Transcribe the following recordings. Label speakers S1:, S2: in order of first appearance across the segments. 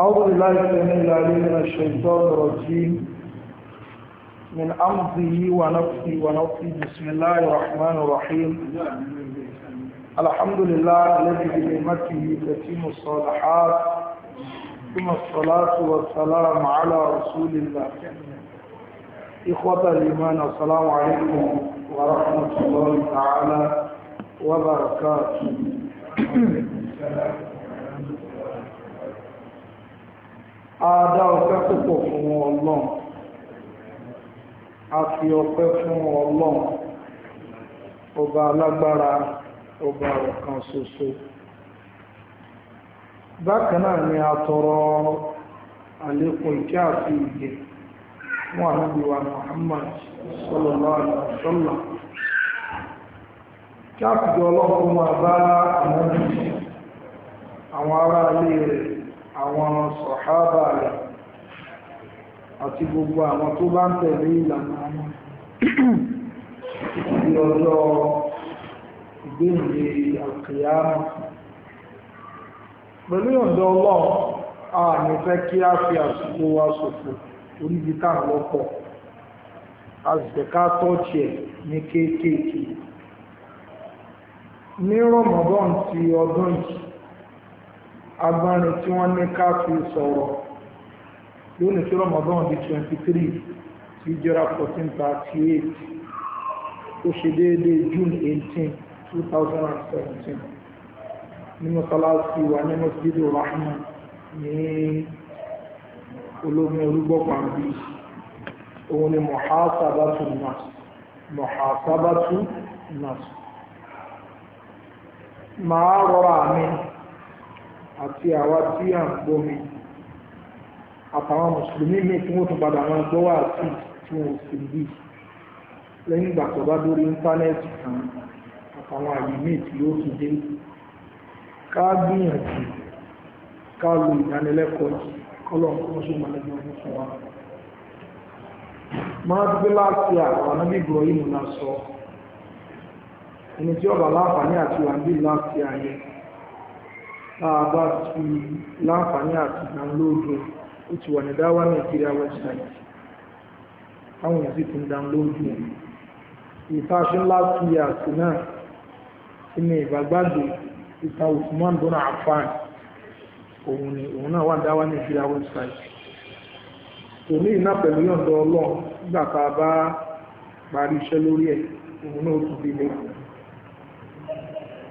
S1: أعوذ بالله السميع العليم من الشيطان الرجيم من أمضه ونفسي ونفسي بسم الله الرحمن الرحيم الحمد لله الذي بنعمته تتم الصالحات ثم الصلاة والسلام على رسول الله إخوة الإيمان السلام عليكم ورحمة الله تعالى وبركاته Adá ọpẹ́ púpọ̀ fún Ọlọ́run. A fi ọpẹ́ fún Ọlọ́run. Ọba alágbára, ọba ọ̀kan ṣoṣo. Bákan náà ni a tọrọ àlékún ìkẹ́ àti ìgbẹ́ fún ànábì wa Muhammad sallallahu alaihi wasallam. Kí àtijọ́ ọlọ́run máa bá àwọn ará ilé rẹ̀. àwọn sọ̀hábà rẹ̀ àti gbogbo àwọn tó bá ń tẹ̀lé ìlànà ọjọ́ àkìyàmù pẹ̀lú a ní fẹ́ kí a fi àsìkò wa ṣòfò oríbi tá à a ẹ̀ ní agbárin tí wọ́n ní ká fi sọ̀rọ̀ lónìí tí Ramadan di twenty three tí jẹ́ra fourteen thirty eight ó ṣe déédéé June eighteen two thousand and seventeen ní mọ́sálásí wa ní olómi olúgbọ́pọ̀ àbí òun ni muhasabatu nas muhasabatu nas màá rọra mi. àti àwa tí à ń gbomi àtàwọn mùsùlùmí míì tí tún padà wọn gbọ́ sí tí sì bí ìgbà tó bá dórí kan àtàwọn tí ó ti dé ká gbìyànjú ká lo ìdánilẹ́kọ̀ọ́ yìí kọ́lọ̀ kó ṣe mọ̀lẹ́bí ọdún fún wa. máa dúpẹ́ láti àwọn anábì Ibrahim náà sọ ẹni tí ọba àti tá a bá ti láǹfààní ti wà ní dáwà nàìjíríà wẹ́bsáìtì táwọn èèyàn sì ti ń dánlóòdù ìfàṣẹ si na náà sí ni ìbàgbàgbé Usman dona Affan òun ni òun náà wà dáwà nàìjíríà wẹ́bsáìtì òní iná pẹ̀lú yọ̀ǹda ọlọ́run nígbà tá a bá parí iṣẹ́ lórí ẹ̀ òun náà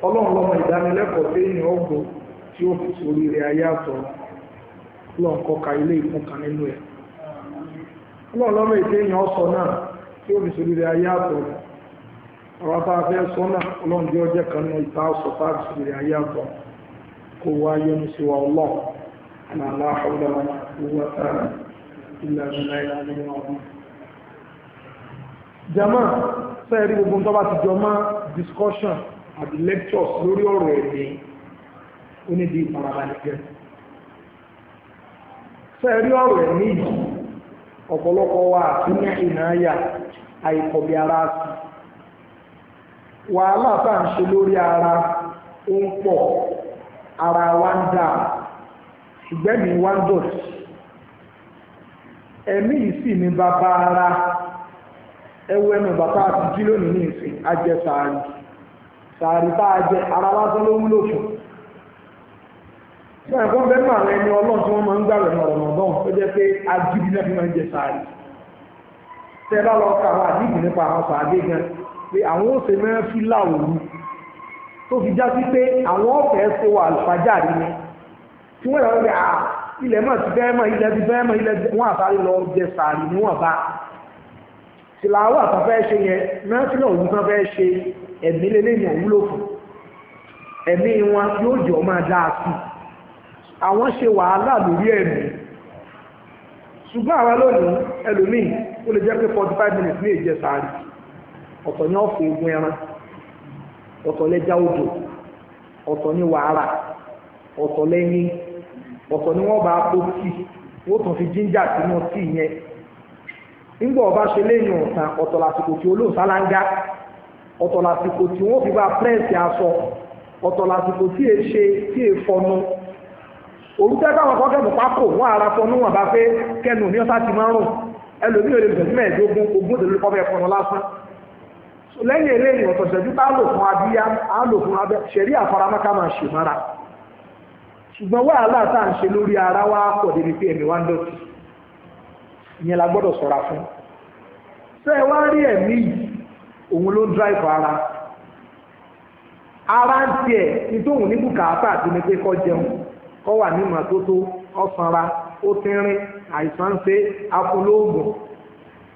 S1: ó ọlọ́run lọ́mọ tí ó fi sórí rẹ̀ ayé àtọ̀ lọ́n kọ́ka ilé ìfún kan nínú ẹ̀. ọlọ́run lọ́mọ ètò èèyàn sọ náà tí ó fi sórí rẹ̀ ayé àtọ̀ bá a fẹ́ sọ náà ọlọ́run jẹ́ ọjọ́ kan náà ìta sọ bá a fi sórí rẹ̀ ayé àtọ̀ kó wá yẹnu sí wa ọlọ́run àlàlá ọ̀dọ̀ owó àtàrà ìlànà náírà ní ọdún. jama sẹ́ẹ̀rí gbogbo tó bá ti jọ mọ́ discussion àti lectures lórí ọ̀rọ̀ ẹ̀mí ó ní bí ìfarabalẹ̀ jẹ́. sẹ́ẹ̀rí ọ̀rọ̀ ọ̀pọ̀lọpọ̀ wa àtúnyà ìnáyà àìkọ̀bí bịara sí wàhálà tá lori ara ó ara wa ń mi emi ẹ̀mí ara ẹwọ ẹnu bàbá àti jí ní ìsìn ajẹ sàárì sàárì a jẹ ara wa tó náà ẹ̀kọ́ bẹ́ẹ̀ náà àwọn ẹni ọlọ́run tí wọ́n máa ń gbàgbé ní ọ̀rọ̀ náà tó jẹ́ pé agídí náà fi máa ń jẹ sáré tẹ́ bá lọ ka àwọn àdìgbì nípa àwọn sàádé gan pé àwọn ó ṣe mẹ́rin fi láwòrú tó fi já sí pé àwọn ọ̀fẹ́ ṣe wà àlùfájàrí ni tí wọ́n yàrá pé à ilẹ̀ mọ̀ ti fẹ́ mọ̀ ilẹ̀ ti fẹ́ mọ̀ ilẹ̀ wọn àtàrí lọ jẹ sáré ni wọ́n bá tìlàwọ́ àtàfẹ́ ṣe yẹn mẹ́rin fi náà òun tán fẹ́ ṣe ẹ̀mí lélẹ́yìn òwúlò fún ẹ̀mí wọn yóò jọ máa dáa sí i àwọn ṣe wàhálà lórí ẹ̀mí ṣùgbọ́n àwa lónìí ẹlòmíì ó lè jẹ́ pé forty five minutes ní èjẹ sáré ọ̀tọ̀ ní ọ̀fọ̀ ogun ẹran ọ̀tọ̀ lẹ́jà odò ọ̀tọ̀ ní wàhálà ọ̀tọ̀ lẹ́yìn ọ̀tọ̀ ni wọ́n bá kó tíì wọ́n tún fi jíńjà sínú tíì yẹn nígbà ọba ṣe lẹ́yìn ọ̀sán ọ̀tọ̀ lásìkò tí olóhùn láńgá ọ̀tọ̀ lásìkò tí wọ́n fi aṣọ ọ̀tọ̀ lásìkò tí ṣe tí fọnu òrùtẹ́ káwọn kan kẹ́nu pákó wọn ara fọ níwọ̀n bá pé kẹ́nu ní ọ̀sá ti máa ń rùn ẹlòmíì ò lè bẹ̀rẹ̀ mẹ́ẹ̀ẹ́dógún ogún òdòdó kọ́ fẹ́ fọnù lásán lẹ́yìn eléyìí ọ̀tọ̀ ṣẹ́jú bá lò fún abíyá á lò fún abẹ́ ṣẹ̀rí àfaramọ́ ká máa ṣèmára ṣùgbọ́n wàhálà tá à ń ṣe lórí ara wa pọ̀ débi pé ẹ̀mí wa ń dọ̀tí ìyẹn la gbọ́dọ̀ sọ̀ra fún ṣé ẹ wá rí ẹ̀mí òun ló ń drive ara ara ń tiẹ̀ ní tóun ní bùkátà àti ní pé kọ́ jẹun kọ́ wà ní màtótó ọ̀sánra ó tínrín àìsàn ṣe afúnlóògùn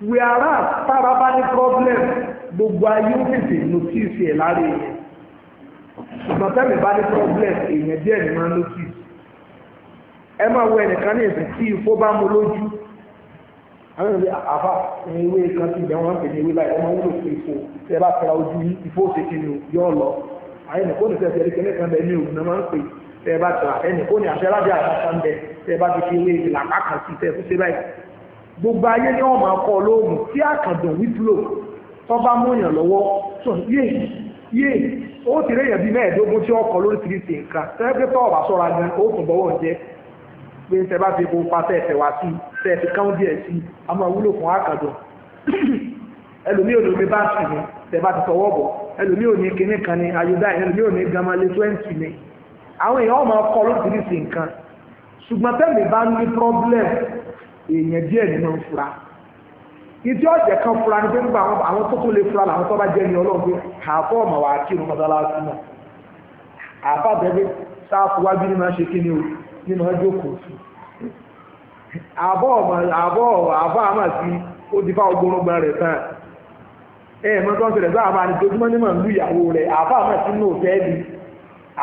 S1: wíárà tára bá ní problem gbogbo ayé ó tètè notice ẹ̀ lára èèyàn
S2: ṣùgbọ́n tẹ́mi bá ní problem
S1: èèyàn díẹ̀ ni máa ń notice ẹ máa wo ẹnìkan ní ìsìn tí ifó bá mu lójú àwọn ìwé àfà ìwé kan ti bẹ̀ wọ́n ń pè ní ìwé báyìí ọmọ wúlò fún ifó tẹ́ bá tẹ́ra ojú yìí ifó ṣe kí ni yọ ọ lọ àyẹ̀nìkó nìkan ti ẹ̀rí ní òun náà tẹ́ ẹ bá tẹ̀ àfẹ́ni kó ní àṣẹ lábẹ́ àṣà ń bẹ tẹ́ ẹ bá fi fi ewé ìlà pàkàn sí tẹ́ ẹ fún ṣe báyìí gbogbo ayé ni wọ́n máa kọ́ lóògùn tí àkàndùn wípúlò tó bá múyàn lọ́wọ́ tó yé yé ó ti réyàn bíi mẹ́ẹ̀ẹ́dógún tí ọkọ̀ lórí ti ti nǹkan tẹ́lẹ́gbẹ́ tó ọ̀bà sọ́ra gan ó tún bọ́wọ́ jẹ́ pé tẹ́ bá fi gbogbo pàṣẹ ẹ̀fẹ̀ wá sí tẹ́ fi káwọn díẹ̀ sí a máa wúlò fún àkàndùn ẹlòmíì ò lómi báàsì ni tẹ́ bá ti tọwọ́ bọ̀ ẹlòmíì ò ní kinní kan ni ayọ̀dá ẹlòmíì ò ní gamalé twenty ni àwọn èèyàn máa kọ lóṣìṣì nǹkan ṣùgbọ́n tẹ́lẹ̀ bá ní problem èèyàn díẹ̀ nínú fura ìdí ọ̀jẹ̀ kan fura ni pé ń gba àwọn tó tó lè fura làwọn tó bá jẹ́ ní ọlọ́run pé àbọ̀ ọ̀mọ̀ wà á kírun mọ́sálásí náà àbábẹ́bẹ́ sáàfù wájú ní máa ṣe kí ni o ní máa jókòó sí àbọ̀ ọ̀mọ̀ àbọ̀ àbọ̀ àmà sí ó ti bá ogorogba rẹ̀ tán ẹ̀ mọ́tò ń ṣẹlẹ̀ sáà máa ní tojúmọ́ ní màá lù ìyàwó rẹ̀ àbọ̀ àmà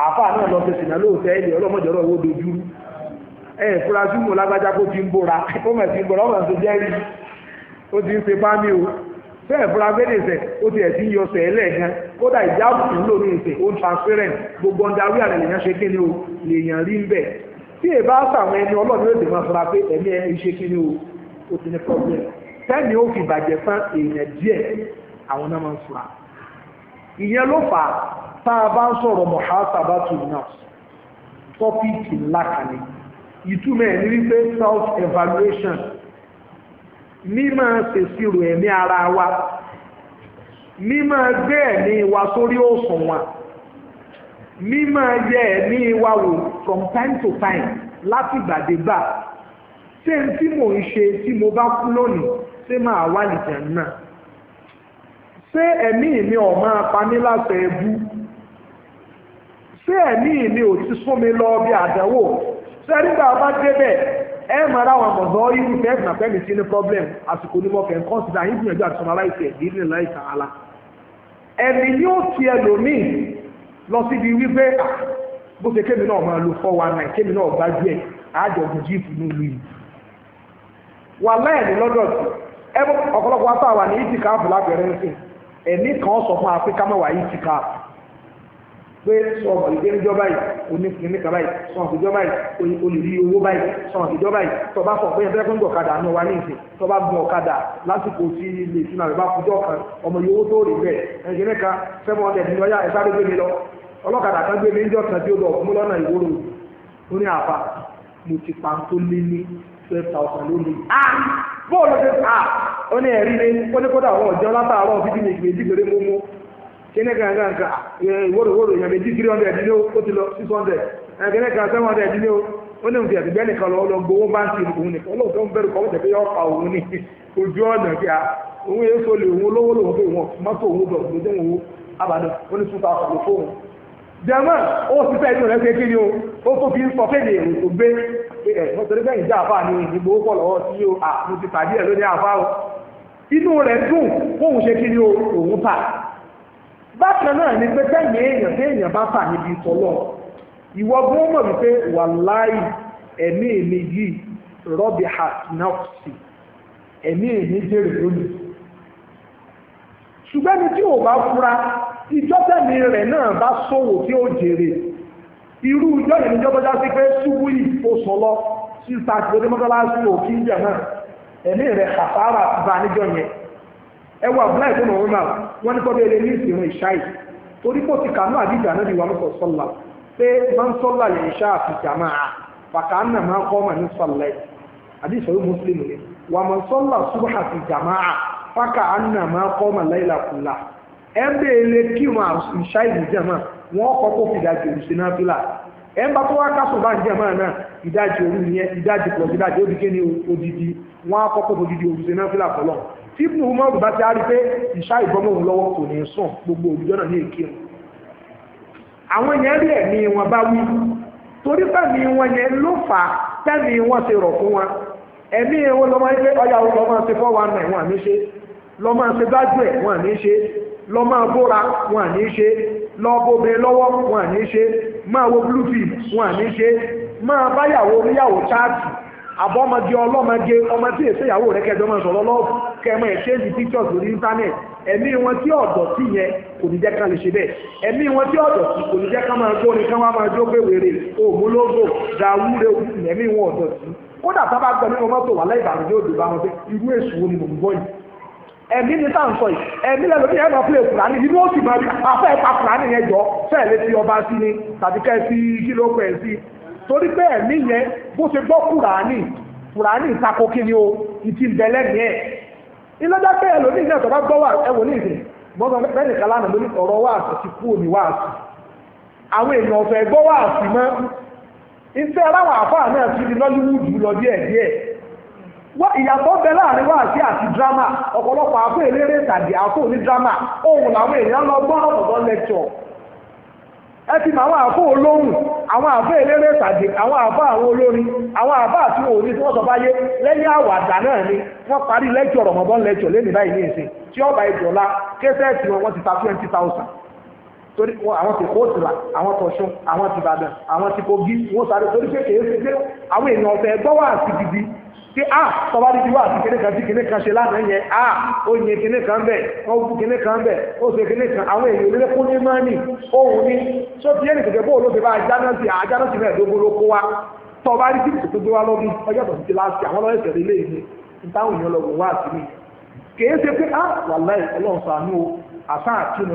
S1: àáfàá náà lọ fẹsẹ̀ náà lóòótọ́ ẹ̀lì ọlọ́mọdéọ̀rọ̀ owó dojú ẹ̀ fúrasí mú lágbájá kó ti ń bóra ó mọ̀ sí bóra ó mọ̀ sí jẹ́rìí ó ti ń ṣe fámì o bẹ́ẹ̀ fúrasí ó ti ẹ̀sìn yọ sẹ̀ẹ́lẹ̀ gan kódà ìjáàbù tó ní ìsẹ̀ ó ń transparent gbogbo ọ̀dà wíwà lèèyàn ṣe kíni o lèèyàn rí ń bẹ̀ tí èbá sàwọn ẹni ọlọ́run yóò dé máa fura pé ẹ̀mí ẹ̀ ṣe kíni o ó ti ní problem ìyẹn ló fà á tá a bá ń sọ̀rọ̀ muhasabatu nafs tọ́pìkì ńlá kan ni ìtumọ̀ ẹ̀ ní wípé self evaluation mímọ̀ ṣèṣirò ẹ̀mí ara wa mímọ̀ gbé ẹ̀mí wa sórí òṣùwọ̀n mímọ̀ yẹ ẹ̀mí wa wò from time to time láti gbàdégbà ṣé n tí mò ń ṣe tí mo bá kú lónìí ṣé máa wà nìjẹ̀ náà ṣé ẹ̀mí mi ọ̀ máa pa mí láṣẹ ẹbú ṣé ẹ̀mí mi ò ti sún mi lọ bí àdánwò sẹ́rígbà bá débẹ̀ ẹ máa ra àwọn àmọ̀dọ́ irú fẹ́ ẹ̀gbọ̀n pẹ́mi sí ní problem àsìkò onímọ̀ kẹ́ ń kọ́ńsìdá yín gbìyànjú àti sọmọ aláìsẹ̀ ala ẹ̀mí yóò ti ẹlòmíì lọ síbi wípé bó ṣe kémi náà máa lo four one nine kémi náà gbájú ẹ̀ àjọ ògùn jíìpù ní ìlú yìí wà láìní lọ́dọ̀ tí ọ̀pọ̀lọpọ̀ wá sáà wà ní ìtìkáàfù ẹ̀mí kan sọ fún pé sọ ọmọ ìgbé níjọ báyìí oníkìní kan báyìí sọ ọmọ ìjọ báyìí olùrí owó báyìí sọ ọmọ ìjọ báyìí tọba fọ pé ẹgbẹ́ gbọ́ngàn ọ̀kadà ní wa ní ìsìn tọba gun ọ̀kadà lásìkò tí ilé ìtura rẹ̀ bá kújọ́ kan ọmọ yòówó tó rè bẹ́ẹ̀ ẹ̀jẹ̀ nìkan seven hundred ní ọyá ẹ̀sá ló gbé mi lọ ọlọ́kadà kan gbé mi níjọ kan tí ó lọ mú lọ́nà ìwòrò ó ní àfa mo ti pa tó lé ní twelve thousand lónìí bóòlù ti ta ó ní ẹ̀rí ni ó ní kódà àwọn ọ̀jọ́ látàárọ̀ fídíò ìgbèjì gbèrè mú mú kíní kan kan kan ìwòròwòrò ìyàn méjì three hundred dín ní ó ti lọ six hundred kíní kan seven hundred dín ní ó ó ní nǹkan ìgbẹ́ nìkan lọ lọ gbowó báńkì òun nìkan ọlọ́run tó ń bẹ̀rù kọ́ wọ́n yọ pa òun ní ojú ọ̀nà kí a òun yẹn so lè òun lówó lòun pé wọn mọ́tò òun dọ̀ lójú òun abàdàn ó ní súnta ọ̀pọ̀ fóun. jẹ́mọ́ ó sì fẹ́ inú rẹ̀ ṣe kí ni o ó tó fi ń sọ fẹ́ẹ̀lì èrò tó gbé ẹ̀ wọ́n torí bẹ́ẹ̀ ìjà àfa ni ìgbò ó pọ̀ sí o à mo ti pàdé ẹ̀ lónìí àfa o inú rẹ̀ dùn fóun ṣe kí ni o òun ta bákan náà ni pé tẹ́yìn èèyàn téèyàn bá fà níbi ìtọ́lọ̀ ìwọ gbọ́n mọ̀ wípé wàláì ẹ̀mí mi yìí rọ́bì hàtnáfsì ẹ̀mí èmi jèrè lónìí ṣùgbọ́n ní tí ò bá fura ìjọ́tẹ̀mí rẹ̀ náà bá ṣòwò tí ó jèrè irú ìjọ yìí níjọ́ bọ́já sí pé ṣubú yìí ó sọ lọ sí ìta àti onímọ́tọ́lá sí òkè ìjọ náà ẹ̀mí rẹ̀ kàfàrà ti bá níjọ yẹn ẹ wọ abúlé ìfúnná náà wọn ní kọ́bí ẹlẹ́ni ìsìnkú ìṣáì torí pò ti kànú àdìgbà náà ìwà mọ́tò sọ́là pé máa ń sọ́là lè jama àfìjà máa máa kọ́ mà ní sọ́là ẹ̀ àdìsọ yóò mùsùlùmí ni wà máa súbà àfìjà máa kọ́ kùlà ẹ ń bẹ kí wọn ìṣáì ní kọ́ kó fìdá sí náà fìlà ẹ ń bá wá bá ń náà ìdájì tipu ibùdó bá ti á rí pé ìṣá ìbọmọ òun lọ́wọ́ kò ní sùn gbogbo olùjọ náà ní èké wọn àwọn èèyàn rí ẹ̀mí wọn bá wí torí pẹ̀mí wọn yẹn ló fà wọn ti rọ̀ fún wa ẹ̀mí wọn wọn ṣe wọn ṣe ṣe gbájú ẹ̀ wọn ṣe bóra wọn ṣe lọ́wọ́ wọn ṣe máa wo wọn ṣe máa báyàwó kẹmọ exchange pictures lórí internet ẹ̀mí wọn tí ọ̀dọ̀ sí yẹn kò ní jẹ́ ká lè ṣe bẹ́ẹ̀ ẹ̀mí wọn tí ọ̀dọ̀ sí kò ní jẹ́ ká máa jó ni ká wá máa jó pé wèrè òmúlógò dàwúre ẹ̀mí wọn ọ̀dọ̀ sí kódà sábà gbọ́ nínú mọ́tò wà láì bàrùn yóò dùbà wọn pé irú èṣù wo ni mò ń gbọ́ yìí ẹ̀mí ni tá à ń sọ yìí ẹ̀mí lẹ́nu ní ẹ̀nà pílẹ̀ fúlàní nínú oṣù máa afẹ́ pa fúlàní yẹn jọ fẹ́ẹ̀ lé sí ọba sí ni tàbí kẹ́ sí kíló pẹ̀ sí torí pé ẹ̀mí yẹn bó ṣe gbọ́ fúlàní fúlàní ìtakò kí ni o ìtì ń bẹ lẹ́mìí ẹ̀ ìlọ́jà pé ẹlòmíì ní ẹ̀tọ́ bá gbọ́ wà ẹ̀wò ní ìsìn gbọ́dọ̀ bẹ́ẹ̀ni kan lánàá lórí ọ̀rọ̀ wáàsì ti kú òní wáàsì àwọn èèyàn ọ̀fẹ́ gbọ́ wáàsì mọ́ iṣẹ́ aláwọ̀ àfáà náà ti Nollywood lọ díẹ̀ díẹ̀ ìyàtọ̀ láàrin àti drama ọ̀pọ̀lọpọ̀ eléré tàbí làwọn èèyàn lọ gbọ́ ọ̀pọ̀lọpọ̀ ẹ ti mọ àwọn àfọ olóhùn àwọn àfọ eléré ìtàgé àwọn àfọ àwọn olórin àwọn àfọ àti wọn ò ní tí wọn sọ fáyé lẹ́yìn àwàdà náà ni wọn parí lẹ́jọ́ rọmọbọn lẹ́jọ́ lẹni báyìí ní ìsìn tí ọba ìjọba kẹsẹẹsì wọn wọn ti ta twenty thousand torí àwọn ti kó tìlà àwọn tọ̀ṣun àwọn ti bàdàn àwọn ti kogi wọ́n sáré torí pé kèé ṣe àwọn èèyàn ọ̀fẹ́ gbọ́ wà sí gidi pé a ah, tọ́ba dídí wà sí kíní kan sí kíní kan ṣe lánàá yẹn a ah, ó yin kíní kan bẹ̀ wọ́n bú kíní kan bẹ̀ ó ṣe kíní kan àwọn èèyàn olóyè kó ní mọ́ni òun ní tó ti yẹnì kẹ̀kẹ́ bóòlù ti bá ajáná sí ajáná sí mẹ́ẹ̀ẹ́dógún ló kó wa tọ́ba dídí tó gbé wa lọ́dún ọjọ́ tó ti láti àwọn ọlọ́yẹ̀ tẹ̀lé lé ìní ìtàwọn èèyàn lọ́gùn wá sí mi kèé ṣe pé a ah, wàláì ọlọ́run sàánú àsáà kínú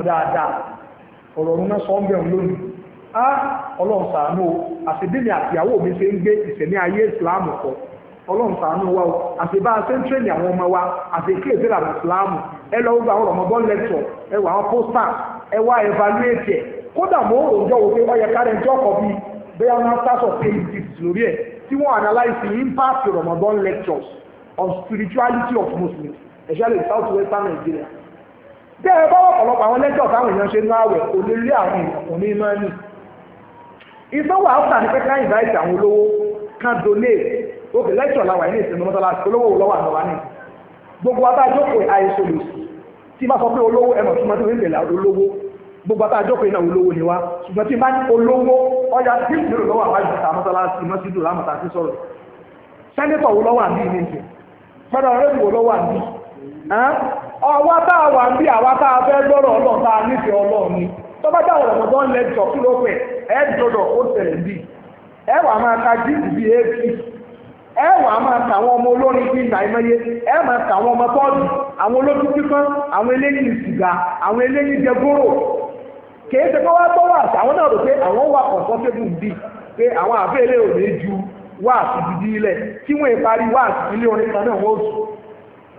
S1: ọ̀rọ̀ ọ̀run náà sọ ń bẹ̀rù lónìí á ọlọ́run ṣàánú o àṣebílẹ̀ àtìyàwó mi ṣe ń gbé ìṣẹ̀mí ayé ìsìláàmù kọ ọlọ́run ṣàánú wa o àṣebá sẹ́ńtírẹ̀lì àwọn ọmọ wa àṣekíyèsí làwọn ìsìláàmù ẹ lọ gba àwọn ọmọ bọ́ọ̀lù lẹ́tọ̀ ẹ wà àwọn pósítà ẹ wá evaluate ẹ kódà mo rò jọ wò pé ọyẹ kárẹ̀ ń jọkọ̀ bí bẹ́ẹ̀ wọn sásọ̀ pages lórí ẹ̀ tí wọ́n analyse the Ramadan lectures on spirituality of Muslims especially in south western Nigeria tẹ́ ẹ bá ọ̀pọ̀lọpọ̀ àwọn lẹ́jọ́ táwọn èèyàn ṣe náà wẹ̀ kò lè rí àwọn èèyàn kò ní máa nì. ìsanwó àwùsà ni pé ká invite àwọn olówó kan donate òkè lẹ́jọ́ làwọn ẹni ìsinmi mọ́tàlásì olówó lọ́wọ́ àtọwà ní. gbogbo adájókòó àìsòlòsì tí bá sọ pé olówó ẹ̀mọ̀ tí wọ́n ti ń bèèrè olówó gbogbo adájókòó iná olówó ni wá ṣùgbọ́n tí bá ní olówó ọjà tí ìgbèrò lọ́wọ́ àbájúta mọ́tàlásì mọ́tìdù lámọ̀tà sí sọ̀rọ̀ sẹ́ńtítọ̀ wo lọ́wọ́ àbí ní ìsìn fẹ́ràn rẹ́bù wo lọ́wọ́ àbí ọwọ́ tá a wà ń bí àwa tá a fẹ́ lọ́rọ̀ ọlọ́run nífẹ̀ẹ́ ọlọ́run tó bá dáwọ̀ lẹ́jọ́ kí ló pẹ̀ ẹ́ dọ̀dọ̀ ó tẹ̀lé bí ẹ wà máa ka bíi éèkì ẹ wà máa àwọn ọmọ olórin bíi nàìmọye ẹ máa àwọn ọmọ àwọn olójú kíkan àwọn eléyìí sìgá àwọn àwọn náà rò pé àwọn wà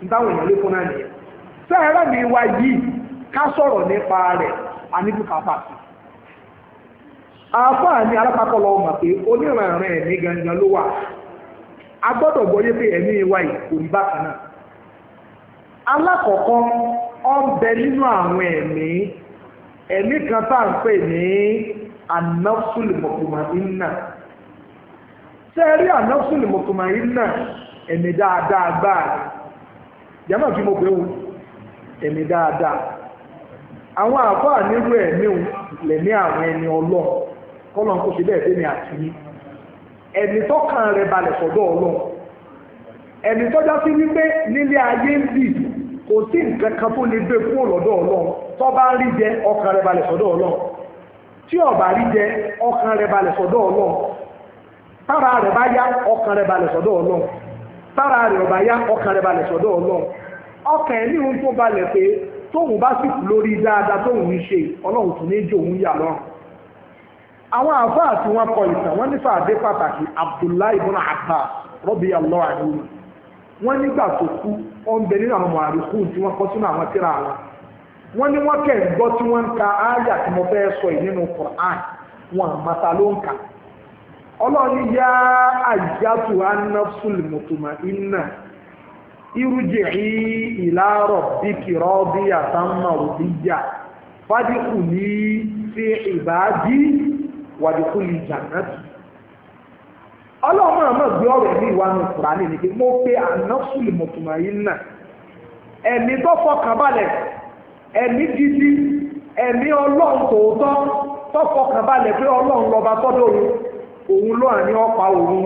S1: ìtàwọn èèyàn lékún náà nìyẹn sẹ́ẹ̀rẹ́ mi wá yìí ká sọ̀rọ̀ nípa rẹ̀ àníbùkàfà sí àáfàá ní alápákọ́ lọ mọ̀ pé onírànràn ẹ̀mí gangan ló wà a gbọdọ gbọ́yé pé wa yìí kò rí náà ọ nínú àwọn kan tá à ń pè jàmá fi mo pé o ẹ̀mí dáadáa àwọn àfáà nírú ẹ̀mí o lẹ̀mí àwọn ẹni ọlọ́ kọ́lọ́n kò ṣe bẹ́ẹ̀ fẹ́mi àti yín ẹni tọ́kàn rẹ̀ balẹ̀ sọ́dọ̀ ọlọ́run ẹni tọ́já sí wípé nílé ayé ń bì kò sí nǹkan kan tó lè gbé kúrò lọ́dọ̀ ọlọ́run tó bá rí jẹ ọkàn rẹ̀ balẹ̀ sọ́dọ̀ ọlọ́run tí ó rí jẹ ọkàn rẹ̀ balẹ̀ sọ́dọ̀ ọlọ́run tára rẹ̀ bá yá ọkàn rẹ̀ balẹ̀ sọ́dọ̀ ọlọ́run tára rẹ̀ ọba yá ọkàn rẹ̀ balẹ̀ sọ́dọ̀ ọlọ́run ọkàn ẹ̀ tó balẹ̀ pé tóun bá sì kú lórí dáadáa tóun ń ṣe ọlọ́run tún ní jẹ́ òun yà lọ́rùn. àwọn àfáà tí wọ́n kọ ìtàn wọ́n ní pàtàkì Abdullahi ibn wọ́n nígbà tó kú ọ̀nbẹ nínú wọn wọ́n ní wọ́n kẹ́ gbọ́ tí wọ́n ń sọ yìí nínú Qur'an wọn ló ọlọ́run yá àjàtù anáfùl mùtùmá iná irújìí ìlàrọ̀ bíkìrọ̀ bí àtàmàrò ta fádìkù ní fi ìbàdí wàdìkù ní jàǹdàtì. ọlọ́run àmọ́ gbé ọ̀rọ̀ ní ìwánu kùránì ni pé mo pe anáfùl mùtùmá iná ẹ̀mí tó fọkàn ẹ̀mí gidi ẹ̀mí ọlọ́run tó pé òun ló àní ọ̀pá òun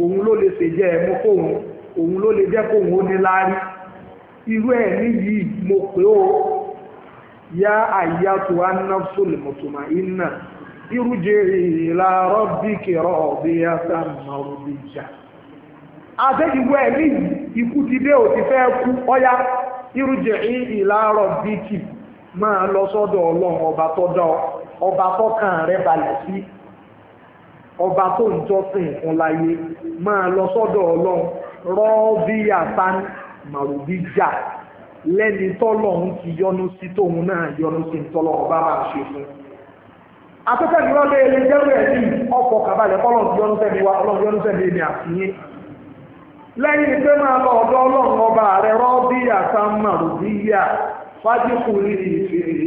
S1: òun ló lè ṣèjẹ́ ẹ̀mú fóun òun ló lè jẹ́ fóun ó ní láárí irú ẹ̀ níyì mo pé o yá àyà tó wá ná sólèmọ̀tòmá iná irújẹ ìlà rọ́bìkì rọ́ọ̀bì yàtà màrúbì jà ẹ̀ níyì ikú ti dé òtí fẹ́ kú ọ̀yá ìlà rọ́bìkì máa lọ sọ́dọ̀ ọlọ́run ọba ọba ọba tó ń jọ́sìn fún láyé máa lọ sọ́dọ̀ ọlọ́run rọ́ọ̀bíyà tán màrúbíjà lẹ́ni tọ́lọ́run ti yọ́nú sí tóun náà yọ́nú sí tọ́lọ́run bá máa ṣe fún un afẹ́fẹ́ ìlú ọlẹ́ ilé jẹ́rú ẹ̀ sí ọkọ̀ kàbálẹ̀ ọlọ́run yọ́nú sẹ́mi wa ọlọ́run yọ́nú sẹ́mi èmi àti lẹ́yìn pé máa lọ ọ̀dọ̀ ọlọ́run ọba rẹ̀ rọ́bí àtàmà òbí yá fájíkù ìfẹ́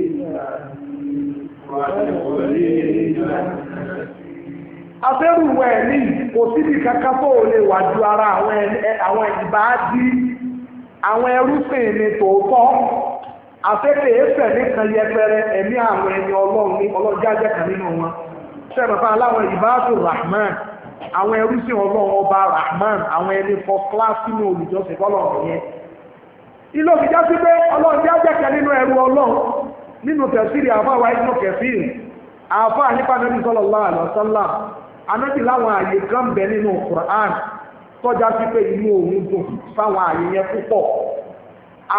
S1: afẹ́rùwọ̀ ẹ̀mí kò síbi kankan tó o lè wà ju ara àwọn ìbáàdí àwọn ẹrúsìn ní tòótọ́ afẹ́kẹ̀ ẹ̀fẹ̀ nìkan yẹpẹrẹ ẹ̀mí àwọn ẹni ọlọ́run ní ọlọ́jà jẹ́kan nínú wọn sẹ́nàfà aláwọn ìbáàdù rahman àwọn ẹrúsìn ọlọ́run ọba rahman àwọn ẹni fọ kíláàsì ní olùjọsìn fọlọ́run yẹn ilé òfìjá sí pé ọlọ́jà jẹ́kan nínú ẹrú ọlọ́run nínú tẹ̀síìrì àfáwá inú kẹfíìrì àfáà nípa nẹ́bí sọ́lọ́lá àlọ́sọ́lá anabi láwọn àyè kan bẹ nínú Quran tọ́já sí pé inú òun dùn fáwọn àyè yẹn púpọ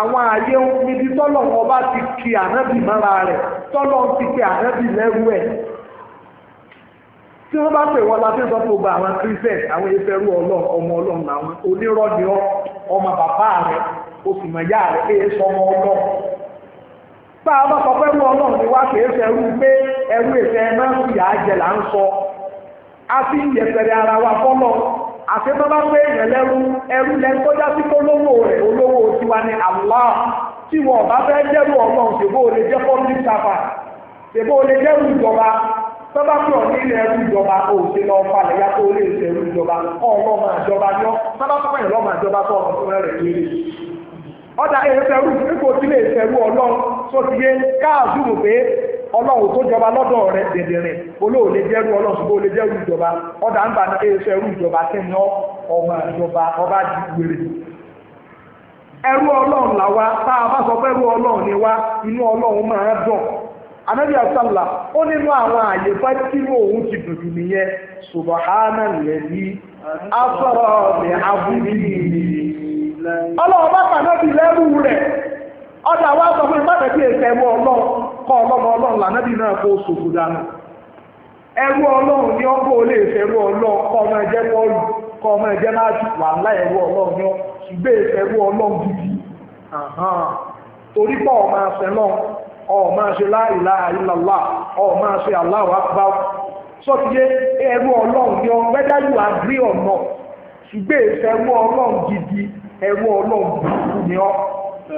S1: àwọn àyè níbi tọlọ wọn bá ti kí ànábì mọ́ra rẹ tọlọ ti kí ànábì lẹ́rú ẹ tí bá pè sọ christian àwọn ọmọ làwọn ọmọ bàbá oṣù a bá sọ pé ni wá pé ẹrú náà a ti ń ara wa fọlọ àti bá bá pé èèyàn lẹ́rú ẹrú lẹ́ńtọ́já sí kó rẹ̀ olówó tiwa ni tí wọn fẹ́ jẹ́rú ọlọ́run ṣèbó olè jẹ́ public ṣèbó olè jẹ́rú ìjọba ya ṣe ẹrú ìjọba ọ̀rọ̀ máa jọba sábà àjọba tó ọ̀rọ̀ rẹ̀ nípò tí ọlọ́run tó jọba lọ́dọ̀ rẹ dèdèrè olóòlè jẹ́rú ọlọ́run ṣùgbọ́n olè jẹ́rú ìjọba ọ̀dà ń na ní kéésù ẹrú ìjọba tí ọmọ ìjọba ọba di wèrè. ẹrú ọlọ́run là wá tá a bá sọ pé ẹrú ọlọ́run ni wá inú ọlọ́run máa dùn. anábì ó nínú àwọn àyè òun ti nìyẹn ọdọ àwọn asọfún ìbáfẹ bí èsì ẹrú Ọlọ́run kọ ọlọmọ Ọlọ́run lànàbí náà kó sòfò dànù ẹrú Ọlọ́run ní ọgbọ olè ìfẹrú Ọlọ́run kọ ọmọ ẹjẹ pọlù kọ ọmọ ẹjẹ náà ti wà ńlá ẹrú Ọlọ́run ní ṣùgbẹ ìfẹrú Ọlọ́run gidi torí pọ ọmọ àṣẹ náà ọmọ àṣẹ láìlá ìlàlá ọmọ àṣẹ aláwọ àgbà sọtìyẹ ẹrú Ọlọ́run ní ọ whether you agree or not ṣùgbẹ ìfẹrú Ọlọ́run gidi ẹrú Ọlọ́run gidi ni ọ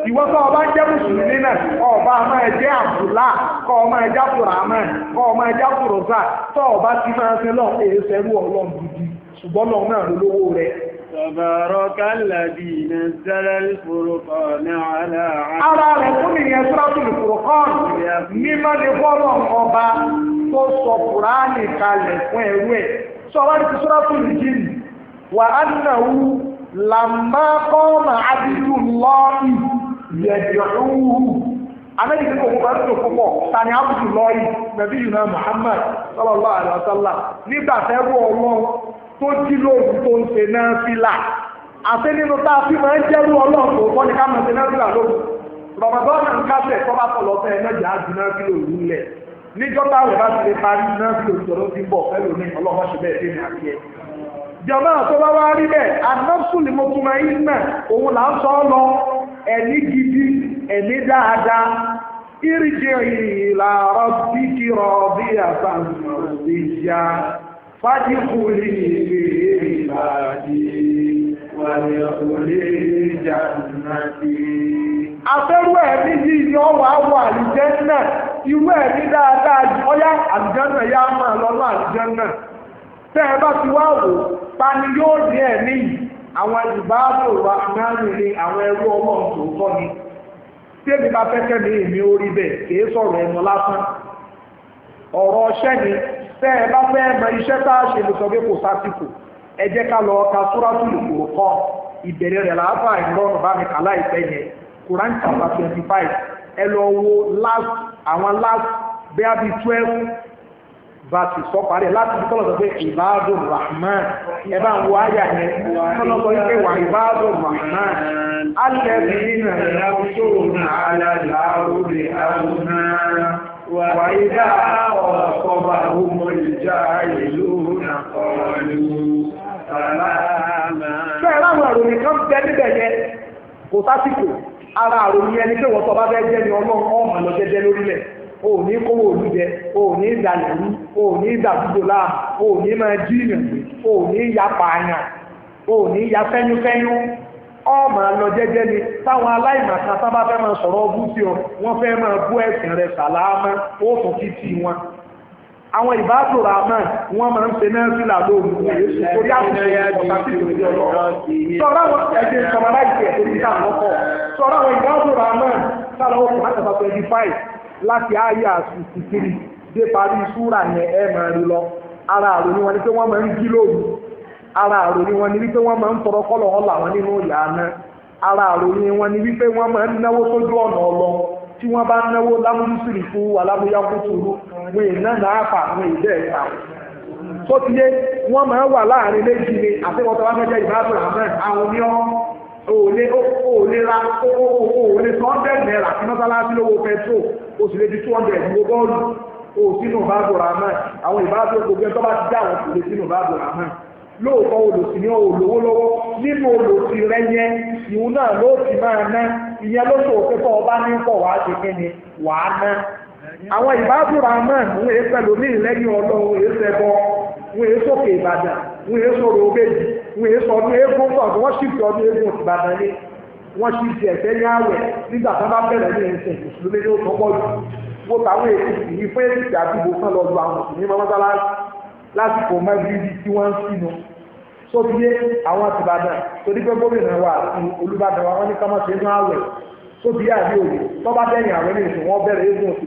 S1: ìwọ tó ọba jẹ́ mùsùlùmí náà ọba máa jẹ́ àbùlá kọ́ ọmọ ẹja fúramẹ́ kọ́ ọmọ ẹja fúrọ́sà tó ọba ti máa ṣe lọ èyí sẹ́rù ọlọ́run gidi ṣùgbọ́n lọ́wọ́ náà ló lówó rẹ̀. Ara rẹ̀ fún ìyẹn Suratul Furqan mímọ́ ni yẹ̀dìọ̀lúwù amẹ́rin tí kò mú bẹ́ẹ̀ tó púpọ̀ tani abudu lọ́yì nàbí yìí náà Muhammad sallallahu alaihi wasallam nígbà fẹ́rù ọlọ́run tó jí lóòrùn tó ń ṣe náà fílà àti nínú tá a fi máa ń jẹ́rú ọlọ́run tó kọ́ ni ká máa ṣe náà fílà lóòrùn rọ̀mọ̀dọ́nà ń kásẹ̀ tó bá tọ̀ lọ́sẹ̀ ẹ̀mẹ́jì á ju náà fílà òru lẹ̀ níjọba rẹ̀ bá ti lè parí náà fílà ẹ̀mí gidi ẹ̀mí dáadáa ìrìjì ìlàrọ̀ bí kí rọ̀bí àtàkùnrin ìyá fájíkùlì ìgbé ìbàdí wàlẹ̀ òlé jàǹdàdì.
S2: afẹ́rú ẹ̀mí yìí ni wà wọ àlùjẹ́ náà irú ẹ̀mí dáadáa ọyá àlùjẹ́
S1: náà yá máa lọ́nà àlùjẹ́ náà tẹ́ ẹ bá ti wá wò ni yóò ní ẹ̀mí àwọn ìbáàbò rahmanu ni àwọn ẹrú ọlọ́run tó kọ́ ni tí èmi bá fẹ́kẹ́ mi èmi rí bẹ́ẹ̀ kìí sọ̀rọ̀ ẹnu lásán ọ̀rọ̀ ọṣẹ́ ni tẹ́ ẹ bá fẹ́ mọ iṣẹ́ tá a ṣe lè kò sásìkò ẹ jẹ́ ká lọ ka súrátùlù kọ́ ìbẹ̀rẹ̀ rẹ̀ láàbà ìrọ̀rùn bá mi kà láìpẹ́ yẹn Quran chapter twenty five ẹ lọ wo last àwọn last bẹ́ẹ̀ bàtì sọ parí ẹ̀ láti fi tọ́lọ̀ sọ pé ìbáàdùn rahman ẹ bá ń wo àyà yẹn tọ́lọ̀ sọ pé wà ìbáàdùn rahman alẹ́ bí nà ìyàwó alàlàrúbì àwùnà wà ìdá ọ̀pọ̀ bá ọmọ ìjà ìlú nà kọlu sàlámà. bẹ́ẹ̀ láwọn àròyìn kan bẹ níbẹ̀ yẹn kò sásìkò ara àròyìn ẹni pé wọ́n sọ bá fẹ́ jẹ́ ni ọlọ́run ọ̀hún àlọ́jẹ́jẹ́ lórílẹ̀ o ò ní kówó olùjẹ o ò ní ìdàlẹ̀ rú o ò ní ìdàdúgbò láàmú o ò ní máa jí ìrìn o ò ní ya pààyàn o ò ní ya fẹ́yúnfẹ́yún ọmọ lọ jẹ́jẹ́ ni táwọn aláìmọ̀kan sábà fẹ́ máa sọ̀rọ̀ ọbú sí ọ wọ́n fẹ́ máa bú ẹ̀sìn rẹ̀ sàlámà ó tún kí tì wọn àwọn ìbáṣòro àmọ́ wọ́n máa ń ṣe náà sílà lóru èyí tó dáhùn sí ọ̀tá sí ìròyìn ọlọ́rọ̀ sọ̀rọ̀ àwọn ẹgbẹ́ ìsọ̀rọ̀ láìpẹ́ tó ti dà lọ́kọ̀ sọ̀rọ̀ àwọn ìbáṣòro àmọ́ sálọ́wọ́ kò má tẹ̀sán twenty five láti àyà sùkùkiri dé parí súrà yẹn ẹ rí lọ ara àrò ni wọn ni pé wọn máa ń jí lóru ara àrò ni wọn wípé wọn máa ń tọrọ kọlọ wọn nínú ìyá ana. ara àrò ni wọn wípé wọn máa ń náwó sójú ọ̀nà ọlọ tí wọ́n bá náwó lámúlùsìrì fún wọn náà fà wọn tó ti yé wọ́n máa wà láàárín méjì ni àti wọ́n òòlé òòlera òòlé two hundred naira sí o o o o lè di two hundred o bọ́ọ̀lù o sínú o o àwọn o gbogbo o bá ti dá àwọn o sínú o o lóòótọ́ o o o lọ́wọ́ nínú o rẹ yẹn ìhun náà ló ti máa ná ìyẹn ló sọ pé tọ́ ọba ní pọ̀ wàá ṣe kí wàá ná àwọn ìbáàbò rahman òun èé pẹ̀lú mí lẹ́yìn ọlọ́run èé sẹ́bọ̀ òun èé sókè ìbàdàn wọ́n yé sọ̀rọ̀ òbẹ́jì wọ́n yé sọ ọdún eégún pàtó wọ́n sì fi ọdún eégún ìbàdàn lé wọ́n sì fi ẹ̀fẹ́ ní àwẹ̀ nígbà tó bá bẹ̀rẹ̀ ní ẹ̀sìn mùsùlùmí ní oṣù pọ̀ jù wọ́n bá àwọn èsì yìí fún èsì àdúgbò fún ọlọ́dún àwọn mùsùlùmí mọ́mọ́sálásí lásìkò mẹ́bírí tí wọ́n ń sínú sóbíyé àwọn àtìbàdàn torí pé gómìnà wa àti olùbàdàn wa wọ́n ní kọ́mọ́ ṣe ń àwẹ̀ sóbíyé àbí òye tó bá bẹ̀yìn àwẹ̀ ní ìsìn wọ́n bẹ̀rẹ̀ eégún òsì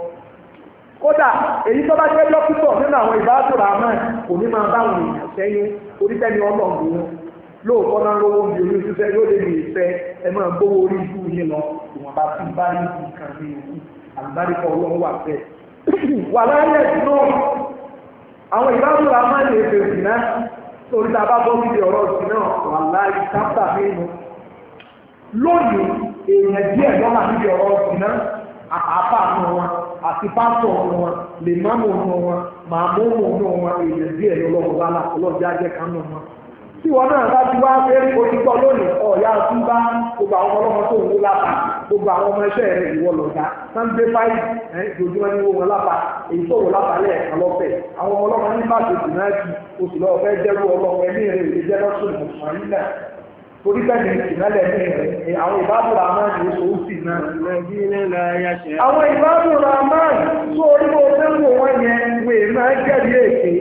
S1: kódà èyí tó bá jẹ́ dókítọ̀ nínú àwọn ìbáṣọ̀rọ̀ àmọ́ kò ní máa báwọn èèyàn sẹ́yìn orítẹ́ni ọlọ́ọ̀dù wọn lóòótọ́ náà lówó mi orí ṣiṣẹ́ yóò lè mi ìfẹ́ ẹ máa gbówó orí ikú yín lọ ìwọ̀n bá ti bá ní nǹkan ní ìlú àlùbáríkọ ọlọ́run wà fẹ́. wà láyé ẹ̀sìnú àwọn ìbáṣọ̀rọ̀ àmọ́ lè fèrè sí náà torí tá a bá bọ́ síbi ọ̀rọ̀ sí náà wà láyé kápá mẹ́nu. lónìí èèyàn díẹ̀ lọ́la níbi ọ̀rọ̀ sí náà àti pásítọ̀ ọ̀nà wọn lè má mọ̀ ọ̀nà wọn màá mọ̀ ọ̀nà wọn èèyàn díẹ̀ lọ́wọ́ bá là ọlọ́ọ̀dẹ́ ajẹ́ kan náà wọn. tí wọn náà bá ti wá pé òtítọ́ lónìí ọ̀ọ́yá tí bá gbogbo àwọn ọlọ́mọ tó ń wó lápá gbogbo àwọn ọmọ iṣẹ́ rẹ̀ ìwọ lọ̀dá sunday five ẹ̀ ìjòjúmọ́ ní owó wọn lápá èyí tó wò lápá lẹ́ẹ̀kan lọ́fẹ̀ àwọn ọmọ ọlọ́mọ nígbà tó dùn náà ti oṣù lọ́wọ́ fẹ́ jẹ́rú torí bẹ́ẹ̀ ni ìmẹ́lẹ̀ ní rẹ̀ àwọn ìbáàbò ramán yìí sọ ó sì náà. àwọn ìbáàbò ramán tó orí bó ṣe ń wò wọ́n yẹn wè máa jẹ́rìí èké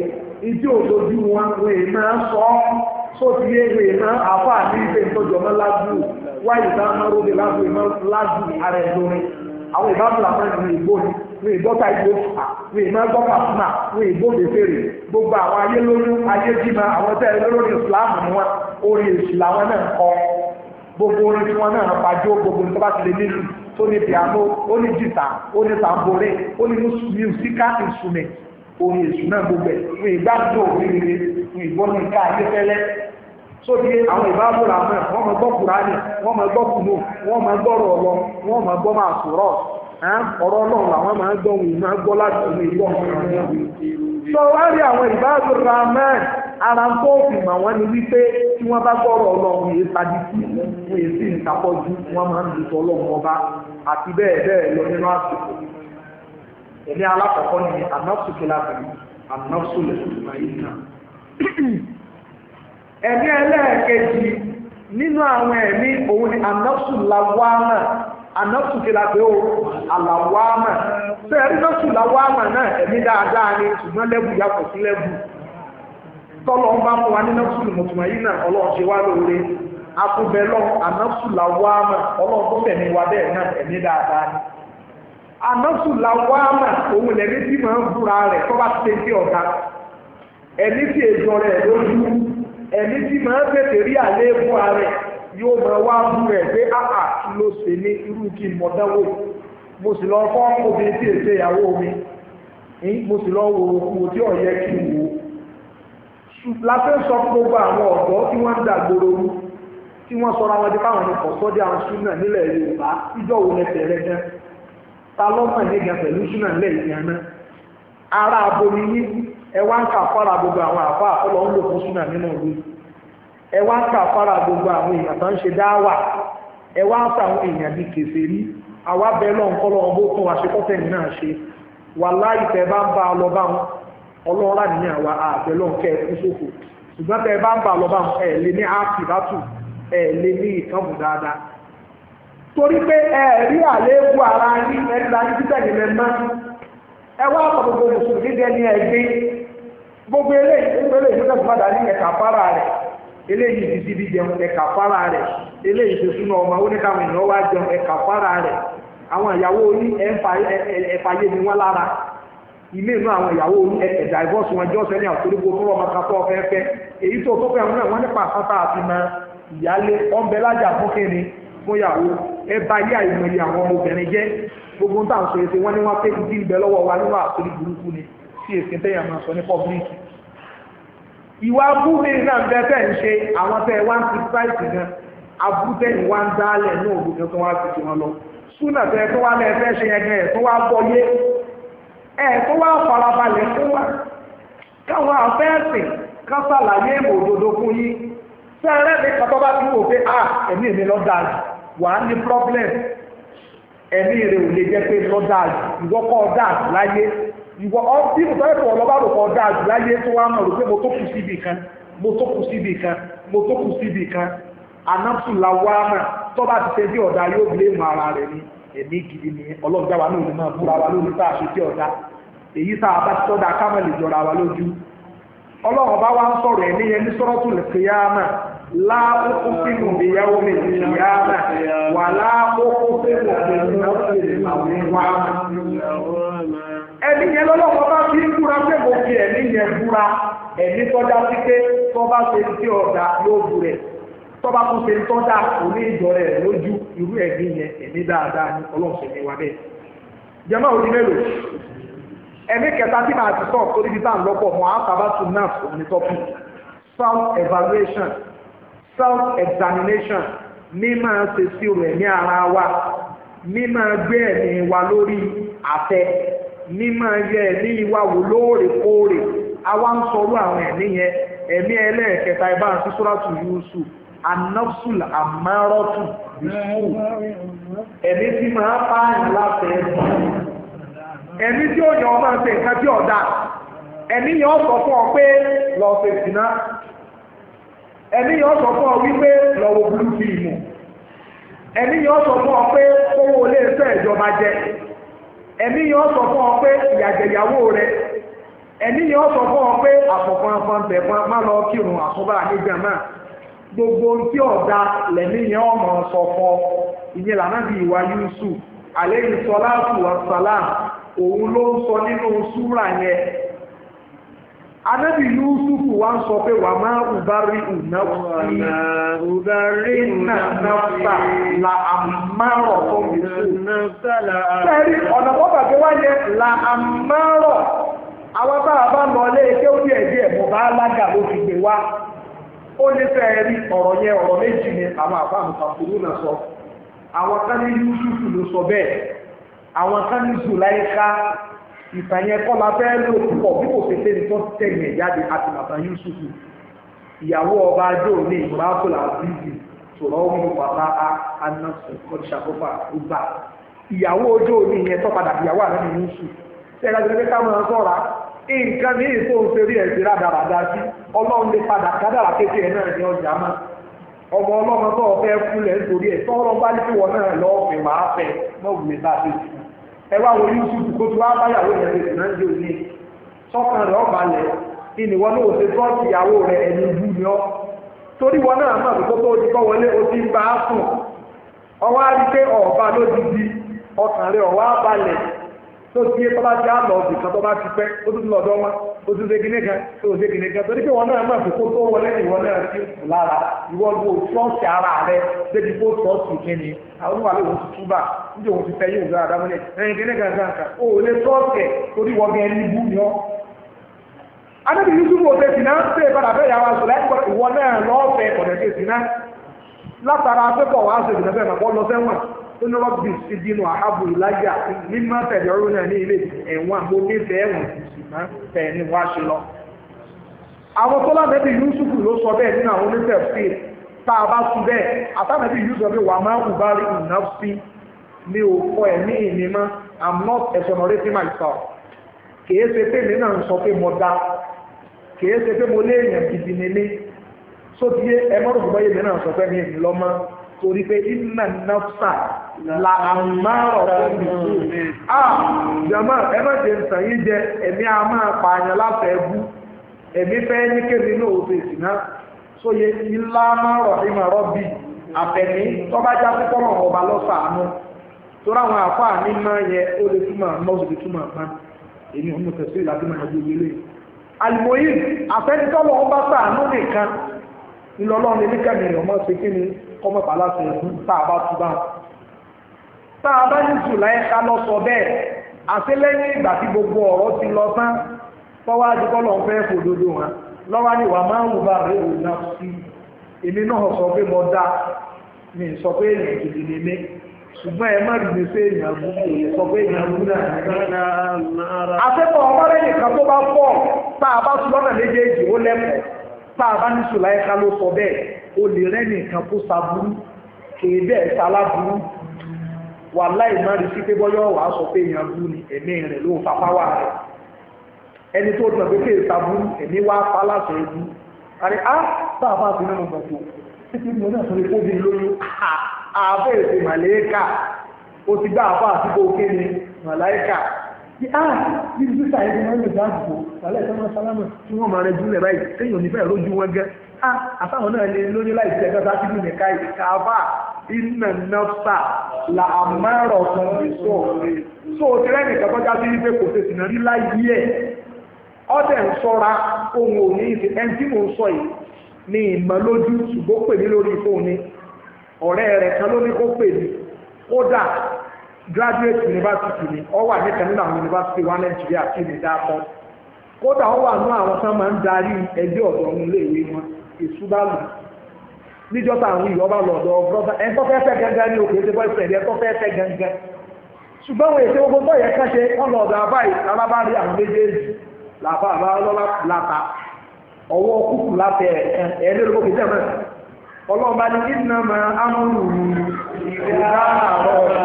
S1: ìdí òdojú wọn wè máa sọ ọ́ sóti yé wè máa àfa àti ìfẹ́ ìtọ́jú ọmọ lájú wáyé sáà máa ìmọ̀ lájú ààrẹ lórí àwọn ìbáàbò ramán yìí gbóni wọn ìgbọ́ta ìgbó fà wọn ìmọ̀ gbọ́ta fúnà wọn ìgbóde fèrè gbogbo àwọn ayé lóyún ayé bímọ àwọn tẹ́ ẹ lórí ìsìláàmù ni wọn orí èsì làwọn náà kọ gbogbo orin tí wọn náà pàjọ gbogbo nípa ti lè nílùú tó ní piano ó ní jìtà ó ní tambore ó ní mùsíkà ìsùnmẹ̀ orin èsì náà gbogbo ẹ̀ wọn ìgbàdùn òfin rere wọn ìgbọ́nù nǹkan ayé fẹ́lẹ́ sóbi àwọn ìbáàbò làwọn ẹ̀ wọ́n mọ̀ gbọ́ kùránì wọ́n mọ̀ gbọ́ kùnú wọ́n mọ̀ gbọ́rọ̀ ọ̀lọ́ wọ́n mọ̀ gbọ́ màsùrọ̀ ọ̀rọ̀ náà làwọn máa ń gbọ́ máa ń gbọ́ láti ìlú ọ̀hún sọ wá rí àwọn ìbáàdùn ramẹ́ ara tó fi mà wọ́n ni wípé tí wọ́n bá gbọ́rọ̀ ọlọ́run yìí padì sí wọn yìí wọ́n máa ń lu ọlọ́run ọba àti bẹ́ẹ̀ bẹ́ẹ̀ lọ nínú àsìkò. ẹ̀mí alákọ̀ọ́kọ́ ni ànáfsùlẹ̀ ẹ̀mí ànátù kìlà pé o àlàwámà ṣé ẹni náà tù náà ẹni dáadáa ni ṣùgbọ́n lẹ́bù yàtọ̀ sí lẹ́bù tọ́lọ́ ń bá mú wa ní nátù mọ̀tùmọ̀ yìí náà ọlọ́run ṣe wá lóore wa bẹ́ẹ̀ náà dáadáa ni òun lẹ́ni tí ń rẹ̀ ẹni tí rẹ̀ lójú ẹni tí ń yóò máa wá fún rẹ̀ pé àà ló ṣe ní irú kí n mọ̀dánwò mo sì lọ fọ́ obìnrin tí ìyàwó mi mo sì lọ wo tí ò kí n wò láfẹ́ sọ gbogbo àwọn ọ̀dọ́ tí wọ́n ń dàgbòrò tí wọ́n sọ àwọn àwọn súnà nílẹ̀ Yorùbá ta ní gan pẹ̀lú ara abomi yín ẹ wá ń kà fọ́ra gbogbo àwọn ẹ wá ń fara gbogbo àwọn èèyàn tó ń ṣe dáwà ẹ wá ń àwọn èèyàn bíi àwa wa ṣe kọ́tẹ́ náà ṣe wà láì tẹ́ bá ń bá lọ bá wọn àwa ṣùgbọ́n tẹ́ bá ń lọ bá wọn ẹ̀ lé ní áàpì bátù ẹ̀ torí pé ẹ rí àléébù ara yín títẹ̀ ní mẹ́mọ́ ẹ wá gbogbo mùsùlùmí gbogbo eléyìí gbogbo eléyìí eléyìí ti síbi jẹun ẹ̀ka fara rẹ̀ eléyìí ti súnà ọmọ oníkàwọn èèyàn wá jẹun ẹ̀ka fara rẹ̀ àwọn ìyàwó orí ẹ̀fàyè ni wọ́n lára ilé inú àwọn ìyàwó orí ẹ̀kẹ̀ divorce wọn jọ́ sẹ́ni àtòrígbò tó rọmọ kan tó ọfẹ́ fẹ́ èyí tó tó fẹ́ náà wọ́n nípa àpáta àti ma ìyálé ọ̀nbẹ lájà fún kíni fún ìyàwó ẹ bá ilé àìmọye àwọn ọmọbìnrin jẹ́ gbogbo ń tà ń sọ èsì wọ́n ní wọ́n pé ìdí ìbẹ̀ lọ́wọ́ wa nínú àtòrí burúkú ni sí èsì tẹ́yà ìwà abúlé náà bẹ́ẹ̀ tẹ̀ ń ṣe àwọn tẹ̀ wá ń ti price gan abúlé wá ń dálẹ̀ ní òru kan tó wá ti ti wọn lọ súnà tẹ̀ tó wá lẹ́ẹ̀ fẹ́ ṣe yẹn gan ẹ̀ tó wá bọ́ yé ẹ̀ tó wá farabalẹ̀ fún wa káwọn afẹ́ẹ̀sìn ká ṣàlàyé ìmọ̀ òdodo fún yín sẹ́rẹ́ mi kàtọ́ bá ti wò pé à ah, ẹ̀mí mi lọ́ dáa jù wàá ní problem ẹ̀mí rẹ̀ ò lè jẹ́ pé lọ́ dáa jù ìwọ́kọ̀ dáa jù láyé ìwọ ọ ìtọ́ ẹ̀fọ́ ọlọ́ba rò kọ́ dáa jù láyé tó wá mọ̀ rò mo tó kù síbi kan mo tó kù síbi kan mo tó kù síbi kan anáfù la wá mà tó bá ti ṣe bí ọ̀dà yóò ara rẹ̀ ni ẹ̀mí gidi ni ọlọ́ọ̀dá wa máa búra wa lórí tá a ṣe bí ọ̀dà èyí tá a bá ti tọ́da ká jọra wa lójú ọlọ́run bá wá ń sọ̀rọ̀ ẹ̀mí ẹni yẹn lọ́lọ́wọ́ bá fi ń búra pé mo fi ẹ̀mí yẹn búra ẹ̀mí tọ́já sí pé tọ́ba ṣe ti ọ̀dà yóò bu rẹ̀ tọ́ba tún ṣe tọ́já òní ìjọ rẹ̀ lójú irú ẹ̀mí yẹn ẹ̀mí dáadáa ní ọlọ́run ṣe ní wa bẹ́ẹ̀. jẹ́mọ́ òní mélòó ẹ̀mí kẹta tí màá ti sọ̀rọ̀ torí bíbá ń lọ́pọ̀ mọ́ àtàbàtú náà òní tọ́pù self evaluation self examination mímọ́ ṣe sí ọ̀rọ̀ ẹ̀mí ara wa mímọ́ gbé ẹ̀mí wa lórí àfẹ́ mímọ ma ẹ̀mí ìwà lóòrèkóòrè àwa ń sọrú àwọn ẹ̀mí yẹn ẹ̀mí ẹlẹ́ẹ̀kẹta ibà ń sí sóràtù Yusuf anafsul amarọtù Yusuf ẹ̀mí tí máa pààyàn láti ẹ̀mí ẹ̀mí tí ó yàn ṣe nǹkan tí ọ̀dà ẹ̀mí yẹn sọ fún ọ pé sọ fún ọ wípé sọ fún ọ pé ìjọba jẹ. ẹ̀mí yẹn sọ fún ọ pé ìyàjẹ̀yàwó rẹ ẹ̀mí yẹn sọ fún ọ pé àfọ̀fọ̀nfọ̀n bẹ̀fọ̀n má lọ kírun àsọ́bà gbogbo tí ọ̀dà lẹ̀mí yẹn ọmọ sọ ọ ìyẹn lànà bí ìwà Yusuf àlẹ́ ìsọlá òun ló ń sọ nínú súrà Anábì Yusuf wa ń sọ pé wà máa ubari unafsi ubari nafa la amárọ̀ tó ń sọ. Sẹ́rí ọ̀nà pọ́pà tó wáyé la amaro àwọn bá a bá lọ lé ẹgbẹ́ òbí ẹ̀dẹ́ ẹ̀mọ́ bá lága ló fi gbé wá. Ó ní fẹ́ rí ọ̀rọ̀ yẹn ọ̀rọ̀ méjì ni àwọn àbámu kàkúrú náà sọ. Àwọn kan ní Yusuf ló sọ bẹ́ẹ̀. Àwọn kan ní Zulaika ìtàn yẹn kọ́ la fẹ́ lò púpọ̀ bí kò pété ní tó tẹ̀yìn ẹ̀ àti bàbá Yusufu ìyàwó ọba adó ní ìmúrasòlà bíbí sọ̀rọ̀ ọmọ bàbá anásùn kọ́ṣàkófà gbà ìyàwó ọjọ́ òní yẹn tó padà ìyàwó àná ní Yusuf tẹ́lá ndị ká máa sọ̀ra nǹkan ní ìfò ẹ̀sìn ọlọ́run lè padà kádàrà kékeré náà ní ọjà ọmọ ọlọ́run tó ẹwà wá wo yusuf kó tó wá báyàwó yẹn lè sìnà jẹ òní sọkàn ọba wọn lóò ṣe rẹ ẹni bú ni torí wọn náà máa tó tó kọ́ wọlé o ti tó ti yé tọ́ba ti á lọ ọ̀dì kan ti pẹ́ ó tún lọ́dọ̀ wọn ó tún segin nìkan tó o segin nìkan ara rẹ kó àwọn òun ti yóò gbé o torí nínú rọ́bì sí dínú àhábù ìláyà mímọ́ tẹ̀lé ọ̀rọ̀ náà ní ilé ẹ̀wọ̀n mo nífẹ̀ẹ́ ẹ̀wọ̀n ṣùgbọ́n bẹ́ẹ̀ ni wọ́n á ṣe lọ. àwọn tó lábẹ́bí Yúsùfù ló sọ bẹ́ẹ̀ nínú àwọn onífẹ̀ẹ́fẹ́ tá a bá sùn bẹ́ẹ̀ àtàbẹ́bí Yúsùfù bí wà máa ń bá rí ìnáfí mi ò fọ ẹ̀mí mi mọ́ I'm not exonerating myself kìí ṣe pé mi náà ń sọ pé mo dá kìí ṣe pé mo léèyàn gidi nílé sọ torí pé iná nafsa la àmárọ̀ fún mi. Ah, a jọmọ ẹ má ṣe ń sàn yín jẹ ẹ̀mí a máa pààyàn láfẹ̀ẹ́ bú ẹ̀mí fẹ́ ní kébì náà ó fèsì náà sóye ilá márọ̀ ìmọ̀rọ̀ bíi àfẹ̀mí tọ́ba já sí pọ́nmọ̀ ọba lọ́sàánú torí àwọn àfáà ní máa yẹ ó lè túmọ̀ mọ́sù lè túmọ̀ àpá èmi ọmọ tẹ̀sí ìlàdí máa yọ ìwé lẹ́yìn. àlùmọ́yìn àfẹ́nitọ́lọ́ ọba sàánú nìkan ńlọlọ́run ní kẹ́mi ọmọ ṣe kí ni kọ́mọ̀ pàlásẹ̀ ẹ̀kún tá a bá tú bá. tá a bá ní July ká lọ sọ bẹ́ẹ̀ àti lẹ́yìn ìgbà tí gbogbo ọ̀rọ̀ ti lọ tán fọwọ́ àdìgbọ́ lọ fẹ́ fòdodo wọn lọ́wọ́ ni wàá máa ń wù bá rẹ̀ wò náà sí èmi náà sọ pé mo dá mi sọ pé èèyàn gidi ni mí ṣùgbọ́n ẹ má dìde sí èèyàn gbogbo èèyàn sọ pé èèyàn gbogbo náà. àtẹ́kọ̀ọ́ ọmọdé nìkan tó bá fọ́ tá a bá sùn lọ́nà méjèèjì ó lẹ́kọ̀ọ́ tá a bá ní sùn láyé ká ló sọ bẹ́ẹ̀ o lè rẹ́ni nǹkan kó saburú kèé bẹ́ẹ̀ saláburú wà láì má rí sí pé bọ́yọ̀ wà á sọ pé èèyàn bú ni ẹ̀mí rẹ̀ ló fa fáwà rẹ̀ ẹni tó dùn pé kèé saburú ẹ̀mí wá fa láṣọ ẹbí àrí á bá a bá a fi nínú gbàgbó títí mo náà sọ pé kó bí lóyún àbẹ́ èsì màlẹ́kà o ti gbá àbá àtúgbò kéde màláìkà ti a bí sísá ẹni wọn lè dáàbò wàlẹ́ ìtọ́nà sálámù tí wọ́n máa rẹ jùlẹ̀ báyìí téèyàn nífẹ̀ẹ́ lójú wọn gẹ́ Ah, àtàwọn náà lè lóyún láì sí ẹgbẹ́ sáfìdì nìka ìkàfà iná nọ́fà là kan ní sóòrè sóòrè rẹ́nì kankan já sí wípé kò tètè náà rí láyé ẹ̀ ọ̀dẹ̀ ń sọ́ra ohun òní ìsì ẹni tí mò ń sọ yìí ní ìmọ̀ ṣùgbọ́n pè mí lórí ọ̀rẹ́ rẹ̀ kan ló ní kó pè mí graduate university ni ọ wà wa Nàìjíríà kí ni dáa ọ wà nú àwọn sọ máa ń darí ẹgbẹ́ ọ̀dọ́ ọ̀hún léèwé èṣù bá lù níjọ́ tá àwọn ìyọ́ bá lọ ọ̀dọ̀ brọ́dá ẹ̀ tó fẹ́ẹ́ fẹ́ gangan ní òkè ṣe boyfriend ẹ̀ tó fẹ́ẹ́ fẹ́ gangan ṣùgbọ́n wọ́n èsè gbogbo bọ́ọ̀yẹ kan ṣe wọ́n lọ ọ̀dọ̀ àbáyé alábárí àwọn méjèèjì làbá àbá lọ́lá làtà ọwọ́ kúkú látẹ ẹ̀ ẹ̀ lórí gbogbo ìjọba ọlọ́ọ̀bá ní ìnáma amúlùmí ìdáhàrọ̀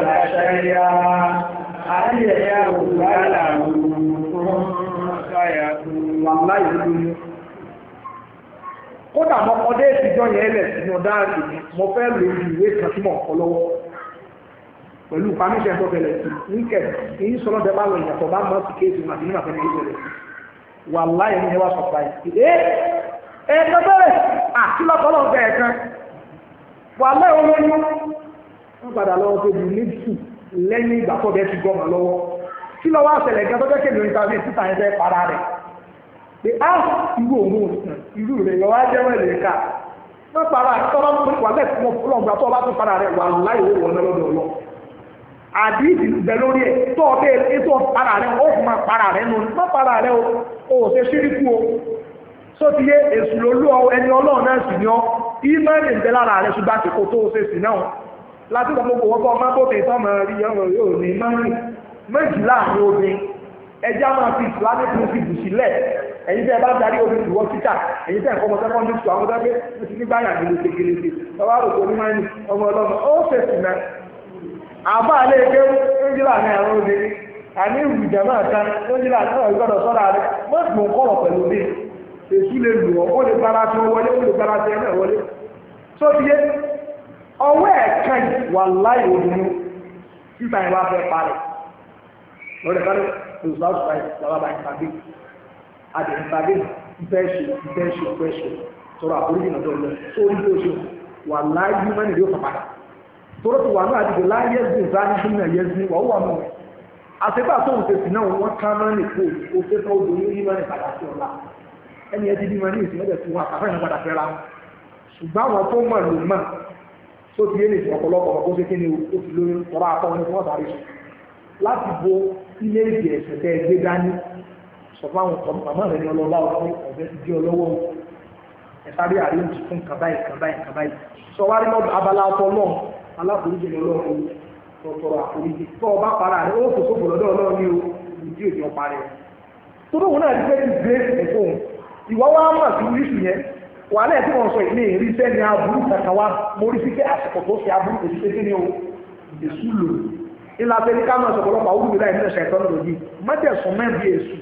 S1: àwọn ọmọdé ìtijọ́ yẹn lẹ̀ sínú dáàbì mi mo fẹ́ lò ju ìwé kan tí mò ń kọ́ lọ́wọ́ pẹ̀lú pàmíṣẹ́ tó bẹ̀rẹ̀ sí ní kẹ̀ ní sọ́nà bẹ́ẹ̀ bá lọ ìyàtọ̀ bá mọ́ sí kéèsì wọn àti nínú àfẹ́ ní ìbẹ̀rẹ̀ wà láyé ní ẹwà sọ̀tà yìí. ẹ ẹ bẹ́ẹ̀ àti lọ́kọ́lọ́ bẹ́ẹ̀ kan wà láyé olóyún wọ́n padà lọ́wọ́ tó bù ní tù lẹ́yìn ìgbà tó bẹ́ẹ̀ para gbọ́ pé á ah, irú òun irú rẹ̀ lọ́wọ́ ajẹ́wọ̀ lè ka wọ́n para tọ́lá wà lẹ́sìn wọn fúlọ̀ gbà tó o bá tún para rẹ̀ wà láì owó wọn lọ́dọ̀ lọ. àdìsí bẹ lórí ẹ̀ tó o bẹ ètò para rẹ̀ o fún ma para rẹ̀ nù má para rẹ̀ o o ò ṣe ṣíríkù o sótìyé èsù ló lú ọ ẹni ọlọ́run náà sì ni ọ ìmọ̀ẹ́nì ń bẹ lára rẹ̀ ṣùgbọ́n àsìkò tó o ṣe sì náà láti ìgbà gbogbo wọn bọ́ ọmọ bóde sọmọ rí ọ̀rọ̀ yóò ní mọ́rin méjìlá àwọn obìnrin ẹjẹ́ máa fi ẹ̀yin tẹ́ ẹ bá darí omi ìwọ títà ẹ̀yin tẹ́ ẹ̀kọ́ ọmọ sẹ́kọ́ndì sùn àwọn ọmọdé ló ti ní báyà gèlèsè gèlèsè ọwọ́ àròkọ onímọ̀ ẹni ọmọ ọlọ́mọ ó fèsì náà àbá alẹ́ ẹgbẹ́ ńjìlá ní àwọn obìnrin àní ìrìjà náà kan ńjìlá náà gbọ́dọ̀ sọ́ra rẹ̀ mọ́tò ń kọ̀rọ̀ pẹ̀lú mi èsù lè lù ọ́ ó lè gbára tí ó wọlé ó lè gbára tí ẹ náà wọlé tó fi yé ọwọ́ ẹ̀kan wà láì òdùnú títà ìwà fẹ́ parẹ́ lọ́dẹ̀ kan ní oṣù láwùjọ báyìí làwọn báyìí pàdé adìrìntàdé ìfẹ́ ṣe ìfẹ́ ṣe ìfẹ́ ṣe sọ̀rọ̀ àforíjì náà dọ̀lọ́ sórí tó ṣe wà láyé mẹ́rin yóò fàpadà tọ́rọ̀ tó wà náà àdìgbò láyé ẹ̀sìn ìzáni fún náà yẹ́sìn wà ó wà mọ́ àtẹ́gbà tó ń tẹ̀sí náà wọ́n ká mẹ́rin nìkó o fẹ́ fẹ́ odò yóò yí mẹ́rin padà sí ọ̀la ẹni ẹtí bí mẹ́rin ìsìn ẹ̀dẹ̀ tó wọn àtàfẹ́ yẹn padà fẹ́ra wọn ṣùgbọ́n àwọn tó mọ̀ ló mọ̀ tó ti yé nìsín ọ̀pọ̀lọpọ̀ ọ̀pọ̀ tó ti lóyún tọ́ra àtọ́ wọn ni wọ́n sáré sùn láti bo ilé ìdí ẹ̀sẹ̀ tẹ́ ẹ dání sọ fún àwọn ọmọ màmá rẹ ní ọlọ́wọ́ àwọn ọ̀bẹ ti di ọlọ́wọ́ ẹ sáré àríyànjú fún kàbáyì kàbáyì kàbáyì sọ wá abala ọtọ náà aláforíjì ní ọlọ́run tọ̀tọ̀rọ̀ àforíjì tó ọba para rẹ ó fòfò lọ́dọ̀ ọlọ́run ní o ìdí òjì ọ̀pá rẹ tó lóun náà ti fẹ́ ti gbé ẹ̀fọ́ ìwọ́ wa mà sí oríṣi yẹn wàhálà ẹ̀ tí wọ́n sọ ìní èrí sẹ́ni aburú kankan wa mo rí sí pé àsìkò tó fi aburú ni o èṣù lò ní láti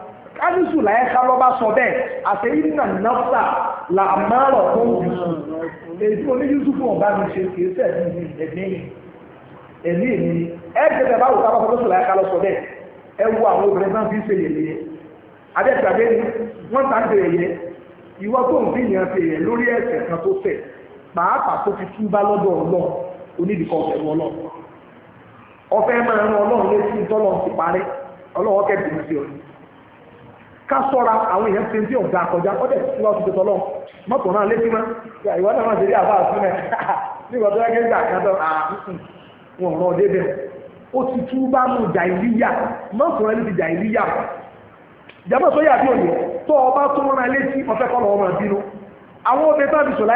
S1: kánísù láyé ká lọ́ bá sọ bẹ́ẹ̀ àti ìnà nọ́fà là máa rọ̀ fún yusuf èyí tí mo ní yusuf wọn bá mi ṣe kì í sẹ̀ ní ẹ̀mí ẹ̀mí èmi ẹ̀ tẹ̀tẹ̀ báwo ká lọ́sọ̀ lọ́sọ̀ láyé ká lọ́sọ̀ bẹ́ẹ̀ ẹ wo àwọn obìnrin náà fi ń ṣe yẹ̀yẹ́ adẹ́gbàgbé ni wọ́n ta ń bèrè yẹ ìwọ tó ń fi yàn ṣe yẹ lórí ẹ̀ṣẹ̀ kan tó fẹ̀ pàápàá tó fi túbá lọ́dọ̀ ọlọ́run onídìkọ̀ ọ̀fẹ́ wọn ọlọ́run ọ̀fẹ́ máa ń ran ọlọ́run létí tọ́lọ́run ti parí ká sọ́ra àwọn èèyàn ti ń tí ọ̀gá àkọjá ọ̀dẹ̀ tí wọ́n ti tètè lọ mọ́tò náà létí mọ́ ìwọ náà àbá ní tó yẹ àkàtọ̀ ah, wọn rọ ó ti tú bá mú mọ́tò náà létí tó yà bí òye tó ọba tó létí ọ̀fẹ́ kọ́ lọ́wọ́ máa bínú àwọn tó àbí sọ̀lá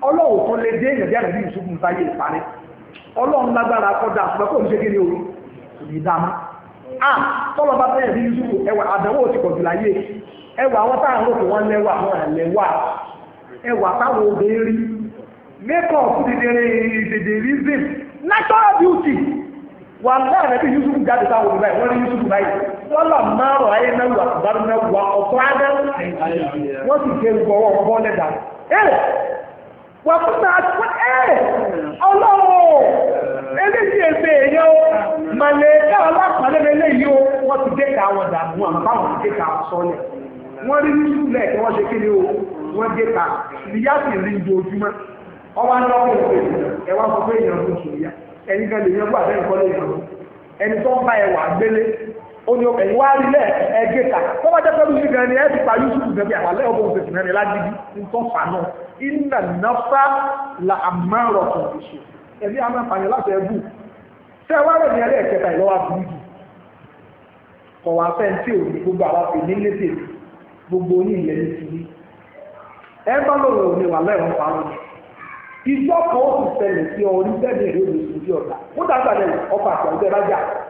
S1: ọlọ́run tó lè dé èèyàn bí àdàbí ìṣubú yé parí ọlọ́run lágbára kọjá ṣùgbọ́n kò ní ṣe kéde orí ìdáná à tọ́lọ́ bá bẹ́ẹ̀ bí ìṣubú ẹwà àdánwò ti pọ̀jù láyé ẹwà àwọn táwọn lẹ́wà àwọn àlẹ́wà ẹwà táwọn obìnrin rí makeup reason natural beauty wà láàrin bí jáde wọ́n rí wà fún mi àti fún ẹ ọlọ́run eléyìí èsè èèyàn o eléyìí o wọ́n ti dé ká wọn dààmú àmọ́ báwọn ti dé ká sọ́ọ̀lẹ̀ wọ́n rí ní sùlẹ̀ kí wọ́n ṣe kí ni o wọ́n dé ká ìyá sì rí ojoojúmọ́ ọwọ́ aná ọkọ̀ ìwé ẹ wá fún pé èèyàn tó sùn yá kan lè yẹn gbọ́ kọ́ lè yàn ẹni tó ń bá ẹwà ó ní ọkẹ̀ ìwá rílẹ̀ ẹgbẹ́ ta tó bá jẹ́ pẹ́lú ṣìgbà ni ẹ ti pa Yúsúfù gẹ̀bí àwàlẹ́ ọgbọ̀n oṣù tìmẹ́ ni lágídí ń tọ́ fàánù iná nafsa la àmọ́rọ̀ kan ìṣe ẹ̀rí àmọ́ ìpànìyàn láti ẹbù tẹ́ wá rẹ̀ ní ẹ̀rí ẹ̀kẹta ìlọ́wà burúkú kọ̀ wá fẹ́ tí ò ní gbogbo àwọn pè ní lédè gbogbo ní ilẹ̀ ní ti ní ẹ bá lọ́rọ̀ òní wà lẹ́rùn parọ́ ìjọ kan ó ti ṣẹlẹ̀ sí ọ orí bẹ́ẹ̀ ni èrè òní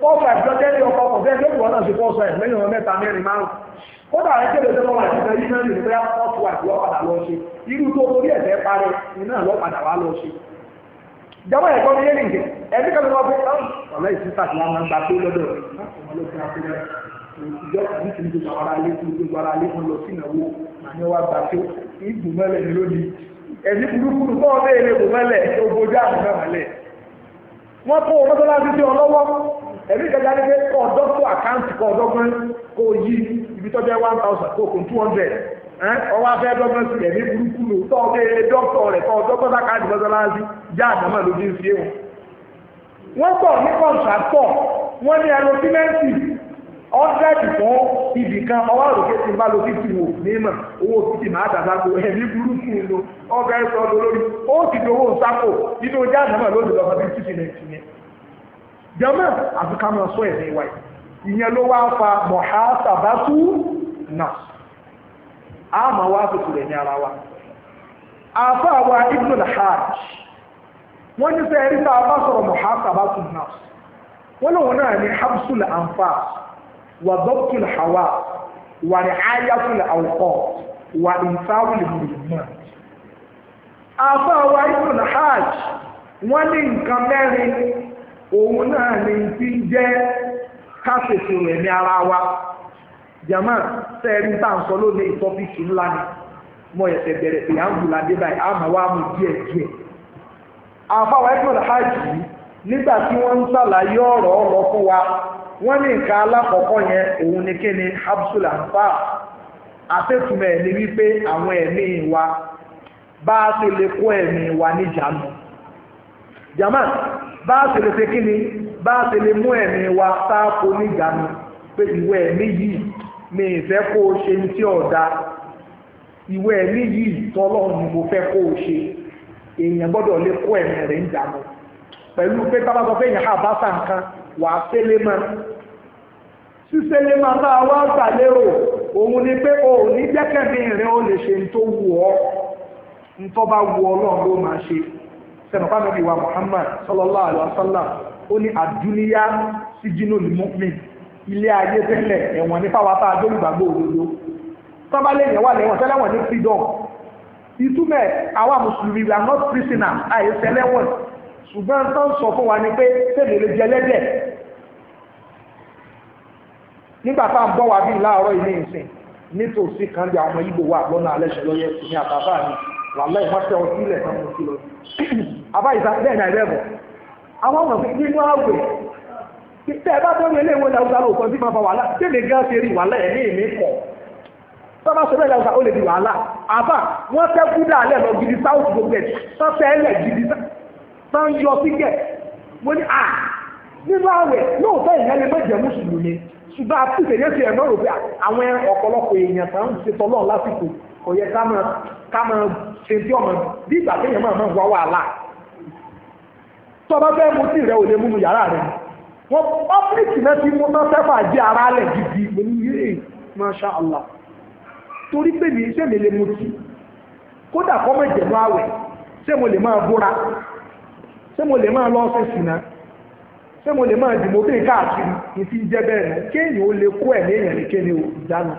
S1: fọ́ọ̀fù àìsàn tẹ́lẹ̀ ọkọ̀ ọkọ̀ fẹ́ẹ́ lóògùn ọ̀nà sí fọ́ọ̀sù ẹ̀ lẹ́yìn ọ̀rọ̀ mẹ́ta mẹ́rin márùn kódà ẹ kéde tó lọ́wọ́ àti ìtẹ́yí náà nìyẹn bóyá àti ọ̀padà lọ ṣe irú tó torí ẹ̀fẹ́ parẹ́ iná lọ́padà wá lọ ṣe. ẹ̀kọ́ mi yé ní ẹbí kan lọ́wọ́ ọ̀lẹ́ máa ń pé lọ́dọ̀ rẹ̀ wọ́n kó mọ́tọ́lá ẹ̀rí ìjọba ní pé kọ́ àkáǹtì kọ́ ọ̀dọ́gbọ́n yí ibi tọ́jú 1000 one thousand kó kún two hundred ọwọ́ afẹ́ dọ́gbọ́n sí ẹ̀mí burúkú lò tọ́ ọ̀dẹ́ dọ́kítọ̀ rẹ̀ kọ́ ọ̀dọ́gbọ́n bá mọ́sálásí já àdámà lójú ń fi wọn. wọ́n pọ̀ ní kọ́ńtàtọ̀ wọ́n ní fún ibì kan ọwọ́ àròkè ti bá wò jama àti ká máa sọ ẹ̀mí wa ìyẹn ló wá fa muhasabatu náà a máa wá tutù rẹ̀ ní ara wa àfa àwa ibnu al-hajj wọ́n ní sẹ́yìn rí bá a bá sọ̀rọ̀ muhasabatu náà wọ́n lòun náà ní habsul anfas wà dọ́ktul hawa wà ní ayatul awqat wà ní sáwùlì mùsùlùmí àfa àwa ibnu al-hajj wọ́n ní nǹkan mẹ́rin òun náà ni ti ń jẹ́ ara wa jama sẹ́ẹ̀rí tá sọ ni mo ẹ̀sẹ̀ bẹ̀rẹ̀ pé à dé báyìí àmọ́ wa mú díẹ̀ díẹ̀ àfáwọ̀ hajj yìí nígbà tí wọ́n ń ṣàlàyé ọ̀rọ̀ ọ̀rọ̀ fún wa wọ́n ní nǹkan alákọ̀ọ́kọ́ yẹn òun ni kí ni habsul anfa ni jama bá a ṣe lè ṣe kí ni bá a ṣe lè mú ẹ̀mí wa sáàpò níjànú pé ìwé ẹ̀mí yìí mi ì fẹ́ kó o ṣe ní tí ọ̀dà ìwé ẹ̀mí yìí tọ́lọ́run ni mo fẹ́ kó o ṣe èèyàn gbọ́dọ̀ lè kó ẹ̀mí rẹ̀ ń jànú pẹ̀lú pé tá sọ pé èèyàn hà bá sàn kan wà á sélé mọ́ sísélé máa bá a wá gbà òun ni pé o ò ní jẹ́kẹ̀mí rẹ̀ o lè ṣe ní tó wù ọ́ ní tó bá wù Ọlọ́run ló máa ṣe sẹ̀nùpá nàbí wa Muhammad sallallahu alaihi wasallam ó ní àdúníyá sí jínú ní mọ́mìn ilé ayé tẹ́lẹ̀ ẹ̀wọ̀n ní fáwọn afá adólùgbàgbọ́ òdodo tọ́balẹ̀ yẹn wà lẹ́wọ̀n tẹ́lẹ̀wọ̀n ní freedom ìtumẹ̀ àwa mùsùlùmí we are not prisoner àìsẹ̀ lẹ́wọ̀n ṣùgbọ́n tó ń sọ fún wa ni pé tẹ́lẹ̀ lè jẹ lẹ́dẹ̀ nígbà tá à ń bọ̀ wá bí láàárọ̀ ilé ìsìn nítòsí kan di àwọn Ìgbò wà lọ́nà alẹ́ṣẹ̀ lọ́yẹ̀ ní àtàbà ni wàhálà ìmọ̀tẹ́ ọtí ilẹ̀ náà mo ti lọ àbáyìsá bẹ́ẹ̀ náà ẹ̀rẹ́ àwọn ọmọ pé nínú àwẹ̀ tẹ́ ẹ bá tó ní eléwọ́ làwùjá lóòótọ́ sí máa fa wàhálà tẹ́lẹ̀ gán ṣe rí wàhálà ẹ̀mí ìmí pọ̀ tó bá sọ bẹ́ẹ̀ làwùjá ó lè di wàhálà àbá wọ́n fẹ́ kú dàlẹ́ lọ gidi south gbogbo ẹ̀ tán fẹ́ lẹ̀ gidi tán yọ síkẹ̀ mo ní à nínú àwẹ̀ lóòótọ́ ìyẹn lè má jẹ́ mùsùlùmí ṣùgbọ́n àti ìṣèlérí ẹ̀ mọ́rò pé àwọn ọ̀pọ̀lọpọ̀ èèyàn kan ń ṣe tọ́lọ́ lásìkò kò yẹ ká máa ṣe tí ọmọ bí ìgbà kéèyàn máa máa wá wàhálà tọba fẹ́ mu tí rẹ ò lè mú nu yàrá rẹ wọn ọ́fíìsì náà ti mú náà fẹ́fà jẹ́ ara rẹ̀ gidi pẹ̀lú yéè masha allah torí pé mi iṣẹ́ mi lè mu tí kódà kọ́ mọ̀ jẹ̀nu àwẹ̀ ṣé mo lè máa búra ṣé mo lè máa lọ ṣe sìnà ṣé mo lè máa dìbò bí káàkiri ìfi jẹ́ bẹ́ẹ̀ nù kéèyàn ó lè kó ẹ̀mí èèyàn kéèyàn ò dáná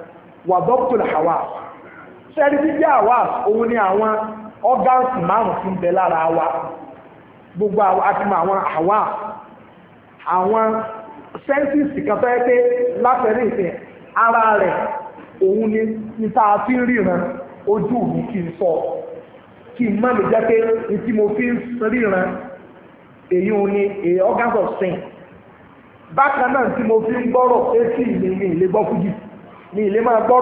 S1: wà dọ́kítọ̀lù àwa sẹ́ni jíjẹ́ àwa òun ni àwọn ọ́gáǹsì márùn-ún ti gbogbo àtìmọ̀ àwọn awa àwọn sẹ́ńsìsì kan fẹ́ pé látẹ̀rí ìfẹ́ ara rẹ̀ òun ni níta fi ń ríran ojú mi kì í sọ kì í mọ̀ lè ríran èyí ò ní èyí organs of sin bákan náà tí mo fi ń gbọ́rọ̀ etí mi mi gbọ́ fújì mi máa sọ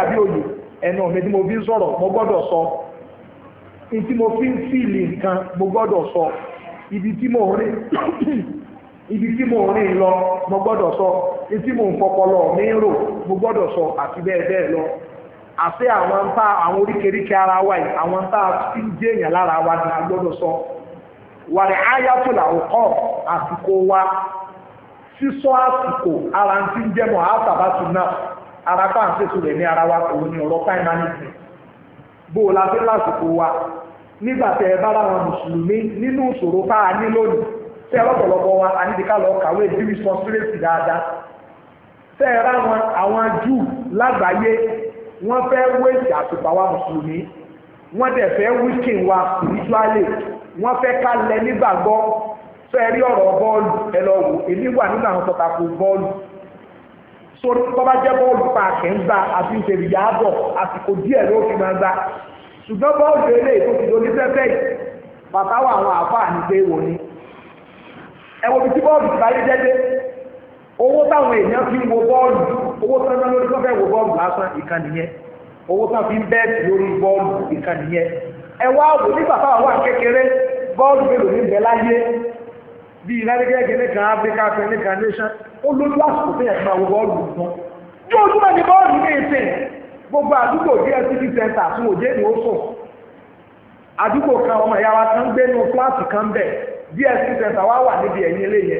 S1: àbí òye ẹnu mi tí mo fi ń sọ̀rọ̀ mo gbọ́dọ̀ sọ ní tí mo fi ń fìlì nǹkan mo gbọ́dọ̀ sọ ibi tí mo rìn ibi lọ mo gbọ́dọ̀ sọ ibi tí mo ń fọpọlọ mi ń rò mo gbọ́dọ̀ sọ àti bẹ́ẹ̀ bẹ́ẹ̀ lọ àti àwọn àwọn ara wa yìí àwọn a ti ń jẹ́ èèyàn lára wa ni a gbọ́dọ̀ sọ wàrẹ̀ ayatollah àsìkò wa sísọ àsìkò ara ti ara bá ń fèsò rẹ̀ ní ara wa òun ni ọ̀rọ̀ time management bó o la fi lásìkò wa nígbà tẹ ẹ bá ra wọn mùsùlùmí nínú ìṣòro tá a ní lónìí tẹ ọlọ́pọ̀lọpọ̀ wa a lọ kàwé bí responsibility dáadáa tẹ ẹ rá wọn àwọn Júù lágbàáyé wọ́n fẹ́ wéèsì àtùpà wa mùsùlùmí wọ́n dẹ̀ fẹ́ wíkìn wa spiritually wọ́n fẹ́ ká lẹ nígbàgbọ́ fẹ́ rí ọ̀rọ̀ bọ́ọ̀lù ẹ lọ wò èmi wà nínú àwọn tọ́ta kò bọ́ọ̀lù so tọ́ba jẹ́ bọ́ọ̀lù paaki ń gba àti ìṣèlúyà bọ̀ àsìkò díẹ̀ ló fi máa gba ṣùgbọ́n bọ́ọ̀lù eléyìí tó ti lóní yìí bàbá wa àwọn àáfàá ní pé wò ni ẹ wo tí bọ́ọ̀lù ti báyé jẹ́dé owó táwọn èèyàn fi ń wo bọ́ọ̀lù owó sanwó lórí tó fẹ́ wo bọ́ọ̀lù lásán owó fi ń lórí bọ́ọ̀lù bí united gẹ́gẹ́ kan áfíríkà fẹ́lẹ́ kan nation àsìkò fún ẹ̀ka àwọn bọ́ọ̀lù nìkan ní ojúmọ̀ ní bọ́ọ̀lù ní gbogbo àdúgbò dstv center fún òjé ni ó sùn àdúgbò kan ọmọ ìyá wa kan gbé nínú center wa wà níbi ẹ̀yìn eléyẹ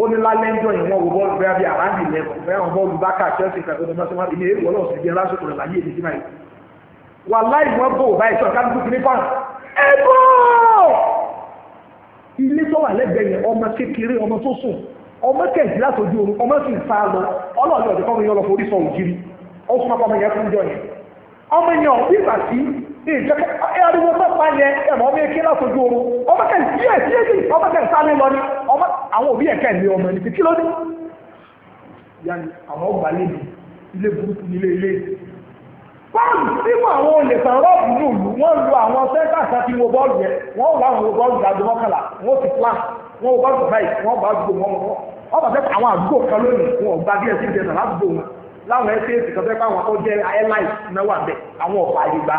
S1: ó ní lálẹ́ ìwọ̀n wò bọ́ọ̀lù bẹ́ẹ̀ bí àrándì lẹ́kọ̀ọ́ bẹ́ẹ̀ wọn bọ́ọ̀lù bá ilé tó wà lẹ́gbẹ̀ẹ́ yẹn ọmọ kékeré ọmọ tó sùn ọmọ kẹ̀jì látòjú oorun ọmọ sì ń sá lọ ọlọ́ọ̀dẹ ọ̀dẹ kọ́mọ yẹn lọ forí sọ̀rọ̀ kiri ó fún ọmọ yẹn fún jọ yẹn ọmọ yẹn ọ̀ bíbà sí ìjọkẹ́ ariwo tó pa yẹn ẹ̀mọ́ ọmọ èké látòjú oorun ọmọ kẹ̀ díẹ̀ díẹ̀ díẹ̀ ọmọ kẹ̀ sáré lọ ni ọmọ àwọn òbí ẹ̀kẹ́ ní ọmọ ní kí ló dé. yanni àwọn ọgbà lè dùn ilé burúkú nílé ilé fáàmù nínú àwọn olèsàn rọ́ọ̀bù nílùú wọ́n lu àwọn sẹ́ńtàṣà tí wo bọ́ọ̀lù yẹn wọ́n bọ́ọ̀lù mọ́kànlá wọ́n ti wọ́n bọ́ọ̀lù báyìí wọ́n bá wọn wọ́n wọ́n bá àwọn àdúgbò kan lónìí wọn ò gba bí wọn láwọn ẹsẹ̀ èsì kan fẹ́ pé àwọn akọ́jẹ́ airlines àwọn ọ̀pá àyígbá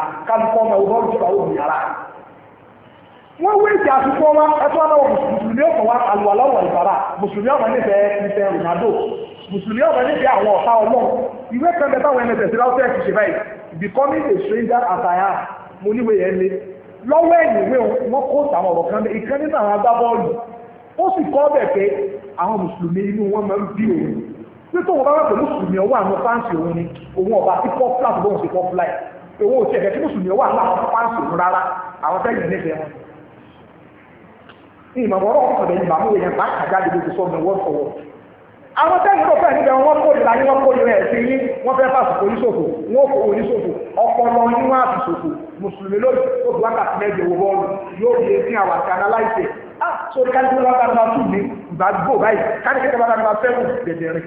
S1: becoming a stranger as I am mo níwèé yẹn lé lọ́wọ́ ẹ̀yìn ìwé wọn kó àwọn ọ̀rọ̀ kan ìkan nínú àwọn agbábọ́ọ̀lù ó sì kọ́ bẹ̀ pé àwọn mùsùlùmí inú wọn máa ń bí òun pé tóun bá wà pẹ̀lú mùsùlùmí ọwọ́ àwọn fáǹsì òun ni òun ọba tí pop flat bóun ṣe pop flight òun ò tiẹ̀ fẹ́ kí mùsùlùmí ọwọ́ àwọn fáǹsì òun rárá àwọn tẹ́lẹ̀ nífẹ̀ẹ́ wọn ìmọ̀ràn ọ̀rọ̀ ọ̀sọ̀dẹ̀ ìgbà mú èèyàn bá kàjáde lóṣù sọ́ọ̀nù wọ́n àwọn tẹ́lẹ̀ tó fẹ́ẹ̀ níbẹ̀ wọ́n kó ìlà yín wọ́n kó ìrẹ̀ sí yín wọ́n fẹ́ fàṣùkò oníṣòfò wọ́n kó oníṣòfò ọpọlọ yín wọ́n àfìṣòfò mùsùlùmí lórí tó bu wákàtí mẹ́jọ wo bọ́ọ̀lù yóò di etí àwọn àti analáìsẹ̀ ah sórí kánikẹ́ bá bá tù mí ìgbà gbò báyìí kánikẹ́ bá bá fẹ́rù dẹ̀dẹ̀rẹ̀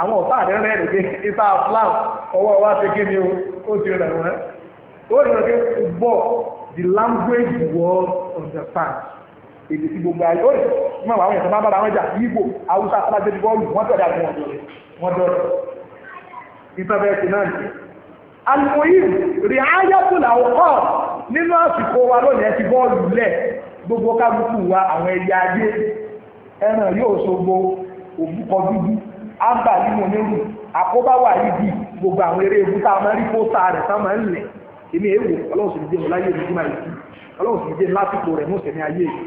S1: àwọn ọ̀tá àdẹ́rẹ́ rẹ̀ gé isa flam ọwọ́ wa ti gé ni o ó ti rẹ̀ wọ́n ó rẹ̀ gé gbọ́ the language world understands èdè tí gbogbo ayé òye tí màmá àwọn ìṣẹ̀lẹ̀ bára wọn jà yíbo haúsá alájẹ ti bọ́ọ̀lù wọ́n tẹ̀lé àti wọn dọ̀rẹ̀ wọn dọ̀rẹ̀ ìtọ́fẹ́ ẹ̀sìn náà ni. alimoyim rí ayatollah ọkọ nínú àsìkò wa lónìí ẹ ti bọ́ọ̀lù lẹ̀ gbogbo kálukú wa àwọn ẹ̀yà ayé ẹran yóò ṣogbo òbúkọ dúdú ámbà nínú onírù àkóbáwà yìí di gbogbo àwọn eré ebú tá a máa rí pósà rẹ̀ tá a máa ń lẹ̀ èmi èèwò ọlọ́run sì ń dé wọn láyé ìdíjú máa yìí ọlọ́run sì ń dé lásìkò rẹ̀ mọ́sẹ̀ ní ayé yìí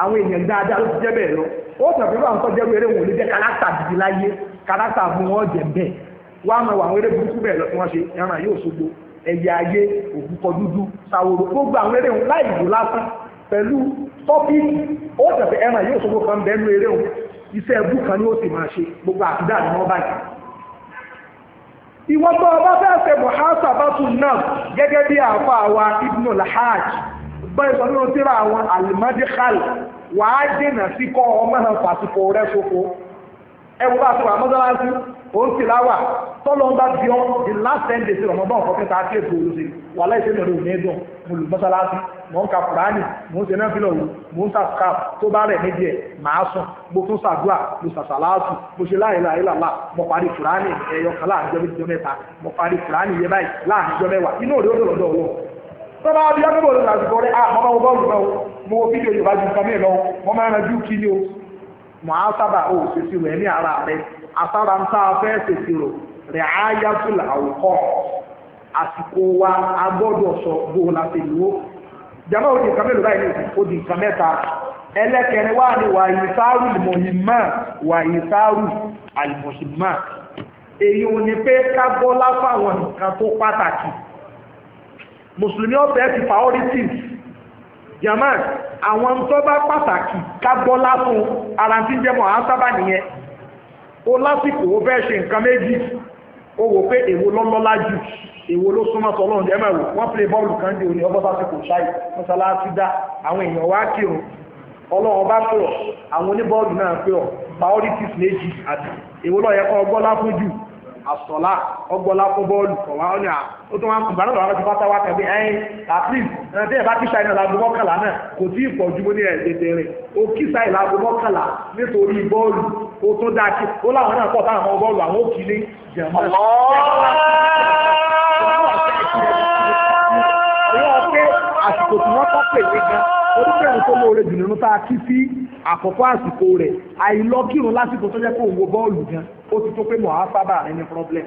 S1: àwọn èèyàn dáadáa ló ti jẹ́ bẹ́ẹ̀ lọ ó sọ̀rọ̀ pé àwọn tọ́jú eré wọn ò jẹ́ kárátà dìdí láyé kárátà fún wọn bẹ́ẹ̀ wọ́n á àwọn eré burúkú bẹ́ẹ̀ lọ tí wọ́n ṣe ẹran yóò ṣogbo ayé dúdú sàwòrò gbogbo àwọn eré wọn láì wò lásán pẹ̀lú ó sọ̀rọ̀ pé ẹran yóò ṣogbo kan bẹ́ẹ̀ nú eré wọn iṣẹ́ ẹbú kan ni ó sì máa ṣe gbogbo ni wọ́n báyìí ìwọ́n fẹ́ẹ́ báyìí sọ nínú tíra àwọn alimadikal wàá dènà sí kọ́ ọmọ hàn fàsìkò rẹ ṣoko ẹwọ bá sọ àmọ́sálásí òun ti láwà tọ́lọ́ ń bá di ọ́ the last ten days ọmọ bá ọ̀fọ́ kẹta àti èso olùsè wà láì sẹ́nu ọdún òní dùn mo lù mọ́sálásí mò ń ka kùránì mò ń sẹ́nà fílọ̀ wò mò ń sàkà tó bá rẹ̀ níbi ẹ̀ màá sùn mo tún sàdúà mo sàṣàlásù mo ṣe láì láì làlá mo parí kùránì ẹ̀yọkàn láàrin jọ́ mẹ́ta mo parí kùránì yẹ báyìí láàrin jọ́ mẹ́wàá inú òde ó dọ̀lọ́dọ̀ ọlọ́run sọ́ba abiyá tó bọ̀ lọ́la àsìkò rẹ̀ ah mọ́mọ́ wo bọ́ọ̀lù náà mo wo fídíò yorùbá ju nǹkan mi lọ mọ́ máa ń rajú kí ni o mọ̀ á sábà ó ṣèṣì rẹ̀ ní ara rẹ̀ àsára ń tá a fẹ́ ṣèṣì rò rẹ̀ á yá fúlà àwòkọ́ àsìkò wa a gbọ́dọ̀ sọ bó o la ṣe lówó jama o di nǹkan mélòó báyìí ní o di nǹkan mẹ́ta ẹlẹ́kẹrin wà ní wà ìsáàrù ìmọ̀hìmá wà ìsáàrù àìmọ̀hìmá èyí ò ní pé ká bọ́lá fáwọn nǹkan tó pàtàkì mùsùlùmí ọ̀bẹ ti priorities german àwọn tó bá pàtàkì kágbọ́ lásán ara ti ń jẹ́ mọ̀ ásábà nìyẹn ó lásìkò ó fẹ́ ṣe nǹkan méjì ó wò pé èwo lọ́lọ́lá jù èwo ló súnmọ́ sọlọ́run jẹ́ mẹ́wò wọ́n play bọ́ọ̀lù kan dé òní ọgbọ́n sásìkò ṣáì mọ́sálásí dá àwọn èèyàn wá kírun ọlọ́run bá pè ọ́ àwọn oníbọ́ọ̀lù náà pè ọ́ priorities méjì àti èwo ló yẹ kó ọgbọ́n jù àsọ̀lá ọgbọ́lá fún bọ́ọ̀lù kọ̀wá ọ̀nà ó tún wá ń gbàdúrà lọ́wọ́ ti fátáwá tẹ̀lé ẹ̀yìn àtìs ẹ̀rọ tí ẹ̀ bá kíṣà iná lágbo mọ́kànlá náà kò tí ì pọ̀ ju mo ní ẹ̀ tètè rìn ó kíṣà ìlágbo mọ́kànlá nítorí bọ́ọ̀lù ó tún dáa kí ó láwọn náà pọ̀ táwọn bọ́ọ̀lù àwọn ó kì í ní jẹ̀mọ́ àsìkò tí wọ́n tọ́ pè é gan orúkọ ẹ̀rù tó lóore jù nínú tá a kí àkọ́kọ́ àsìkò rẹ̀ àìlọ́kírun lásìkò tó jẹ́ pé wo bọ́ọ̀lù gan ó ti tó pé problem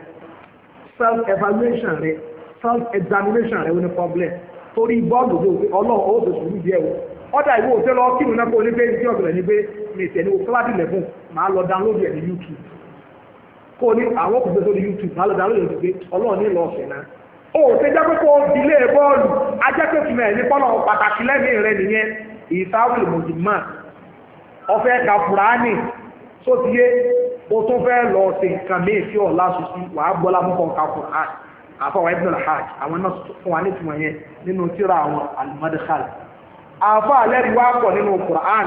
S1: self evaluation rẹ self examination rẹ ó ní problem torí bọ́ọ̀lù ló pé o ọ̀dà ìwé òtẹ́ lọ kírun náà kó ní pé ní ní pé mi lọ download ẹ̀ ní YouTube kó ní àwọn òkùnkùn YouTube màá lọ download ẹ̀ ní pé o ṣe jẹ́ pé kó ọfẹ́ ka fúránì tó ti o fẹ́ lọ si nǹkan míì sí ọ̀la ṣùṣì wàá gbọ́lá mú kàn ka fúránì àfọwọ́ ibn hajj àwọn náà fún wa nítumọ̀ yẹn nínú tíra àwọn al-madkhal àfọ alẹ́ rí wá pọ̀ nínú quran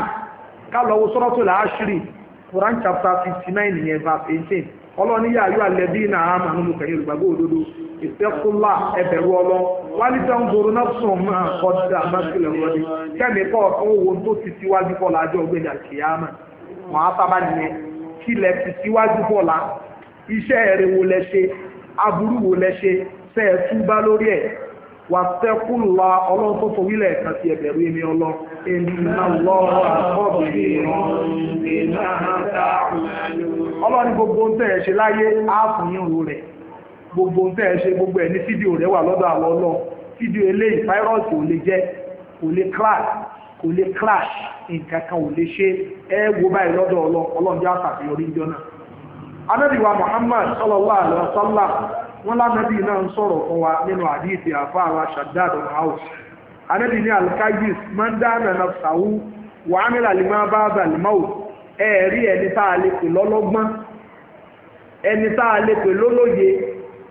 S1: ká quran chapter fifty nine yẹn verse eighteen yà á yọ alẹ́ bí á nínú ìtẹ́kùlá ẹ̀bẹ̀rù ọlọ wálé tó ń ború náà sùn máa kọjá mẹ́sìlẹ̀ wọlé kẹ́mi kọ́ ọ̀kan owó tó ti síwájú bọ́ọ̀lá àjọ ògbéjà kìyàmà wọn á sábà nìyẹn kí lẹ ti síwájú bọ́ọ̀lá iṣẹ́ ẹ̀rẹ̀ wo lẹ ṣe aburú wo lẹ ṣe ṣe é túbá lórí ẹ̀ wà tẹ́kùlá ọlọ́run tó fowí lẹ̀ kan sí ẹ̀bẹ̀rù èmi ọlọ ọlọ́run gbogbo ń tẹ̀ ṣe láyé á fún yín òru gbogbo ń tẹ́ ṣe gbogbo ẹ̀ ní fídíò rẹ̀ wà lọ́dọ̀ àwọn ọlọ́ fídíò eléyìí fáírọ́ọ̀sì ò lè jẹ́ kò lè crash kò lè crash nǹkan kan ò lè ṣe ẹ Muhammad sallallahu alaihi wasallam wọn lánàbì náà ń sọ̀rọ̀ fún nínú àdìsí àfa Shaddad house anábì ní máa ń dáná sàwú ẹni tá a lè pè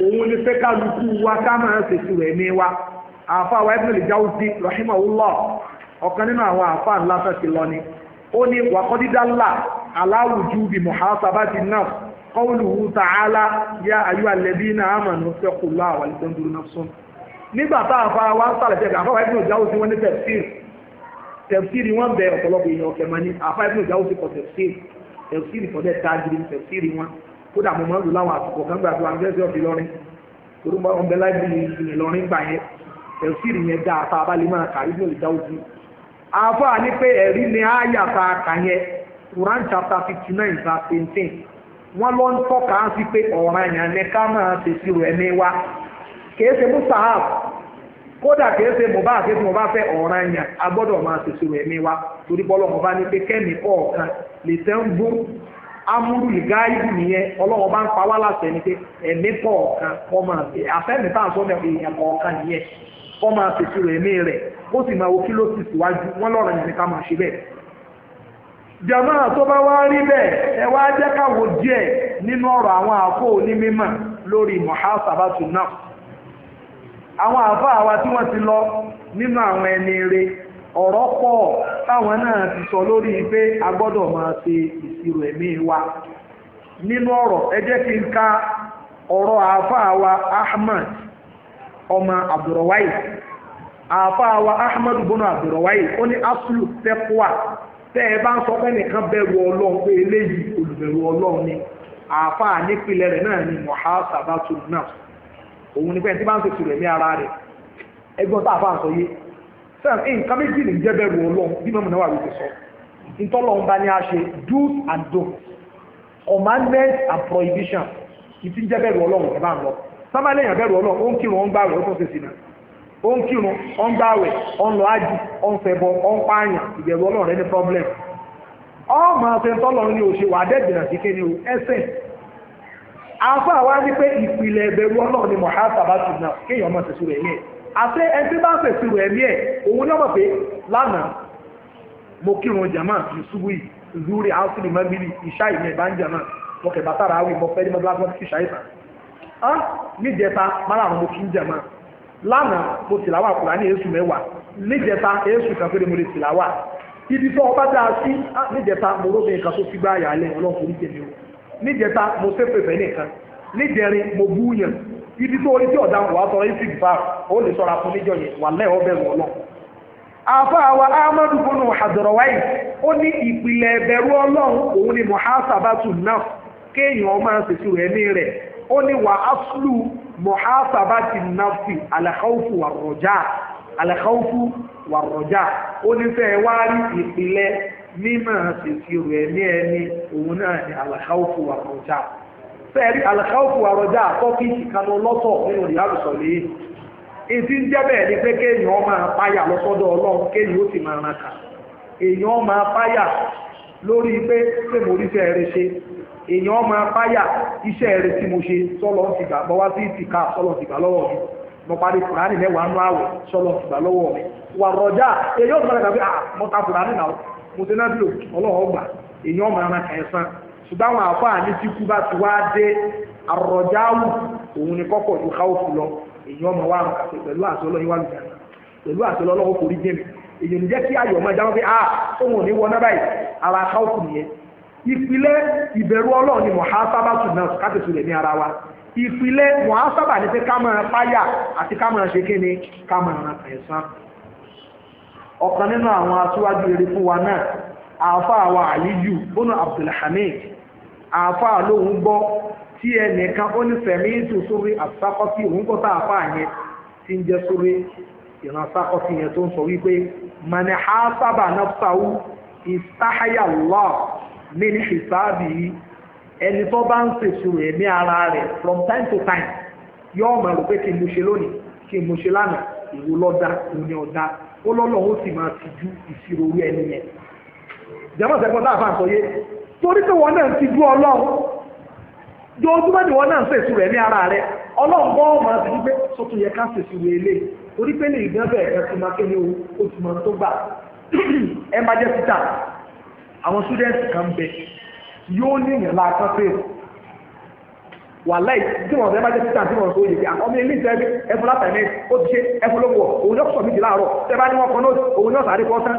S1: òun ni fẹ́ kálukú wa ká máa ṣètò rẹ̀ ní wa àfa wa ibùdó ìjáwùsí rahimahullah ọ̀kan nínú àwọn àfa ńlá fẹ́sẹ̀ lọ ni ó ní wàkọ́dídálà aláwùjú bí muhasabati náà qawluhu ta'ala ya ayu alladhina amanu ittaqullaha wa litanzur nafsun nígbà tá àfa wa ń sàlẹ̀ tẹ̀ka àfa wa ibùdó ìjáwùsí wọn ní tafsir tafsir wọn bẹ ọ̀pọ̀lọpọ̀ èèyàn kódà mo máa ń lò láwọn àsìkò kan gbà tó wà ní ẹsẹ̀ ọ̀bì lọ́rin torí la bẹ láì bí ìlọrin gbà yẹn tẹ̀síìrì yẹn dáa tá a máa kà á nínú ìdáwọ́sí. àfọ́ àní pé ẹ̀rí ni a yẹn Quran chapter fifty nine verse eighteen wọ́n lọ ń tọ́ka á sí pé wa kìí ṣe kódà kìí ṣe mo bá mo bá fẹ́ ọ̀ràn wa torí bọ́lọ́ mo bá ní pé kẹ́mi amúrú ìgá ìlú nìyẹn ọlọ́wọ́ bá ń pa wá láṣẹ ni pé ẹ̀mí kọ̀ọ̀kan ọmọ àfẹ́mi tá à ń sọ ní èèyàn kọ̀ọ̀kan nìyẹn ọmọ àfẹ́sí rẹ̀ ẹ̀mí rẹ̀ ó sì máa wo kí ló sì síwájú wọ́n lọ́rọ̀ yẹn ká máa ṣe bẹ́ẹ̀. jàmáà tó bá wá rí bẹ́ẹ̀ ẹ wá jẹ́ muhasabatu náà àwọn àfọ àwa tí wọ́n ti lọ nínú àwọn ẹni ọ̀rọ̀ pọ̀ táwọn náà ti sọ lórí pé a gbọ́dọ̀ máa ṣe ìṣirò wa nínú ọ̀rọ̀ ẹ jẹ́ kí n ka ọ̀rọ̀ àáfàá wa Ahmed ọmọ Abdulrahman àáfàá wa Ahmad bọ́nà ó ní absolute tẹ́kùwà tẹ́ ẹ bá ń sọ pé nìkan bẹ̀rù ọlọ́run pé eléyìí olùbẹ̀rù ọlọ́run ni àáfàá nípìnlẹ̀ rẹ̀ náà ni òun ni ara rẹ̀ ẹgbọ́n sọ yìí sẹ́wọ̀n eh, nǹkan méjì lè jẹ́ bẹ̀rù ọlọ́run bí mọ́mù náà wà wípé sọ ìtọ́lọ́run bá ní a ṣe do's and don'ts commandments and prohibitions ìtí jẹ́ bẹ̀rù ọlọ́run ẹ̀ bá ń lọ sábàlẹ̀ èèyàn bẹ̀rù ọlọ́run ó ń kírun ó ń gbàwẹ̀ ó tún ṣe sínú ó ń kírun ó ń gbàwẹ̀ ó ń lọ ájì ó ń fẹbọ ó ń pààyàn ìbẹ̀rù ọlọ́run rẹ ní problem ọmọ àtẹ̀ntọ́lọ́run ni ò ṣe wà á dẹ́gbìnà sí kéde o ẹsẹ̀ àáfàá wá ní pé ìpìlẹ̀ ìbẹ̀rù ọlọ́run ni mọ̀hásábà tún náà kéèyàn ọmọ tẹ̀sùn yẹn àti ẹni bá ń rẹ̀ ní ẹ̀ òun náà mọ̀ pé lánàá mo kírun asiri mabili ìṣá ìmọ̀ ìbá ń jàmá mo kẹ̀ bàtà rà áwì mo fẹ́ ní mo gbàgbọ́ sí ìṣá ìtàn. á níjẹta mo kí ń jàmá lánàá mo tìlàwà kùrà ní èṣù mẹ́wàá níjẹta kan mo lè ibi tó ọba sí ibi tó orí tí ọ̀dà wà sọ̀rọ̀ ifig bar ó lè sọ̀rọ̀ fún níjọ yẹn wà lẹ́ẹ̀ ọbẹ̀ wọ̀ lọ. àfa àwa ahmadu bonu hadrawayi ó ní ìpìlẹ̀ ẹ̀bẹ̀rù ọlọ́run òun ni muhasabatu náà kéèyàn máa ṣètò ẹ̀mí rẹ̀ ó ní wà áṣùlù muhasabati nafsi alakawfu wà rọjà alakawfu wà rọjà ó ní fẹ́ wá rí ìpìlẹ̀ mímọ̀ ṣètò ẹ̀mí ẹni òun náà ni alakawfu wà rọjà sẹ́ẹ̀rí alikawufu àrọ̀jà àkọ́kíìsì kan lọ́tọ̀ nínú ìyàlùsọ̀ lè èsì ń jẹ́bẹ̀ ni pé kéèyàn máa páyà lọ́sọ́dọ̀ ọlọ́run kéèyàn ó sì máa ràn kà èèyàn máa páyà lórí pé pé mo rí iṣẹ́ rẹ ṣe èèyàn máa páyà iṣẹ́ rẹ tí mo ṣe sọ́lọ́ ti gbà bọ́ wá sí ìtìká sọ́lọ́ ti gbà lọ́wọ́ mi mo parí kùránì mẹ́wàá nú àwẹ̀ sọ́lọ́ ti gbà lọ́wọ́ mi wà rọ̀jà èèyàn ó sì máa ràn kà pé ah mo ta kùránì náà mo ti náà dúró ọlọ́run ọgbà èèyàn máa ràn kà ẹ̀sán ṣùgbọ́n àwọn àfáà ní tí kú bá ti wá dé àrọ̀jáwù òun ni kọ́kọ̀ ju káwọ́fù lọ èyí ọmọ wa pẹ̀lú àṣọ ọlọ́yin wà lùdà pẹ̀lú àṣọ ọlọ́wọ́ kò rí jẹ́mi èyí ò ní jẹ́ kí ayọ̀ máa jáwọ́ pé a ah, òun ò ní wọ náà ara káwọ́fù nìyẹn ìpìlẹ̀ ìbẹ̀rù ọlọ́run ni mọ̀hásábàtù náà kákètù rẹ̀ ní ara wa ìpìlẹ̀ mọ̀hásábà ni pé ká máa páyà àti ká máa ṣe kí ni ká máa ran ẹ̀sán ọ̀kan nínú àwọn aṣíwájú eré fún wa náà àáfàá wa àlíjù bónú Abdulhamid àáfàá lòun gbọ́ tí ẹnìkan ó ní sẹ̀mí ìtù sórí àsákọ́tì òun gbọ́ tá àáfàá yẹn ti ń jẹ́ sórí ìran sákọ́tì yẹn tó ń sọ wípé mani ha sábà náà sáwú ìsáháyà lọ ní ní ìsáàbì yìí ẹni tó bá ń ṣèṣù rẹ̀ ara rẹ̀ from time to time yóò mọ̀ rò pé kí n mo ṣe lónìí kí n mo ṣe lánàá ìwo lọ́dá òun ni ọ̀dá ó lọ́lọ́ ó sì máa ti ju ìṣirò orí ẹni yẹn jẹ́mọ̀ sẹ́kọ̀ọ́ tá àfàǹsọ yé torí pé wọn náà ti dú ọlọ́run jọjúmọ́ ni wọn náà ń sèṣù rẹ̀ ní ara rẹ̀ ọlọ́run bọ́ ọmọ àti wípé yẹ ká lé torí pé ní ìgbẹ́bẹ̀ ẹ̀ ti máa kéde oṣù mọ́ tó gbà ẹ máa jẹ́ títà àwọn students kan bẹ yóò ní ìyẹn láàkán pé wàláì tí wọn fẹ́ bá jẹ́ títà tí wọn sọ yìí pé àwọn ọmọ ilé ìfẹ́ ẹfun látàmí ó ti ṣe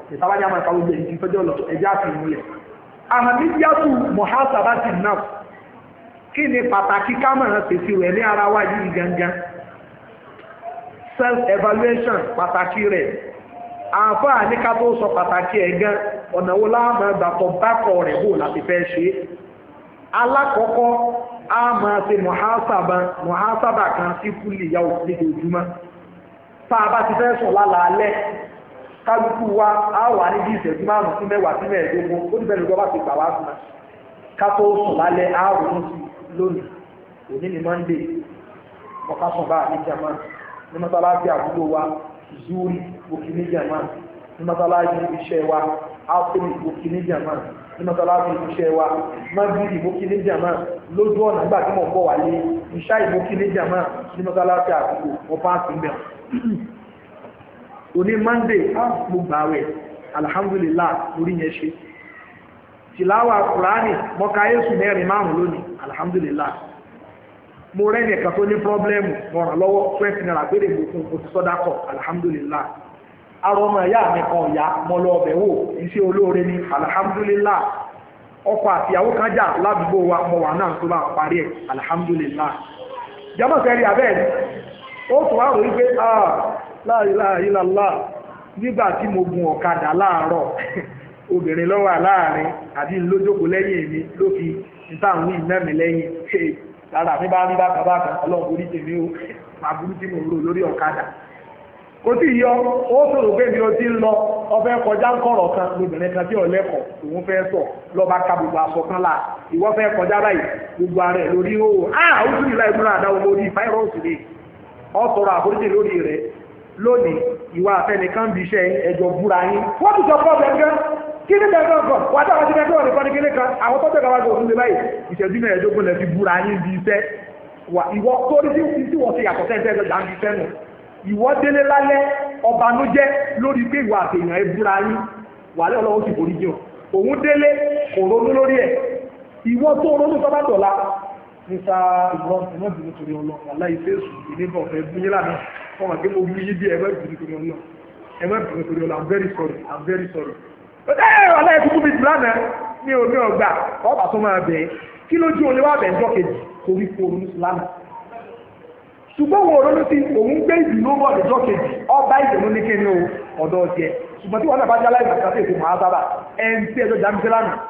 S1: ìtawájà máa ka gbogbo èyí tọ́jú ọ̀lọ́ ẹ̀jẹ̀ àfihàn lẹ̀. àmàmídíàtù mọ̀hásábàtì náà kí ni pàtàkì kámẹ́rà pèsè rẹ̀ ní ara wa yìí gangan self evaluation pàtàkì rẹ̀ àǹfààní ní ká tó sọ pàtàkì ẹ̀ gan ọ̀nà wo láàmú ẹgbàtọ̀ bákọ̀ rẹ̀ bò láti fẹ́ ṣe alákọ̀ọ́kọ́ a ṣe mọ̀hásábà mọ̀hásábà kan sí kúlì yàwó nídòjúmọ́ kálukú wa á wà ní bí ìṣẹ́jú márùn-ún sí mẹ́wàá sí mẹ́ẹ̀ẹ́dógún ó ti bẹ́ẹ̀ lọ́ba ti gbà wá fún wa ká tó sùn lálẹ́ á sí lónìí òní ni mọ́ndé mọ́kásùn bá ní jama ní mọ́sálásí àdúgbò wa zuri òkì ní jama ní mọ́sálásí iṣẹ́ wa áfírí òkì ní jama ní mọ́sálásí iṣẹ́ wa mọ́bírì òkì ní jama lójú ọ̀nà nígbà tí mo bọ̀ wálé ìṣá ìmọ̀kì ní jama ní mọ́sálásí àdúgbò ọba òní monday á mo gbà alhamdulillah orí yẹn ṣe tìláwà kùránì mọ́ka yéṣù mẹ́rin márùn lónìí alhamdulillah mo rẹ́ni ẹ̀ka tó ní pọ́blẹ́mù mo lọ́wọ́ twenty naira péré mo fún oṣù sọ́dá kọ̀ alhamdulillah arọ ọmọ ẹ̀yà mi kan ọ̀yà mo lọ ọbẹ̀ wò iṣẹ́ olóore ni alhamdulillah ọkọ àtìyàwó kan jà ládùúgbò wa mo wà náà tó bá parí ẹ̀ alhamdulillah jẹ́mọ̀ sẹ́rí abẹ́ẹ̀ ni ó tún wá rò wípé ah, la ilaha illallah nígbà tí mo gun ọ̀kadà láàárọ̀ obìnrin lọ́wọ́ láàrin àbí lójókòó lẹ́yìn mi ló fi ìtàwọn yìí mẹ́mi lẹ́yìn ṣe lára mi bá ń bá bàbá kan ọlọ́run orí mo rò lórí ọ̀kadà kò tí yọ ó sọ̀rọ̀ pé mi ò ti ń lọ ọfẹ́ kọjá ń kọ̀rọ̀ kan lóbìnrin kan tí ọ̀lẹ́kọ̀ ka gbogbo aṣọ kan là fẹ́ kọjá báyìí lónìí ìwà àfẹnìkan bí iṣẹ́ ẹjọ́ búra yín wọ́n ti sọ problem gan kí ní bẹ́ẹ̀ náà kàn wà táwọn ti bẹ́ẹ̀ wọ̀ nìkan ní kíní kan àwọn tó bẹ̀rẹ̀ wájú òfin lè báyìí ìṣẹ́jú mẹ́ẹ̀ẹ́dógún lẹ́ fi búra yín bí iṣẹ́ wà ìwọ tó ní sí tí wọ́n ti yàtọ̀ sẹ́ńtẹ́ ẹ̀jọ̀ dáńbí iṣẹ́ nù ìwọ délé lálẹ́ ọ̀bànújẹ́ lórí pé ìwà àtẹ̀yàn ẹ búra yín wà lẹ́ ọlọ́wọ́ ti forí jìn òun délé kò ronú lórí ẹ̀ ìwọ tó ronú sọ́bàtọ̀la nípa ìwọ́n ẹ̀mọ́ ìbínú torí ọlọ́ wàlá ìfẹ́ èsù ìdíbọ̀ ẹ̀ bí yílà náà wọ́n wà mo wí yí bí ẹ̀mọ́ ìbínú torí ọlọ́ ẹ̀mọ́ ìbínú torí ọlọ́ I'm very sorry I'm very sorry. ẹ wàlá ìkúkú mi jù lánàá ní omi ọgbà ọba tó máa bẹ̀ kí lójú olè wà bẹ̀ẹ́jọ́ kejì torí kó omi lánàá. ṣùgbọ́n wo ronú sí òun gbé ìbínú wọ ọ̀dẹ̀jọ́ kejì ọba ìdènú ní kí ni ọ̀dọ̀ ọ̀jẹ̀ ṣùgbọ́n tí wọ́n náà bá jẹ́ aláìsàn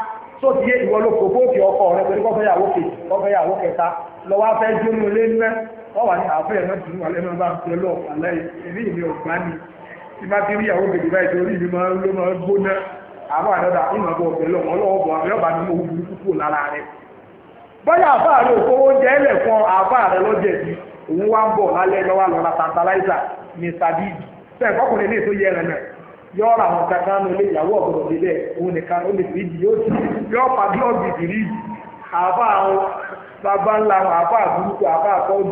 S1: tó ti yé ìwọ ló bóòkì ọkọ rẹ pẹ̀lú kọ́fẹ́yàwó kejì kọ́fẹ́yàwó kẹta lọ́wọ́ afẹ́ jónú lé ńlẹ́ wọ́n wà ní wà bá ń lọ àlẹ́ ìní ìní ọ̀gbá ni tí má ti rí ìyàwó báyìí ìní máa ló máa gbóná ọba ni mo wù kúkú lára bọ́yá àbá òkú ẹlẹ̀ fún àbá lọ́jẹ̀ bí òun wá ń bọ̀ yọ ra àwọn kankan ní ilé ìyàwó ọ̀gbọ̀dọ̀ níbẹ̀ òun nìkan ó lè fi ìdí yóò tún yọ pàdé ọ̀gbìdì rí àbá àwọn bàbá ńlá àwọn àbá àbúrúkú àbá àkọ́ọ̀lù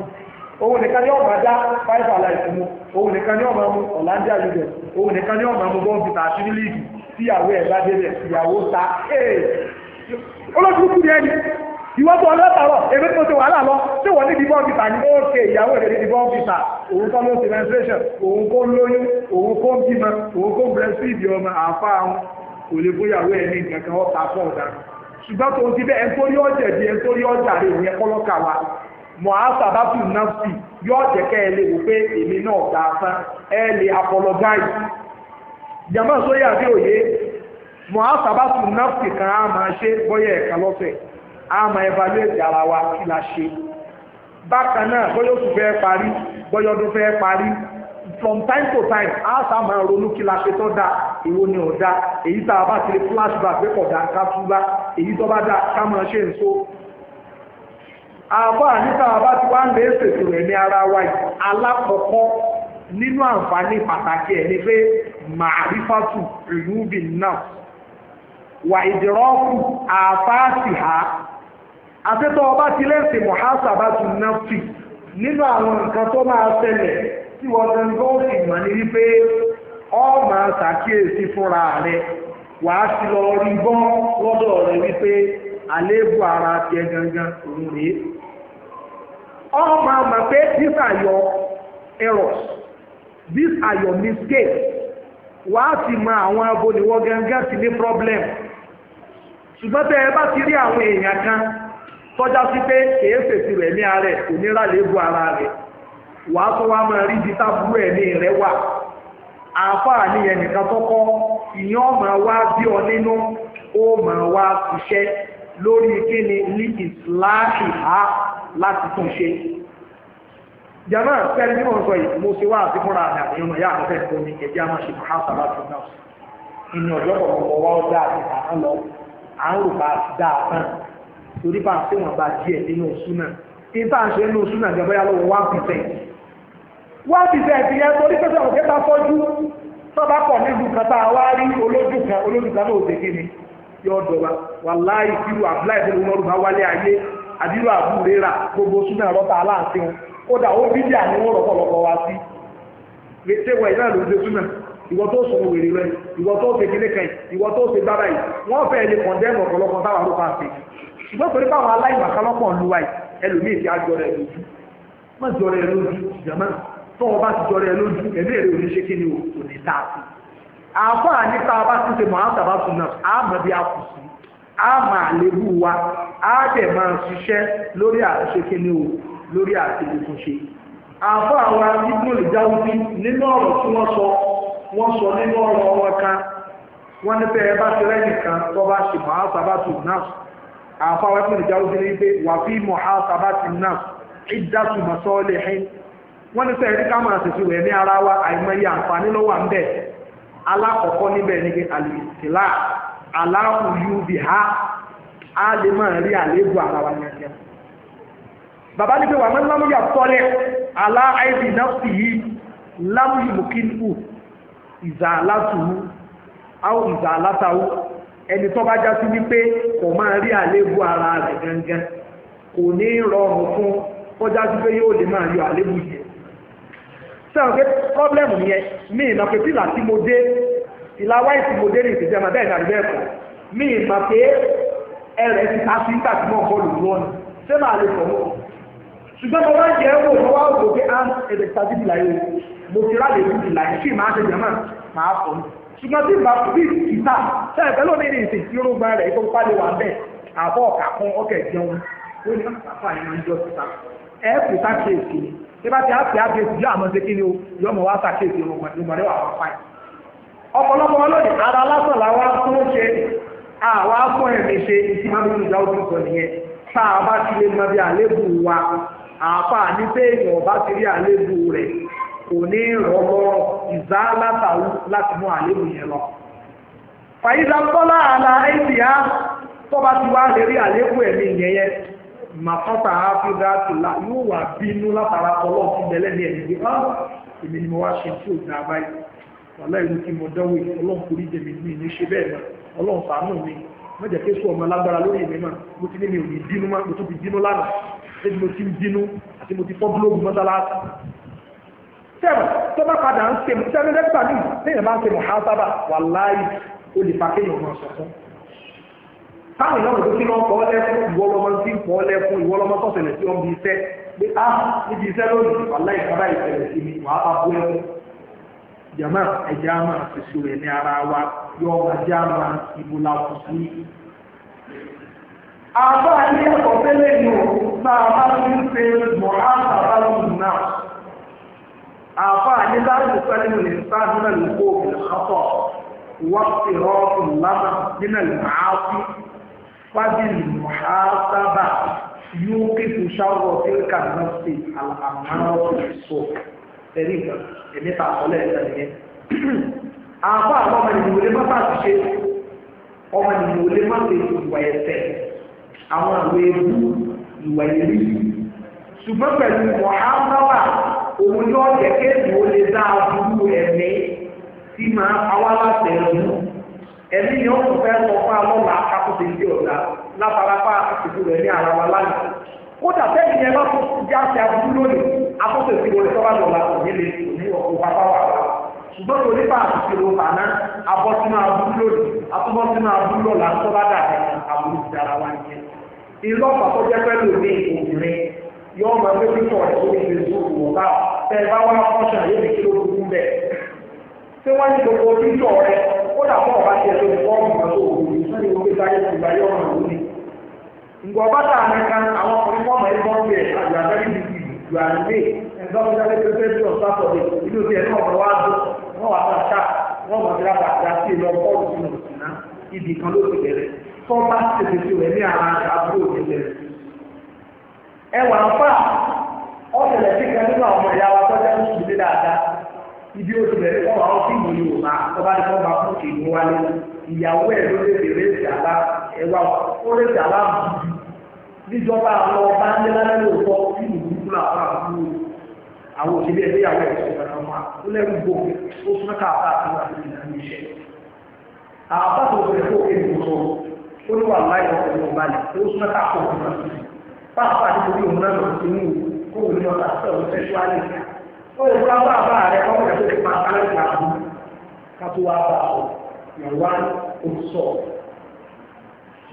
S1: òun nìkan ní ọ̀gbà dá five alive mu òun nìkan ní ọ̀gbà mu ọ̀làndíà yúdọ̀ òun nìkan ní ọ̀gbà mu bọ́ọ̀bì tààtì ní líìgì tíyàwó ẹ̀ bá débẹ̀ ìyàwó ta ee olóṣù kúrẹ́ ni ìwọ́n tó ọlọ́tàrọ̀ èmi tó ti wàhálà lọ tí wọ́n ní ìdìbò ọ̀fìsà ní ókè ìyàwó èrè ìdìbò ọ̀fìsà òun kọ́ ló ti menstruation òun kó lóyún òun kó bímọ òun kó breastfeed ọmọ àáfà àwọn kò lè bóyàwó ẹ̀ ní nǹkan wọ́n ta fọ́ ọ̀dà ṣùgbọ́n tó ti bẹ́ ẹ̀ tó rí ọ̀jẹ̀ bí ẹ̀ tó rí ọ̀jà rẹ̀ ìyẹn kọ́lọ́kà wa mọ̀ á sàbátù nafsi yóò jẹ́ kẹ́ ẹ lè wò pé èmi náà gbà á sán ẹ lè apologize jàmbá sóyè àbí òye mọ̀ á sàbátù nafsi kan á máa ṣe bọ́yẹ̀ ẹ̀ka lọ́fẹ̀ẹ́ a máa evaluate ara wa kí la ṣe bákan náà bóyá oṣù fẹ́ parí bóyá ọdún fẹ́ parí from time to time a sá máa ronú kí la ṣe tó dáa èwo ni ò dáa èyí tá a bá ti rí flashback pé kò dáa ká túbá èyí tó bá dáa ká máa ṣe nso àbá níta àbá tí wá ń lè ṣètò rẹ̀ ní ara wa yìí alákọ̀ọ́kọ́ nínú àǹfààní pàtàkì ẹ̀ ni pé màrífàtù ìlú bìnnà wà ìdìrọ́kù àfáàsì ha àfẹ́tọ́ ọba ti lẹ́sìn mọ̀hásàbá ti ná sí nínú àwọn nǹkan tó máa ṣẹlẹ̀ tí wọ́n gan gan sì mọ̀ ní wípé o máa ṣàkíyèsí fúnra rẹ wàá ti lọ rí bọ́n lọ́dọ̀ rẹ wípé àléébù ara tiẹ̀ gangan òun rèé o máa mọ̀ pé these are your errors these are your mistakes wàá mọ àwọn abo ni wọ́n gangan ti ní problem ṣùgbọ́n tẹ́ ẹ bá ti rí àwọn èèyàn kan tọ́já sí pé kèé fèsì rẹ̀ ní ara rẹ̀ kò ní ràlébù ara rẹ̀ wàá tó wá máa rí ibi tábúrú ẹ̀mí rẹ̀ wà àáfàá nìyẹn nìkan tọ́kọ́ ìyẹn ọmọ wa bí ọ nínú ó máa wá ṣiṣẹ́ lórí kíni ní ìsìláàṣì ha láti tún ṣe jama fẹ́rẹ́ bí wọ́n sọ yìí mo ṣe wá àti fúnra àdá ní ọmọ yàrá fẹ́ fún mi ẹ̀jẹ̀ máa ṣe máa sábà tó náà ìní ọjọ́ kọ̀ọ̀kan wá ó dáa ti lọ à ń rò bá dáa tán torí bá tí wọ́n bá díẹ̀ nínú súnà kí n tá à ṣe nínú lọ́wọ́ one percent one percent yẹn torí pé sọ̀rọ̀ kẹta fọ́jú tọ́ba pọ̀ nílùú kan tá a wá rí olójú kan olójú kan náà ò ni yóò fún ọmọ wálé ayé àbúrè rà gbogbo lọ́ta kódà ó ìwọ tó sọ wèrè rẹ ìwọ tó ṣe kíní kan ìwọ tó ṣe bára yìí wọ́n fẹ́ẹ́ lè kọ̀ndẹ́mù ọ̀pọ̀lọpọ̀ táwọn ló pàṣẹ ṣùgbọ́n torí báwọn aláìmọ̀kálọ́pọ̀ ń lu wa yìí ẹlòmíì ti àjọrẹ ẹ lójú má jọrẹ ẹ lójú jàmá tó wọn bá ti jọrẹ ẹ lójú ẹ̀mí èrè òní ṣe kíni ò ní tá a sí. àfọ àníta bá ti ṣe mọ̀hánsá bá tún náà àmọ́ bí a kù sí àmọ́ àlébù wa á dẹ̀ máa ṣiṣẹ́ lórí àṣẹ kíni o lórí àṣẹ tuntun ṣe. àfọ àwọn ibùdó ìjáwé nínú ọ̀rọ̀ tí wọ́n sọ wọ́n sọ nínú ọ̀rọ̀ wọn kan wọ́n ní pé ẹ bá ti kan tó bá ṣe mọ̀ ásábàtì náà àfáwọn ẹgbẹ́ ìjà òbí ní pé wà fí mọ̀ náà ìdásù wọ́n ní ká máa wẹ̀ ní ara wa àìmọye àǹfààní lọ́wọ́ ń bẹ̀ alákọ̀ọ́kọ́ níbẹ̀ ni á lè máa rí àléébù ara wa yẹn bàbá ní pé wà mọ́ lámúyà tọ́lẹ̀ náà sì yí lámúyì ìzà alátùú áwọ ìzà alátàwọ ẹni tó bá já sí wípé kò máa rí àléébù ara rẹ̀ gangan kò ní rọrùn fún kọjá sí pé yóò lè máa yọ àléébù yẹn sẹ́wọ̀n pé pọ́blẹ́mù yẹn mi ìmọ̀ pé fìlà tí mo dé ìlà wáyé tí mo dé ní ìfìjẹ́ màá bẹ́ẹ̀ ní àdúgbò ẹ̀kọ́ mi ìmọ̀ pé ẹrẹ̀ ti ta sí nígbà tí mo kọ́ lù lọ́nà ṣé màá lè sọ̀rọ̀ ṣùgbọ́n mo máa ń jẹ́ wò wọ́n wá òkè á ah, ẹ̀rẹ̀ ta ìlà yẹn mo ti ráàlè ní ìlà ìṣì máa ṣe jẹ̀mọ́ máa fọ̀ mí ṣùgbọ́n tí ìgbà bí ìta sẹ́yìn pẹ̀lú ní ìsìn tí ó gbà rẹ̀ tó pálí wà bẹ́ẹ̀ àbọ̀ ọ̀kà fún ọkẹ̀ jẹun ó ní ah, àpá yẹn máa ń jọ síta ẹ̀ pè sá ni bí bá ti á pè á pè sí àmọ́ ṣe kí ni o yọmọ wá sá kéèké wá fáì ọ̀pọ̀lọpọ̀ ọlọ́ọ̀dì kò ní rọgbọ ìzá látàwù láti mú àléébù yẹn lọ. fàyíṣà bọ́lá àlà ẹ̀sì á tọ́ba ti wá lè rí àléébù ẹ̀mí yẹn yẹn màkọ́tà áfíríkà tó la yóò wà bínú látara tọ́lọ́ ti bẹ̀lẹ́ ní ẹ̀mí gbé ọ́ èmi ni mo wá ṣe tí ò dáa báyìí wàhálà ìlú tí mo dánwò yìí ọlọ́run kò rí jẹ̀mí mi ní ṣe bẹ́ẹ̀ náà ọlọ́run ṣàánú mi mọ̀jẹ̀ kí sùn ọmọ alágbára lórí èmi náà mo ti ní mi ò ní bínú mọ́ mo tún fi bínú lánàá ṣé mo ti bínú àti mo ti fọ́ búlọ́ọ̀gù mọ́tálásì sẹ́wọ̀n tó bá padà ń ṣe sẹ́wọ̀n dẹ́gbà mí lẹ́yìn bá ń ṣe mùhásábà wà láàyè ó lè fàáké yòó náà sọ̀tún. táwọn ìyá òdòdó kí ló ń kọ́ lẹ́kún ìwọ lọ́mọ tí ń kọ́ lẹ́kún ìwọ lọ́mọ tó ṣẹlẹ̀ sí ọmọ iṣẹ́ pé á ah, níbi iṣẹ́ lónìí wà láyè kábà ìṣẹ̀lẹ̀ sí mi wà á bú ẹkún. jama ẹja máa ṣèṣù rẹ̀ ní ara wa yọ ọjà máa ìbò làkù sí. àbá ilé ẹ̀kọ́ tẹ́lẹ̀ ni ò àáfàá ní láti sẹ́lẹ̀ ní sáàdù náà ló kó òfin kọ́tọ̀ wọ́n ti rọ́ọ̀kù lámà nínú ìmáàfí fábìlì mùhásábà yóò kéfù sáwọ́ tíríkà náà sí àmàlọ́ọ̀tù ìṣó ẹ̀rí ìgbà ẹ̀mí ta àkọlẹ̀ ẹ̀dá nìyẹn òun ni wọ́n jẹ́ kéèkì ó lè dá àbúrú ẹ̀mí tí máa àwọn aláṣẹ ẹ̀mú ẹ̀mí ni wọ́n fẹ́ sọ fún alọ́lá akápòtò ìdí ọ̀dà látàlápá àtìkú rẹ̀ ní ara wa lánàá kódà sẹ́yìn yẹn bá tó ti àṣẹ àbúrú lónìí akótó ìdíwọ̀ rẹ̀ sọ́wọ́ lọ́la òní lè òní ọ̀pọ̀ bàbá wà wá ṣùgbọ́n kò nípa àtìkú fàná abọ́sínú àbúrú lónìí atúbọ́sínú àbúrú lọ́la tó bá dà ní àbúrú ti dára wá ní yóò máa gbé pípọ̀ rẹ̀ lórí facebook wò bá tẹ ẹ bá wá fọ́ṣàn yóò ní kí ló dúdú bẹ̀. tí wọ́n ní gbogbo pípọ̀ rẹ̀ kódà fún ọ̀bá tiẹ̀ lórí fọ́ọ̀mù kan tó wù ní sọ́ni wọ́n gbé sáyé ti gbà yọ̀ ọ̀nà lórí. ǹgbọ̀n bàtà nìkan àwọn ọkùnrin fọ́ọ̀mù ẹ̀ bọ́ bẹ̀ ẹwà nfa a, sí kan nínú àwọn ẹ̀yà wa tọ́jà ń sùn dáadáa ibi oṣù rẹ̀ kọ́ àwọn tí mo yóò máa tó bá ní kọ́ máa fún èmi wálé ìyàwó ẹ̀ ló lè bèrè ìjàmbá ó lè jàmbá níjọba àwọn ọba lóòótọ́ tí mo àbúrò àwọn òṣèlú ẹgbẹ́ ìyàwó ẹ̀ sọ̀rọ̀ náà ó lẹ́rù gbò ó àti ìlànà pàápàá nítorí òun náà lòun ti ní kó òun ní ọ̀tà sọ̀rọ̀ sẹ́ṣuálì ó lè fún abá àbá rẹ kọ́ mọ̀lẹ́ tó ti pa àbá lẹ́sìn àbú ká tó wá bá yàn wá sọ.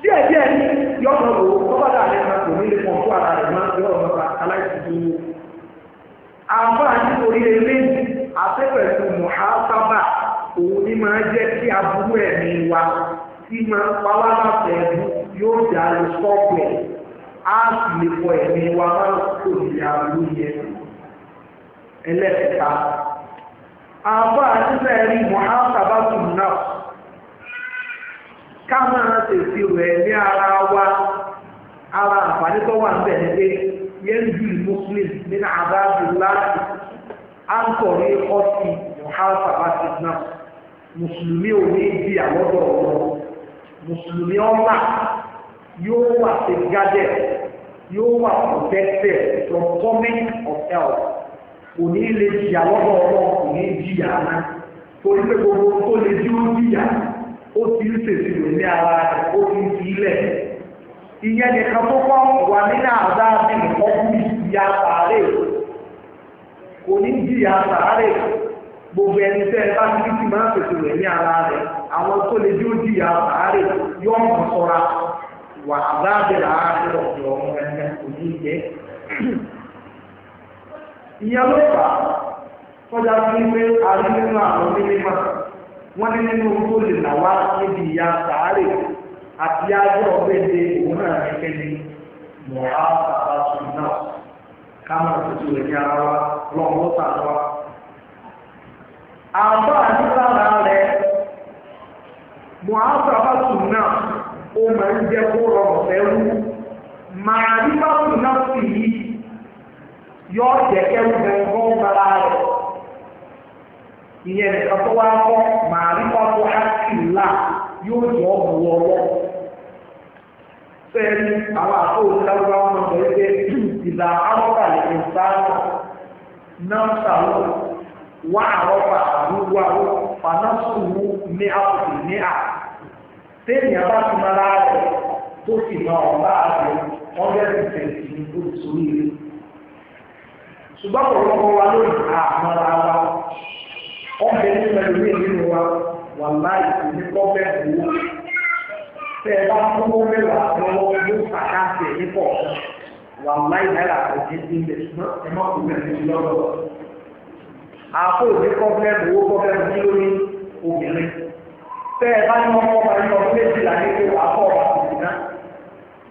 S1: díẹ̀ díẹ̀ ní yọ̀ọ̀nà ó fún ara rẹ̀ máa aláìsí àbá nítorí eléyìí wa máa pa wá láti yóò dà lọ á sì lè ẹ̀mí wa máa ń kó ìdí àbúrú yẹn ẹlẹ́ẹ̀ta àbá nílẹ̀ rí mọ̀hásábà tù náà ká máa tètè rẹ̀ ní ara wa ara àǹfààní tó wà níbẹ̀ ni pé yẹn ju muslim nínú àbájúlá à ń tọ̀ ní ọtí mọ̀hásábà tù náà mùsùlùmí ò ní bí mùsùlùmí ọ̀la yóò wà yóò wà protected from coming of health kò ní lè jìyà lọ́dọ̀ ọlọ́run kò ní jìyà náà torí pé gbogbo tó lè jí ó jìyà ó ti ń tètè rè ní ara rẹ̀ ó ti ń fi ilẹ̀ ìyẹn nìkan tó kọ́ wà nínú àdá bí nǹkan bí ìyá sàárè kò ní jìyà sàárè gbogbo ẹni tẹ́ ẹ bá ti ti máa ń tètè ní ara rẹ̀ àwọn tó lè jí ó jìyà sàárè yóò mọ̀ sọ́ra wà àdá bẹ̀rẹ̀ àárẹ̀ ọ̀dọ̀ ọ̀hún rẹ̀. ti jẹ́ ìyẹn ló fà á kọjá sí pé a rí nínú àwọn onímọ̀ wọ́n ní nínú tó ya là wá níbi a sàárè àti ajọ́ ọ̀gbẹ́dẹ òun náà ni kẹ́ni mọ̀á bàbá sùn náà ká máa tuntun ara wa lọ́wọ́ sàánú wa. àbá àdúrà rẹ̀ mọ̀á bàbá ma ní báwo náà yọọ yí yọ jẹkẹ wúbẹ fún ihe rẹ ìyẹn nìkan tó wá ha màá ní báwo àkìlá yóò jọ ọmọ ọwọ sẹẹni àwọn àtọwò sábà wọn sọ pé ìlà àwọkà lè fi wọ́n bẹ̀rẹ̀ ìfẹ̀sì ní kó sórí rẹ̀. ṣùgbọ́n ọ̀pọ̀lọpọ̀ wa ló ń ta àmọ́ra wa wọ́n bẹ ní pẹ̀lú ní ìlú wa wà láì kò ní kọ́ bẹ́ẹ̀ wò ó. tẹ́ ẹ bá tó kó bẹ́ẹ̀ wà lọ́wọ́ ló kàkà tẹ̀ ní pọ̀ wà láì náírà kò ní sí ilẹ̀ ṣùgbọ́n ẹ má kò bẹ́ẹ̀ ní lọ́dọ̀. àpò òní kọ́ bẹ́ẹ̀ wò ó kọ́ bẹ́ẹ̀ ní lórí obìnrin. tẹ́ ẹ bá ní wọ́n kọ́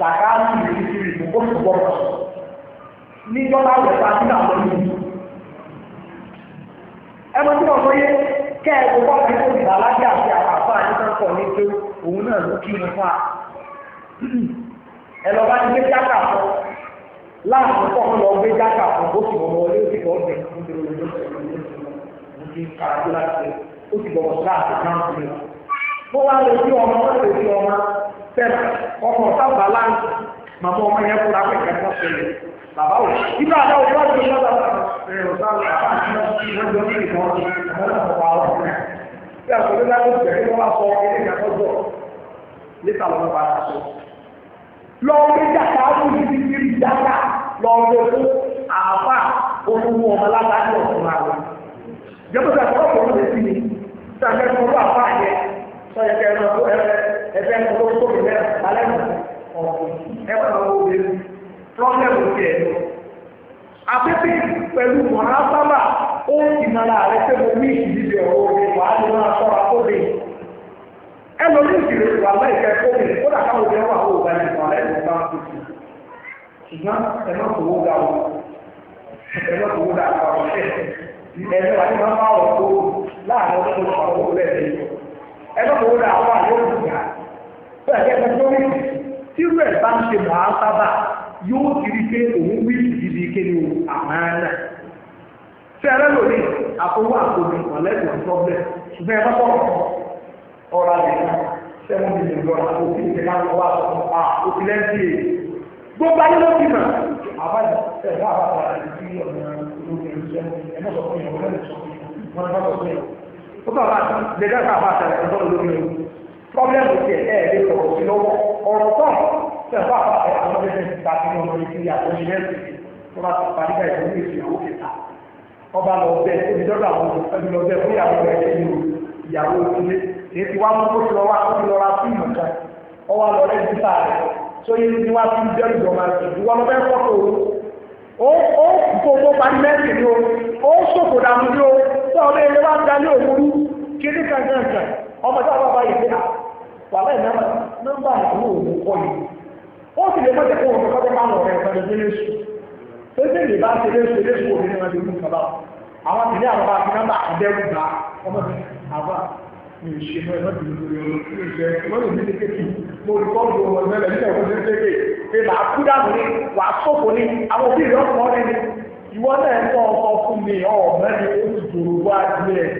S1: sàkáàlì ìrírí sí ìlú ó sì bọ́ bọ́ níjọ́ láwùjọ ta sí àwọn ìlú. ẹ mọ tí wọn sọ yé kẹ ẹ gbogbo ọkọ tó ìgbà lájẹ àti àpapọ̀ àti sọ́kọ̀ ní pé òun náà ló kí ni fún wa. ẹ lọ bá ti gbé jáka fún láàbù kọ́kọ́ lọ gbé jáka fún ó sì wọlé ó sì bọ̀ ọ̀bẹ nítorí olóòtú ọ̀bẹ kàràdúrà ṣe ó sì bọ̀ wọ̀ síláàtì náà fún mi tẹ́lá ọkọ̀ sábà láǹtì màmá ọmọ yẹn fúra pé kẹta ṣẹlẹ̀ bàbá wò ibà àdá òjò wá ju lọ́dà ẹ̀rọ sábà wọ́n jọ ní ìtàn àwọn ọ̀pọ̀ àwọn ọ̀pọ̀ bí àkọlé láti bẹ̀rẹ̀ wọ́n wá sọ ilé ìyàtọ̀jọ́ níta lọ́wọ́ bá ta sọ. lọ́wọ́ bí jàkà á fún ibi tí ibi jàkà lọ́wọ́ fún àáfà olówó ọmọ látàkì ọ̀tún àwọn. jẹ́pọ̀ sàkóso ọ̀pọ̀ sọ́yẹ́ kẹ́ ẹ máa kó ẹgbẹ́ ẹgbẹ́ tó tó mi lẹ́nu alẹ́ nù ẹ máa wọ obìnrin pírọ́blẹ́mù tiẹ̀ lọ. afẹ́fẹ́ pẹ̀lú mọ̀nà sábà ó ti nara rẹ̀ pé mo ní ìdíje ọ̀rọ̀ máa ẹ lọ ní ìdílé wà láì fẹ́ kó wà bá ẹgbẹ́ kò wúlò àwọn àlejò ìgbà bẹ́ẹ̀ kẹ́ ẹgbẹ́ tó rí tí irú bá ń ṣe mọ̀ á sábà yóò ti pé òun wí kéde o àmàlà tí ẹ lẹ́nu ní àfọwọ́ àkóbi ọ̀lẹ́dùn ọ̀tọ́bẹ̀ ṣùgbọ́n ẹ bá bọ̀ ọ̀rọ̀ àlẹ́ sẹ́wọ́n mi lè lọ òfin ìdílé àwọn ọ̀wá òfin lẹ́ńtì èyí gbogbo ayé ló fi mà àbájá ẹ̀ àti ọ̀nà ẹ̀ ó bàbá lẹ́dá bàbá àtàlẹ̀ tó tọ́lú lórí o pọ́blẹ́mù tiẹ̀ ẹ̀ lè sọ̀rọ̀ sí lọ́wọ́ ọ̀rọ̀ tán sẹ̀fọ́ àpapọ̀ àwọn ọmọdé ti ta sínú ọmọ ìfi àtọ́jú lẹ́sìn tó bá parí ká ìlú ìfìyàwó kẹta ọba lọ bẹ tóbi dọ́dọ̀ àwọn ọmọdé lọ bẹ fún ìyàwó rẹ̀ ṣe ní ìyàwó ìdílé èyí ti wá mú kó ti lọ wá kó ti lọ ra fíìmù kan ọwọ́ lọ rẹ̀ ti ta rẹ̀ tó yé ni wá fi jẹ́ ìjọba ìdíwọ́ lọ bẹ́ fọ́tò ó ó gbogbo parí mẹ́sìn ni ó ó ṣòkò tó ọmọ ẹ̀rẹ́ bá ń òmúrú kiri kankankan ọmọ tí a bá bá yẹ pé wà láì náà nọ́mbà ìlú òun kọ́ yìí ó sì lè mọ́tẹ́ fún òun kọ́tẹ́ máa wọ̀rẹ́ ìpẹ́lẹ̀ tó léṣù tó sì lè bá ṣe léṣù léṣù òun ní wọn ti mú kaba àwọn tìlé àwọn bá fi nọ́mbà àbẹ́rù gbà ọmọ àbá mi ò ṣe mọ́ ẹ̀ lọ́dún lórí ọ̀rọ̀ mi ò ṣe wọ́n lè ní kékeré mo rí kọ́ lu ọmọ mẹ́lẹ̀ nígbà ìwọ́n ti ń pé pé màá kú dànù ni wàá sọ̀kò ni àwọn òbí rẹ̀ ọ̀pọ̀ ọ̀rẹ́ ni ìwọ náà ń tọ́ ọkọ fún mi ọ̀ọ́mọ́ ni ó ti dòrò wá díẹ̀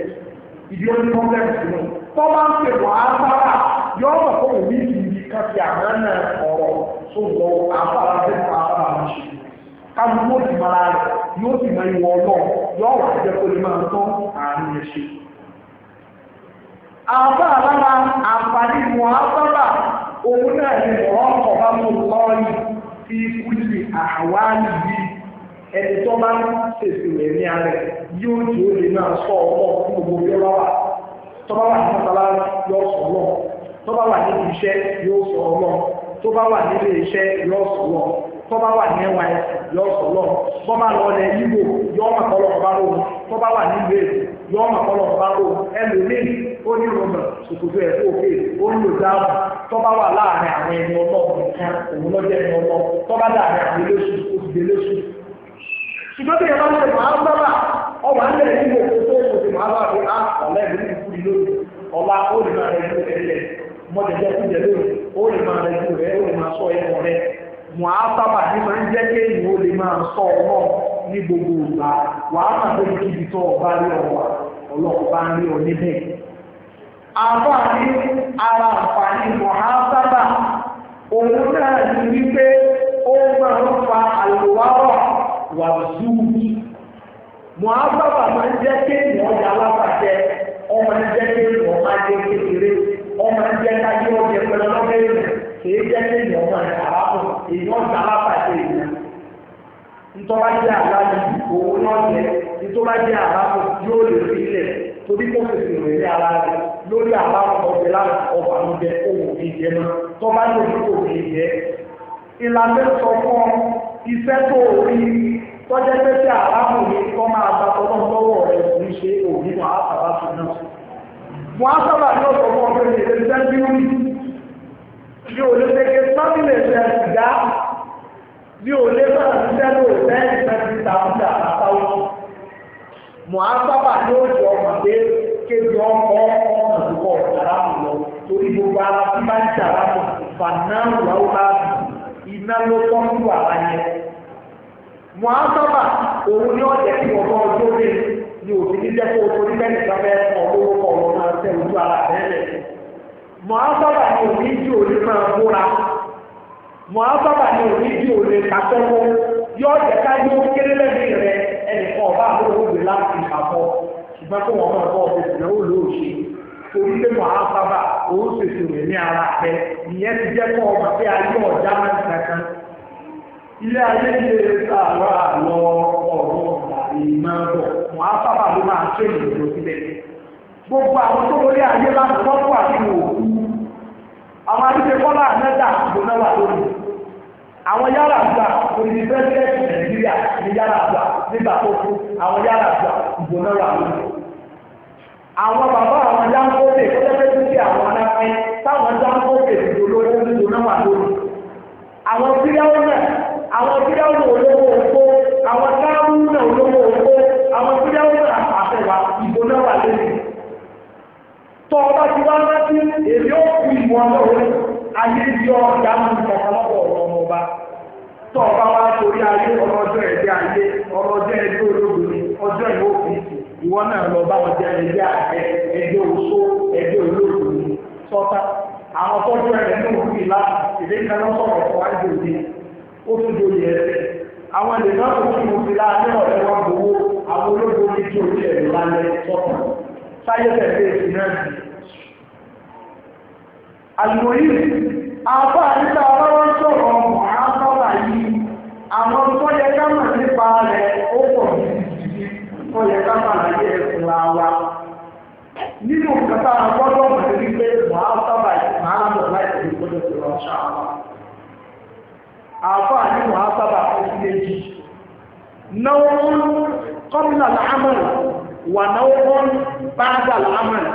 S1: ìdí ó ní pọ́blẹ́mù nù tó bá ń pè wọ́n á sára yọ ọ̀rọ̀ kó wò ní ìdí kan fi àmọ́ náà ọ̀rọ̀ tó lọ afárá tó fà áfárá mi ṣe kájú ó sì mara rẹ̀ yóò sì mọ ìwọ náà yọ ọ̀rọ̀ àjẹ́ kó lè máa tán àárín ẹ̀ ṣe. àbá lára àǹfààní wọn á sábà òun náà ni wọ́n kọ̀ bá mú lọ́ọ̀rì fi kúlì àwárí yìí ẹni tó bá ń ṣèṣì rẹ̀ ní alẹ́ yóò jù ó lè náà sọ ọmọ fún gbogbo bí ọba wà tó bá wà ní ọ̀tàlá yóò sọ ọmọ tó bá wà níbi iṣẹ́ yóò sọ ọmọ tó bá wà nílé iṣẹ́ yóò sọ ọmọ tó bá wà ní ẹwà yóò sọ ọmọ tó bá lọ ọlẹ yíwò yóò mọ̀ kọ́ lọ́kọ̀ bá lóhun tó bá wà nílé yóò mọ̀ kọ́ lọ́kọ̀ bá lóhun ẹlòmíì ó ní rọmọ ṣòkòtò ẹ̀ fún òkè ó ń lò dáhùn tó bá wà láàrin àwọn ẹni ọlọ́ọ̀kan òun lọ́jọ́ ẹni ọlọ́ọ̀ tó bá dàbí àwọn ilé ṣùgbọ́n tí ìyàwó ṣe máa ń ọ máa bá fi ah, ọba máa sábà ní máa ń jẹ́ sọ ní gbogbo ìgbà wàá tó ọba rí ọwà ọlọ́ọ̀bá rí ọ níbẹ̀. àbáàní ara àǹfààní mọ̀ sábà òun náà ní wípé ó máa ń fa wàzúùbí mọ̀ábàbà máa ń jẹ́ kéèyàn ọjà alábàjẹ́ ọmọ ń jẹ́ kéèyàn ọmọ ajé kékeré ọmọ ń jẹ́ káyé ọjà ìpínlẹ̀ lọ́gbẹ́ ìlú kìí jẹ́ kéèyàn ọmọ ìdàlápọ̀ èèyàn ọjà alábàjẹ́ ìlú ntọ́ba jẹ́ àlàyé owó náà jẹ́ ntọ́ba jẹ́ àlàpọ̀ yóò lè fi ilẹ̀ torí kó fèsì rẹ̀ ní ara rẹ̀ lórí àlàpọ̀ ọ̀gbẹ́ láti ọ̀fà ló jẹ́ òwò kìí jẹ́ náà tọ́ba yóò ní kò kìí jẹ́ ìlànà sọ fún ọ iṣẹ́ tó rí tọ́jẹ́ pé tí àrámù ní kọ́ máa bá tọ́lọ́ lọ́wọ́ rẹ̀ ní ṣe òní wọn àtàbà tó náà. Wọ́n á sábà ní ọ̀sọ̀ fún ọ̀fẹ́ ní ilé iṣẹ́ bí rí. Bí o lè tẹ́kẹ́ sábìlẹ̀ ṣe ìdá, bí o lè bá ṣiṣẹ́ ló fẹ́ ìfẹ́ ti tàbí àtàwọn. Wọ́n á sábà ní ọ̀sọ̀ ọmọ pé kéde ọkọ̀ ọmọ ìdúkọ̀ àrámù lọ torí gbogbo ara tí bá ń ṣàrámù fàná iná ló tọ́ sí wàhálà yẹn wọn á sábà òun ni ọ̀jẹ̀ kí ọ̀gá ọjọ́ mi ni òbí ní jẹ́ kó o torí bẹ́ẹ̀ nìkan bẹ́ẹ̀ fún ọ lówó kọ̀ ọ̀rọ̀ máa tẹ ojú ara tẹ́lẹ̀ mọ̀ á sábà ni òní jí òní máa múra mọ̀ á sábà ni òní jí òní kàtẹ́wọ́ yọ ọ̀jẹ̀ ká yóò kéré lẹ́mìí rẹ ẹnìkan ọ̀bá àbúrò gbé láti ìkàkọ́ ṣùgbọ́n kó wọn máa bọ́ ọ̀bẹ torí pé mọ̀ á bábà òun ṣèṣe rẹ̀ ní ara rẹ̀ ìyẹn ti jẹ́ kọ́ ọmọ pé ayé ọ̀já máa ń kankan. ilé ayé ti lè ta àwọn àlọ́ ọ̀rọ̀ ìmọ̀ bọ̀ mọ̀ á bábà ló máa ṣe ìrìnàjò sílẹ̀. gbogbo àwọn tó wọlé ayé láti fọ́pọ̀ àti òkú àwọn àdúgbò kọ́lá àmẹ́ta gbóná wà lónìí àwọn yàrá àgbà òyìnbó nàìjíríà ní yàrá àgbà nígbà tó kú àwọn yàrá àgbà gbóná wà lónìí àwọn bàbá àwọn Dangote tó tẹ́tẹ́ tó ti àwọn aláfẹ́ táwọn Dangote ti dòdò lórí nídò náà wà lórí àwọn fíráwù náà àwọn fíráwù náà olówó òkó àwọn káwù náà olówó òkó àwọn fíráwù náà àfẹ́wà ìbò náà wà lórí tọ́ ọba ti wá rántí èmi ó fi ìmọ̀ náà rẹ̀ ayé yọ ọ̀gá mi kọ̀ọ̀kan lọ́pọ̀ ọ̀rọ̀ ọba tọ́ ọba wa torí ayé ọlọ́jọ́ ẹ̀dẹ́ ayé ọlọ́jọ́ ẹ̀dẹ́ olóògùn ọjọ́ ìwọ́pọ̀ ìtì ìwọ náà lọ bá wọn jẹ ẹgbẹ́ àgbẹ̀ ẹgbẹ́ oṣó ẹgbẹ́ olóògùn sọta àwọn tọ́jú ẹrẹ ní òkú ìlà èdè kaná sọ̀rọ̀ fún àjò òde ó tún di oyè àwọn náà tó tún òkú ìlà ọ̀rẹ́ wọn gbowó àwọn ní tí sáyé tẹ̀lé èsì náà àbá sọ̀rọ̀ àwọn
S2: wọ́n yẹ ká fàlàyé ẹ̀sìn la wa. Nínú kàtà gbọ́dọ̀ mọ̀ ní pé màá sábà màá
S1: lọ láti ní gbọ́dọ̀ tó lọ ṣá wa. Àfáà ní màá sábà kó sí méjì. Náwó kọ́mínà làámọ̀lì wà náwó báńgà làámọ̀lì.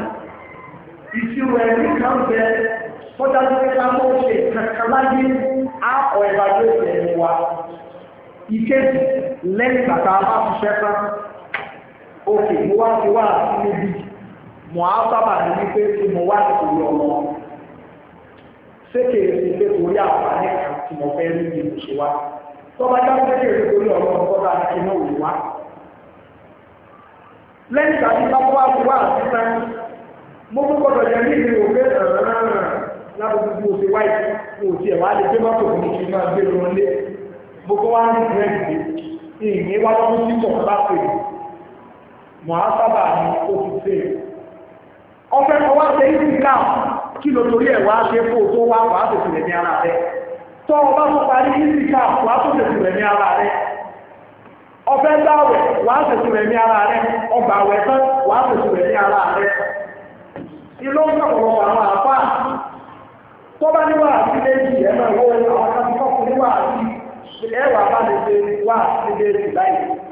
S1: Ìṣirò ẹ̀rí kan bẹ fọ́jà ní pé ṣe kankan láyé á ọ̀ ẹ̀bà yóò tẹ̀ wá. Ìkejì lẹ́yìn bàtà bá ṣiṣẹ́ tán òkè mo wá ti wá sí níbí mo á sábà ní wípé tí mo wá nítorí ọmọ ṣé kèrè ti pé torí àǹfààní kan tí mo fẹ́ rí ni mo ṣe wá tọ́ba já pé kèrè torí ọmọ ọ̀gọ́dà ni kí n náà wò wá. lẹ́yìn ìgbà tí bá wá sí wá àti sáyẹn mo tún gbọdọ̀ yẹ ní ìlú òfé lábùkù bí o ṣe wáyé mo ò tiẹ̀ wá lè gbé mọ́tò mi kí n máa gbé lọ lé gbogbo wa ní ìrẹ́sì ìyìn wá lọ́dún tí mo bá pè é. mọ̀ásábà ni ó ti fẹ́ ọ̀fẹ́ kí ló torí ẹ̀ ṣe kó tó wá ní ara rẹ̀ tọ́ bá tó parí Instagram wàá tó ní ara rẹ̀ dáwẹ̀ wàá rẹ̀ ní ara rẹ̀ ọgbà wàá rẹ̀ ní ara rẹ̀ ilé ń sọ̀rọ̀ àwọn akẹ́kọ̀ọ́ sí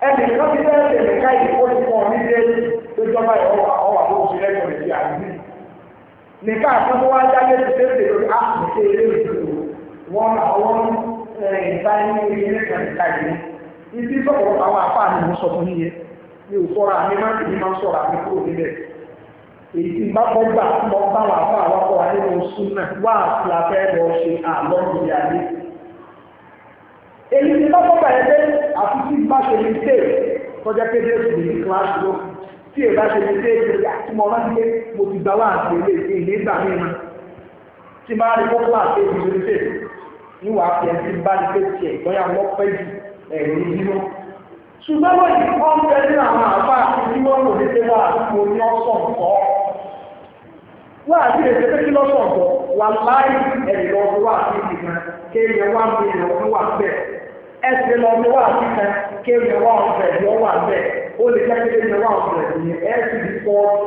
S1: ẹnì kan ti bẹ́ẹ̀ tẹ̀lé káyì ó ti pọ̀ ní ilé ìjọba ìwọ̀wà ọwà tó ti lẹ́yìn rẹ̀ sí àdúgbò nìkan àtúntò wá jáde ti ṣe é ṣe lórí àtúnṣe ah, eré ìṣòro wọn àwọn ìbáyé ilé kan káyì ibi sọ̀rọ̀ àwọn àfáà ni mo sọ fún yíyẹ mi ò sọ̀rọ̀ àmì máa ń tì mí máa ń sọ̀rọ̀ àmì kúrò níbẹ̀ èyí bá kọ́ gbà mọ́ báwọn àfáà wá kọ́ wa nínú èyí ti kọ́kọ́ bẹ̀rẹ̀ dé àfi tí bá ṣe ní tè tọ́jà kéde èsì ní kíláàsì ló tí èyí bá ṣe ní tè èyí àti mo rántí pé mo ti gbà wá àti èlé èyí nígbà mí ma tí máa rí kókó àti èyí ní tè ní wàá fi ẹni tí bá ní pé tiẹ̀ bóyá wọ́n pẹ́ jù ẹ̀rí nínú. ṣùgbọ́n wọ́n ti kọ́ ń bẹ nínú àwọn àbá tí wọ́n lò ní pé àdúgbò ní ọ̀sán kọ́ wọ́n àti lè ṣe kí lọ́sọ̀ọ̀tọ̀ wà láì ẹ̀rọ wà sí ìgbìmọ̀ kéèyàn wà mí ẹ̀rọ wà bẹ́ẹ̀. ẹsẹ̀ lọ ní wà síta kéwì wà ọ̀bẹ̀ ní ọwọ́ àbẹ̀ ó lè jẹ́ kéwì wà ọ̀bẹ̀ ní ẹsẹ̀ ní fọ́ọ̀tù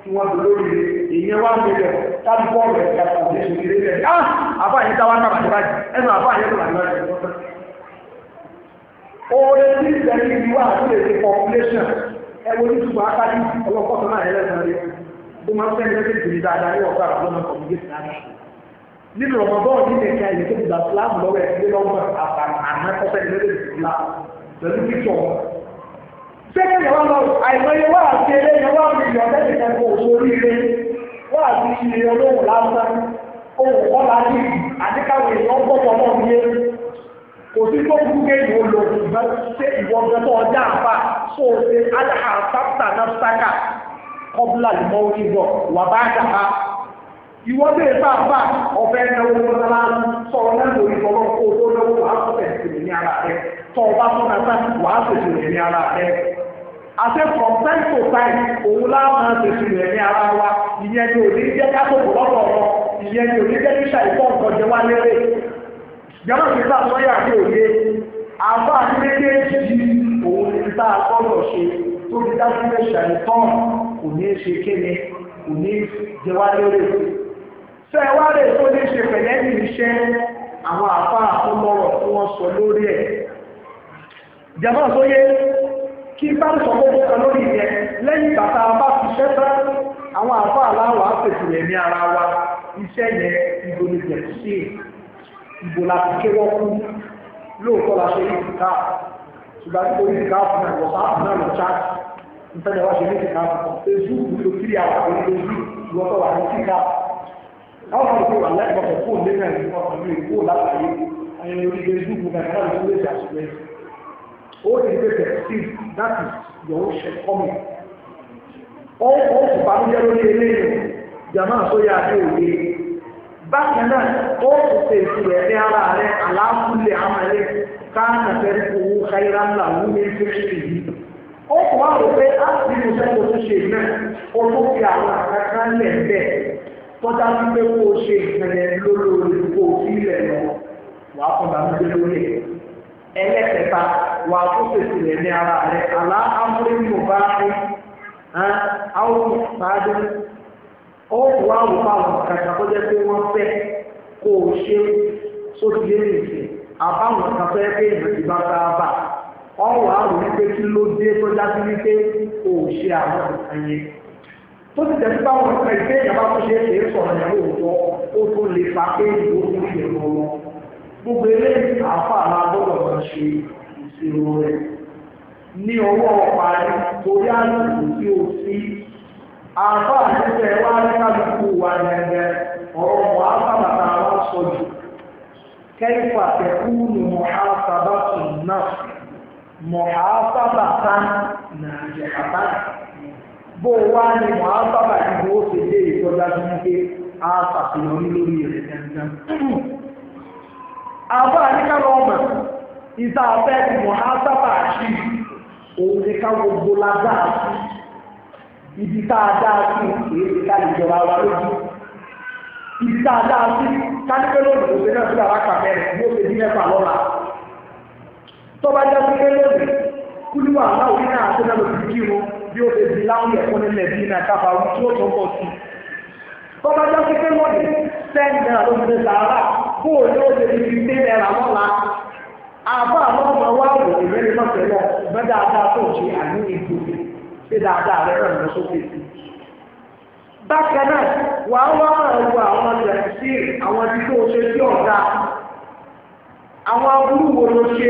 S1: tí wọ́n lò lórí ìyẹn wà nílẹ̀ tábí bọ́ọ̀lù ẹ̀ ká kò ní sórí lélẹ̀ á àbá yẹn táwa náà bàjẹ́ bàjẹ́ ẹnu àbá yẹn náà bàjẹ́ bàjẹ́ tí population ẹ wo nínú ọmọbọ́ọ̀ nínú ẹ̀ka ẹ̀yẹ tó ti gbà fúlàmù lọ́wọ́ ẹ̀ ní lọ́wọ́ àmọ́tọ́fẹ́ lórí ìfúlà pẹ̀lú píṣọ̀ wọn. sẹ́kẹ̀ yẹn wá lọ àìmọye wá àti eré yẹn wá mi yọ lẹ́yìn kan kó oṣù oríire wá àti ìṣe olóhùn lásán ohun kọ́lá ní àdékàwé èèyàn ń bọ̀bọ̀ náà ní eré kò sí tó kú ké ìwọ lò ṣùgbọ́n ṣé ìwọ gbẹ́tọ̀ ọjà àfà tó o ṣe aláha sáfà náà sáká kọ́bùlà lè mọ orí bọ̀ wà bá dàá ìwọ́dé bàbá ọ̀fẹ́ náwó lọ́la sọ̀rọ̀ náà lórí ọlọ́ owó náwó wàá sọ̀tẹ̀ ìṣẹ̀lẹ̀ ní ara rẹ̀ tọ́ ọba sọ̀rọ̀ náà wàá sọ̀tẹ̀ ní ara rẹ̀. àti from time to time òun láwọn àṣẹṣẹlẹ̀ ní ara wa ìyẹn ni òní jẹ́ kátòkò lọ́dọ̀ ọ̀rọ̀ ìyẹn ni òní jẹ́ kíṣà ìfọ́ nǹkan jẹ wá lérè. jọ́nà ti sá sọ́yà ní òye àbá méjèèjì òun ti sá gbọ́dọ̀ ṣe tó ti dá sílẹ̀ ṣe wá lè tó lè ṣe pẹ̀lẹ́ ní iṣẹ́ àwọn àfáà tó lọ́rọ̀ tí wọ́n sọ lórí ẹ̀ jàmọ́ sóyé kí bá ń sọ gbogbo kan lórí ìyẹn lẹ́yìn bàtà bá fi ṣẹ́ tán àwọn àfáà aláwọ̀ á pèsè rẹ̀ ní ara wa iṣẹ́ yẹn ìbò ní jẹ̀kú sí ìbò láti kéwọ́ kú lóòótọ́ la ṣe ní ìka ṣùgbọ́n tí orí ìka fún ẹ̀ wọ́n sáà náà lọ ṣáàtì nítorí wọ́n ṣe ní ìka fún ẹ̀ àwọn àwọn ìpè wà láì mọ̀kàn fóònù lẹ́nà ìlú ọkàn ní ìkó látàrí ayẹyẹ oríire dúkù náà láti lè ṣàṣùgbẹ́ ó ti gbé tẹ̀sí that is your own share coming ó ó sì bá níjẹ́ lórí eléyìí jàmá tó yà á dé òye bákan náà ó sì ṣe ìṣirò ẹ̀mí ara rẹ̀ aláàfúlẹ̀ amalẹ̀ káàkà fẹ́ẹ́ owó káyírá ńlá wú ní fífi yìí ó kò wá rò pé á sì ní sẹ́kọ̀ọ́ tó ṣe náà ó tó fi àwọn àkàkà lẹ̀ bẹ́ẹ̀ tọ́já sí pé kó o ṣe ìpẹ̀lẹ̀ lólórí kó o sí ilẹ̀ lọ wà á fọdà ní lórí ẹ̀ ẹlẹ́kẹta wà á tún pèsè rẹ̀ ní ara rẹ̀ àlá amúlé ní òbá rẹ̀ àwọn ìpàdé ó wà wò fáwọn kàkà tó jẹ́ pé wọ́n fẹ́ kó o ṣe sóti lé nìyẹn àbáwọn kan fẹ́ pé ìrètí bá bá bà ọ̀wọ́ àwọn wípé kí ló dé tọ́já sí wípé kó o ṣe àwọn ìpàdé tó ti tẹ̀sí báwọn ọ̀sẹ̀ ìgbé ìjọba tó ṣe é ṣe é sọ̀rọ̀ òótọ́ ó tó lè fa pé ìwò tó ṣe lọ lọ gbogbo eléyìí àáfà alágbọ́dọ̀ máa ṣe ìṣirò rẹ̀ ní ọwọ́ parí torí tí ó sí àáfà àtẹ́tẹ́ wá sọ jù kẹ́lifà tẹ̀kúnù bàtà náà bó o wá ní mọ̀ á sábà ní bó o ṣe dé ìjọba tó ní pé a ṣàfihàn lórí rẹ̀ dandan. àbá níkàlọ́ ọmọ ìta afẹ́ ti mọ̀ á sábà ṣí òun ní ká gbogbo lágbára ibi tá a dá sí èyí ti ká ìjọba wa lójú ibi tá a dá sí kánípẹ́ lónìí òṣèré náà sílẹ̀ alákà mẹ́rin ní oṣù tí mẹ́fà lọ́la tọ́ba jẹ́ kúlé lónìí kúlúwà aláwọ̀ ní àti náà lòdì kírun bí ó ṣe di láwọn ẹ̀kọ́ nílẹ̀ bí iná káfà ohun tí ó tó bọ̀ sí. Bọ́bá jọ pé pé wọ́n ti ten naira ló ti sàárà bó o ní ó ṣe fi dé naira lọ́la. Àbá àwọn ọmọ wa wò ní mẹ́rin náà tẹ́lẹ̀ bẹ́ẹ̀ dáadáa tó ṣe àní ìgbò ṣe dáadáa rẹ̀ rẹ̀ lọ sókè sí. Bákan náà, wàá wá àwọn àwọn ìrẹsì àwọn ibi tó ṣe sí ọ̀gá àwọn abúlé wo ló ṣe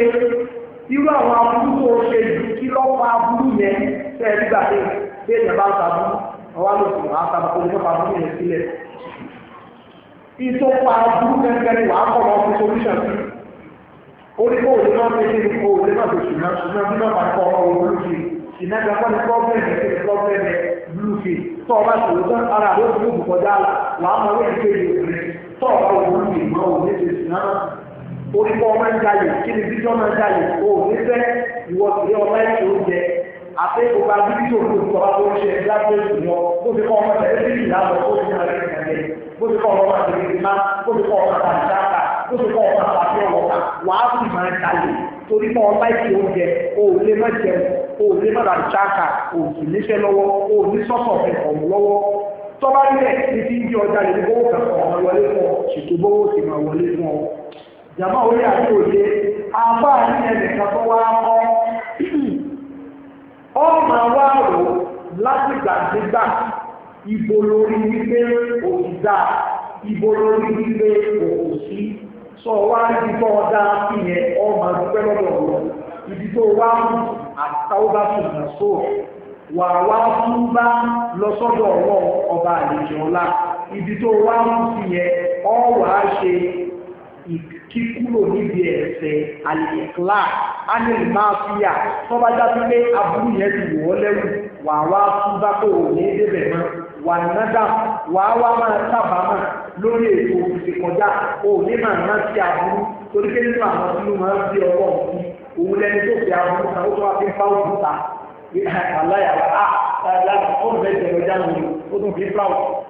S1: irú àwọn aburú tó ṣe jù kí lọ́pọ̀ aburú yẹn tẹ́ ẹ nígbà tí bẹ́ẹ̀ yẹn bá ń tabu ọwọ́ ló sì máa tabu kó ní wọ́n aburú yẹn sílẹ̀. ìtọ́pọ̀ aburú kẹ́kẹ́ ni wàá kọ́ lọ́ọ́ fún solution sí. orí kó òde náà ṣe kí kó òde náà ṣe ṣùgbọ́n ṣùgbọ́n bí náà bá kọ́ ọ̀rọ̀ òun lóṣù ìnága kọ́ni pọ́blẹ́mì kí ni pọ́blẹ́mì blúfì tó ọba ṣòro tán ara rẹ̀ ó ti mú bùkọ́jà wàá mọ orí ìkéde òun tó ọba òun lù ìmọ̀ òun ní ti náà orúkọ ọmọ ń jalè kí ni bíjọ́ máa ń jalè o ní fẹ́ ìwọ sílé ọmọ ẹ̀ṣẹ̀ oúnjẹ àti ìgbà bíbí òkú ìjọba tó ń ṣe ẹ̀dá tó ń sùn yọ bó ti kọ́ ọmọ tẹ̀lé sí ìyá lọ bó ti kọ́ ọmọ tẹ̀lé bó ti kọ́ ọmọ tẹ̀lé sí má bó ti kọ́ ọmọ tàbí dáka bó ti kọ́ ọmọ tàbí ọlọ́ka wàá sì máa ń jalè torí kọ́ ọmọ ẹ̀ṣẹ̀ oúnjẹ o ò lè má jẹun o ò lè má ra ìjáka o ò sì níṣẹ́ lọ́wọ́ o ò ní sọ́sọ̀ ọ̀hún lọ́wọ́ tọ́ba nílẹ̀ ní ti ń di ọjà lè kan ọ̀hún wọlé fún ọ ṣètò bówó sì máa wọlé fún ọ jàmá orí àti òye àbá ní ẹnìkan tó wá kọ́ ọmọ wa rò láti gbàdégbà ibo lórí wípé òkìdá ibo lórí wípé òkòsí sọ wá níbi tó ọdá sí yẹn ọmọ dúpẹ́ lọ́dọ̀ ọ̀rọ̀ ibi tó wá mú àtàwọ́bá sùnà só wà wá fún bá lọ sọ́dọ̀ ọ̀rọ̀ ọba àlejò ọ̀la ibi tó wá mú sí yẹn ọ wàá ṣe ìk kíkúrò níbi ẹ̀ṣẹ̀ àlìkíkílà ánìlì máa fi yà tọ́ba jáde pé aburú yẹn ti wọ̀ ọ́ lẹ́rù wà wá tún bá pé òun ní débẹ̀ mọ́ wà nádà wà wá máa sábàámà lórí ètò òṣìṣẹ́ kọjá òun ní màá má sí aburú torí pé nínú àwọn tí ló máa ń fi ọwọ́ òkú òun lẹni tó fi aburú kan ó tó wá fi ń fa òkú ta aláyàwó ah, a láti ọ̀rọ̀ bẹ́ẹ̀ jẹ̀rọ̀ jáde ó tún fi ń fa òkú.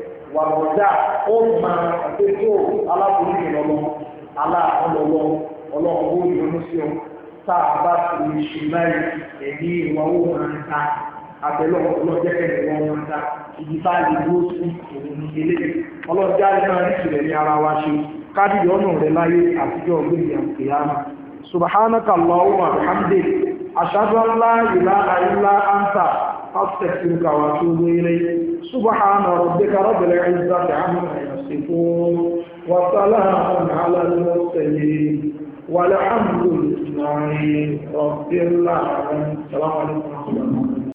S1: wàlọ́jà ó máa pé tó aláboyún lọ́lọ́ aláàbọ̀lọ́lọ́ ọlọ́run tá a bá fi ṣe báyìí ẹ̀mí ìwà ó máa ń ta abẹ́lọ́ ọlọ́jẹ́kẹ́ ìwà máa ń ta ìdí òun ní ilé ọlọ́jà náà ní ìṣẹ̀lẹ̀ ní ara wa ṣe ọ̀nà rẹ̀ láyé àtijọ́ أستغفرك وأتوب إليك سبحان ربك رب العزة عما يصفون وسلام على المرسلين والحمد لله رب العالمين
S2: السلام عليكم ورحمة الله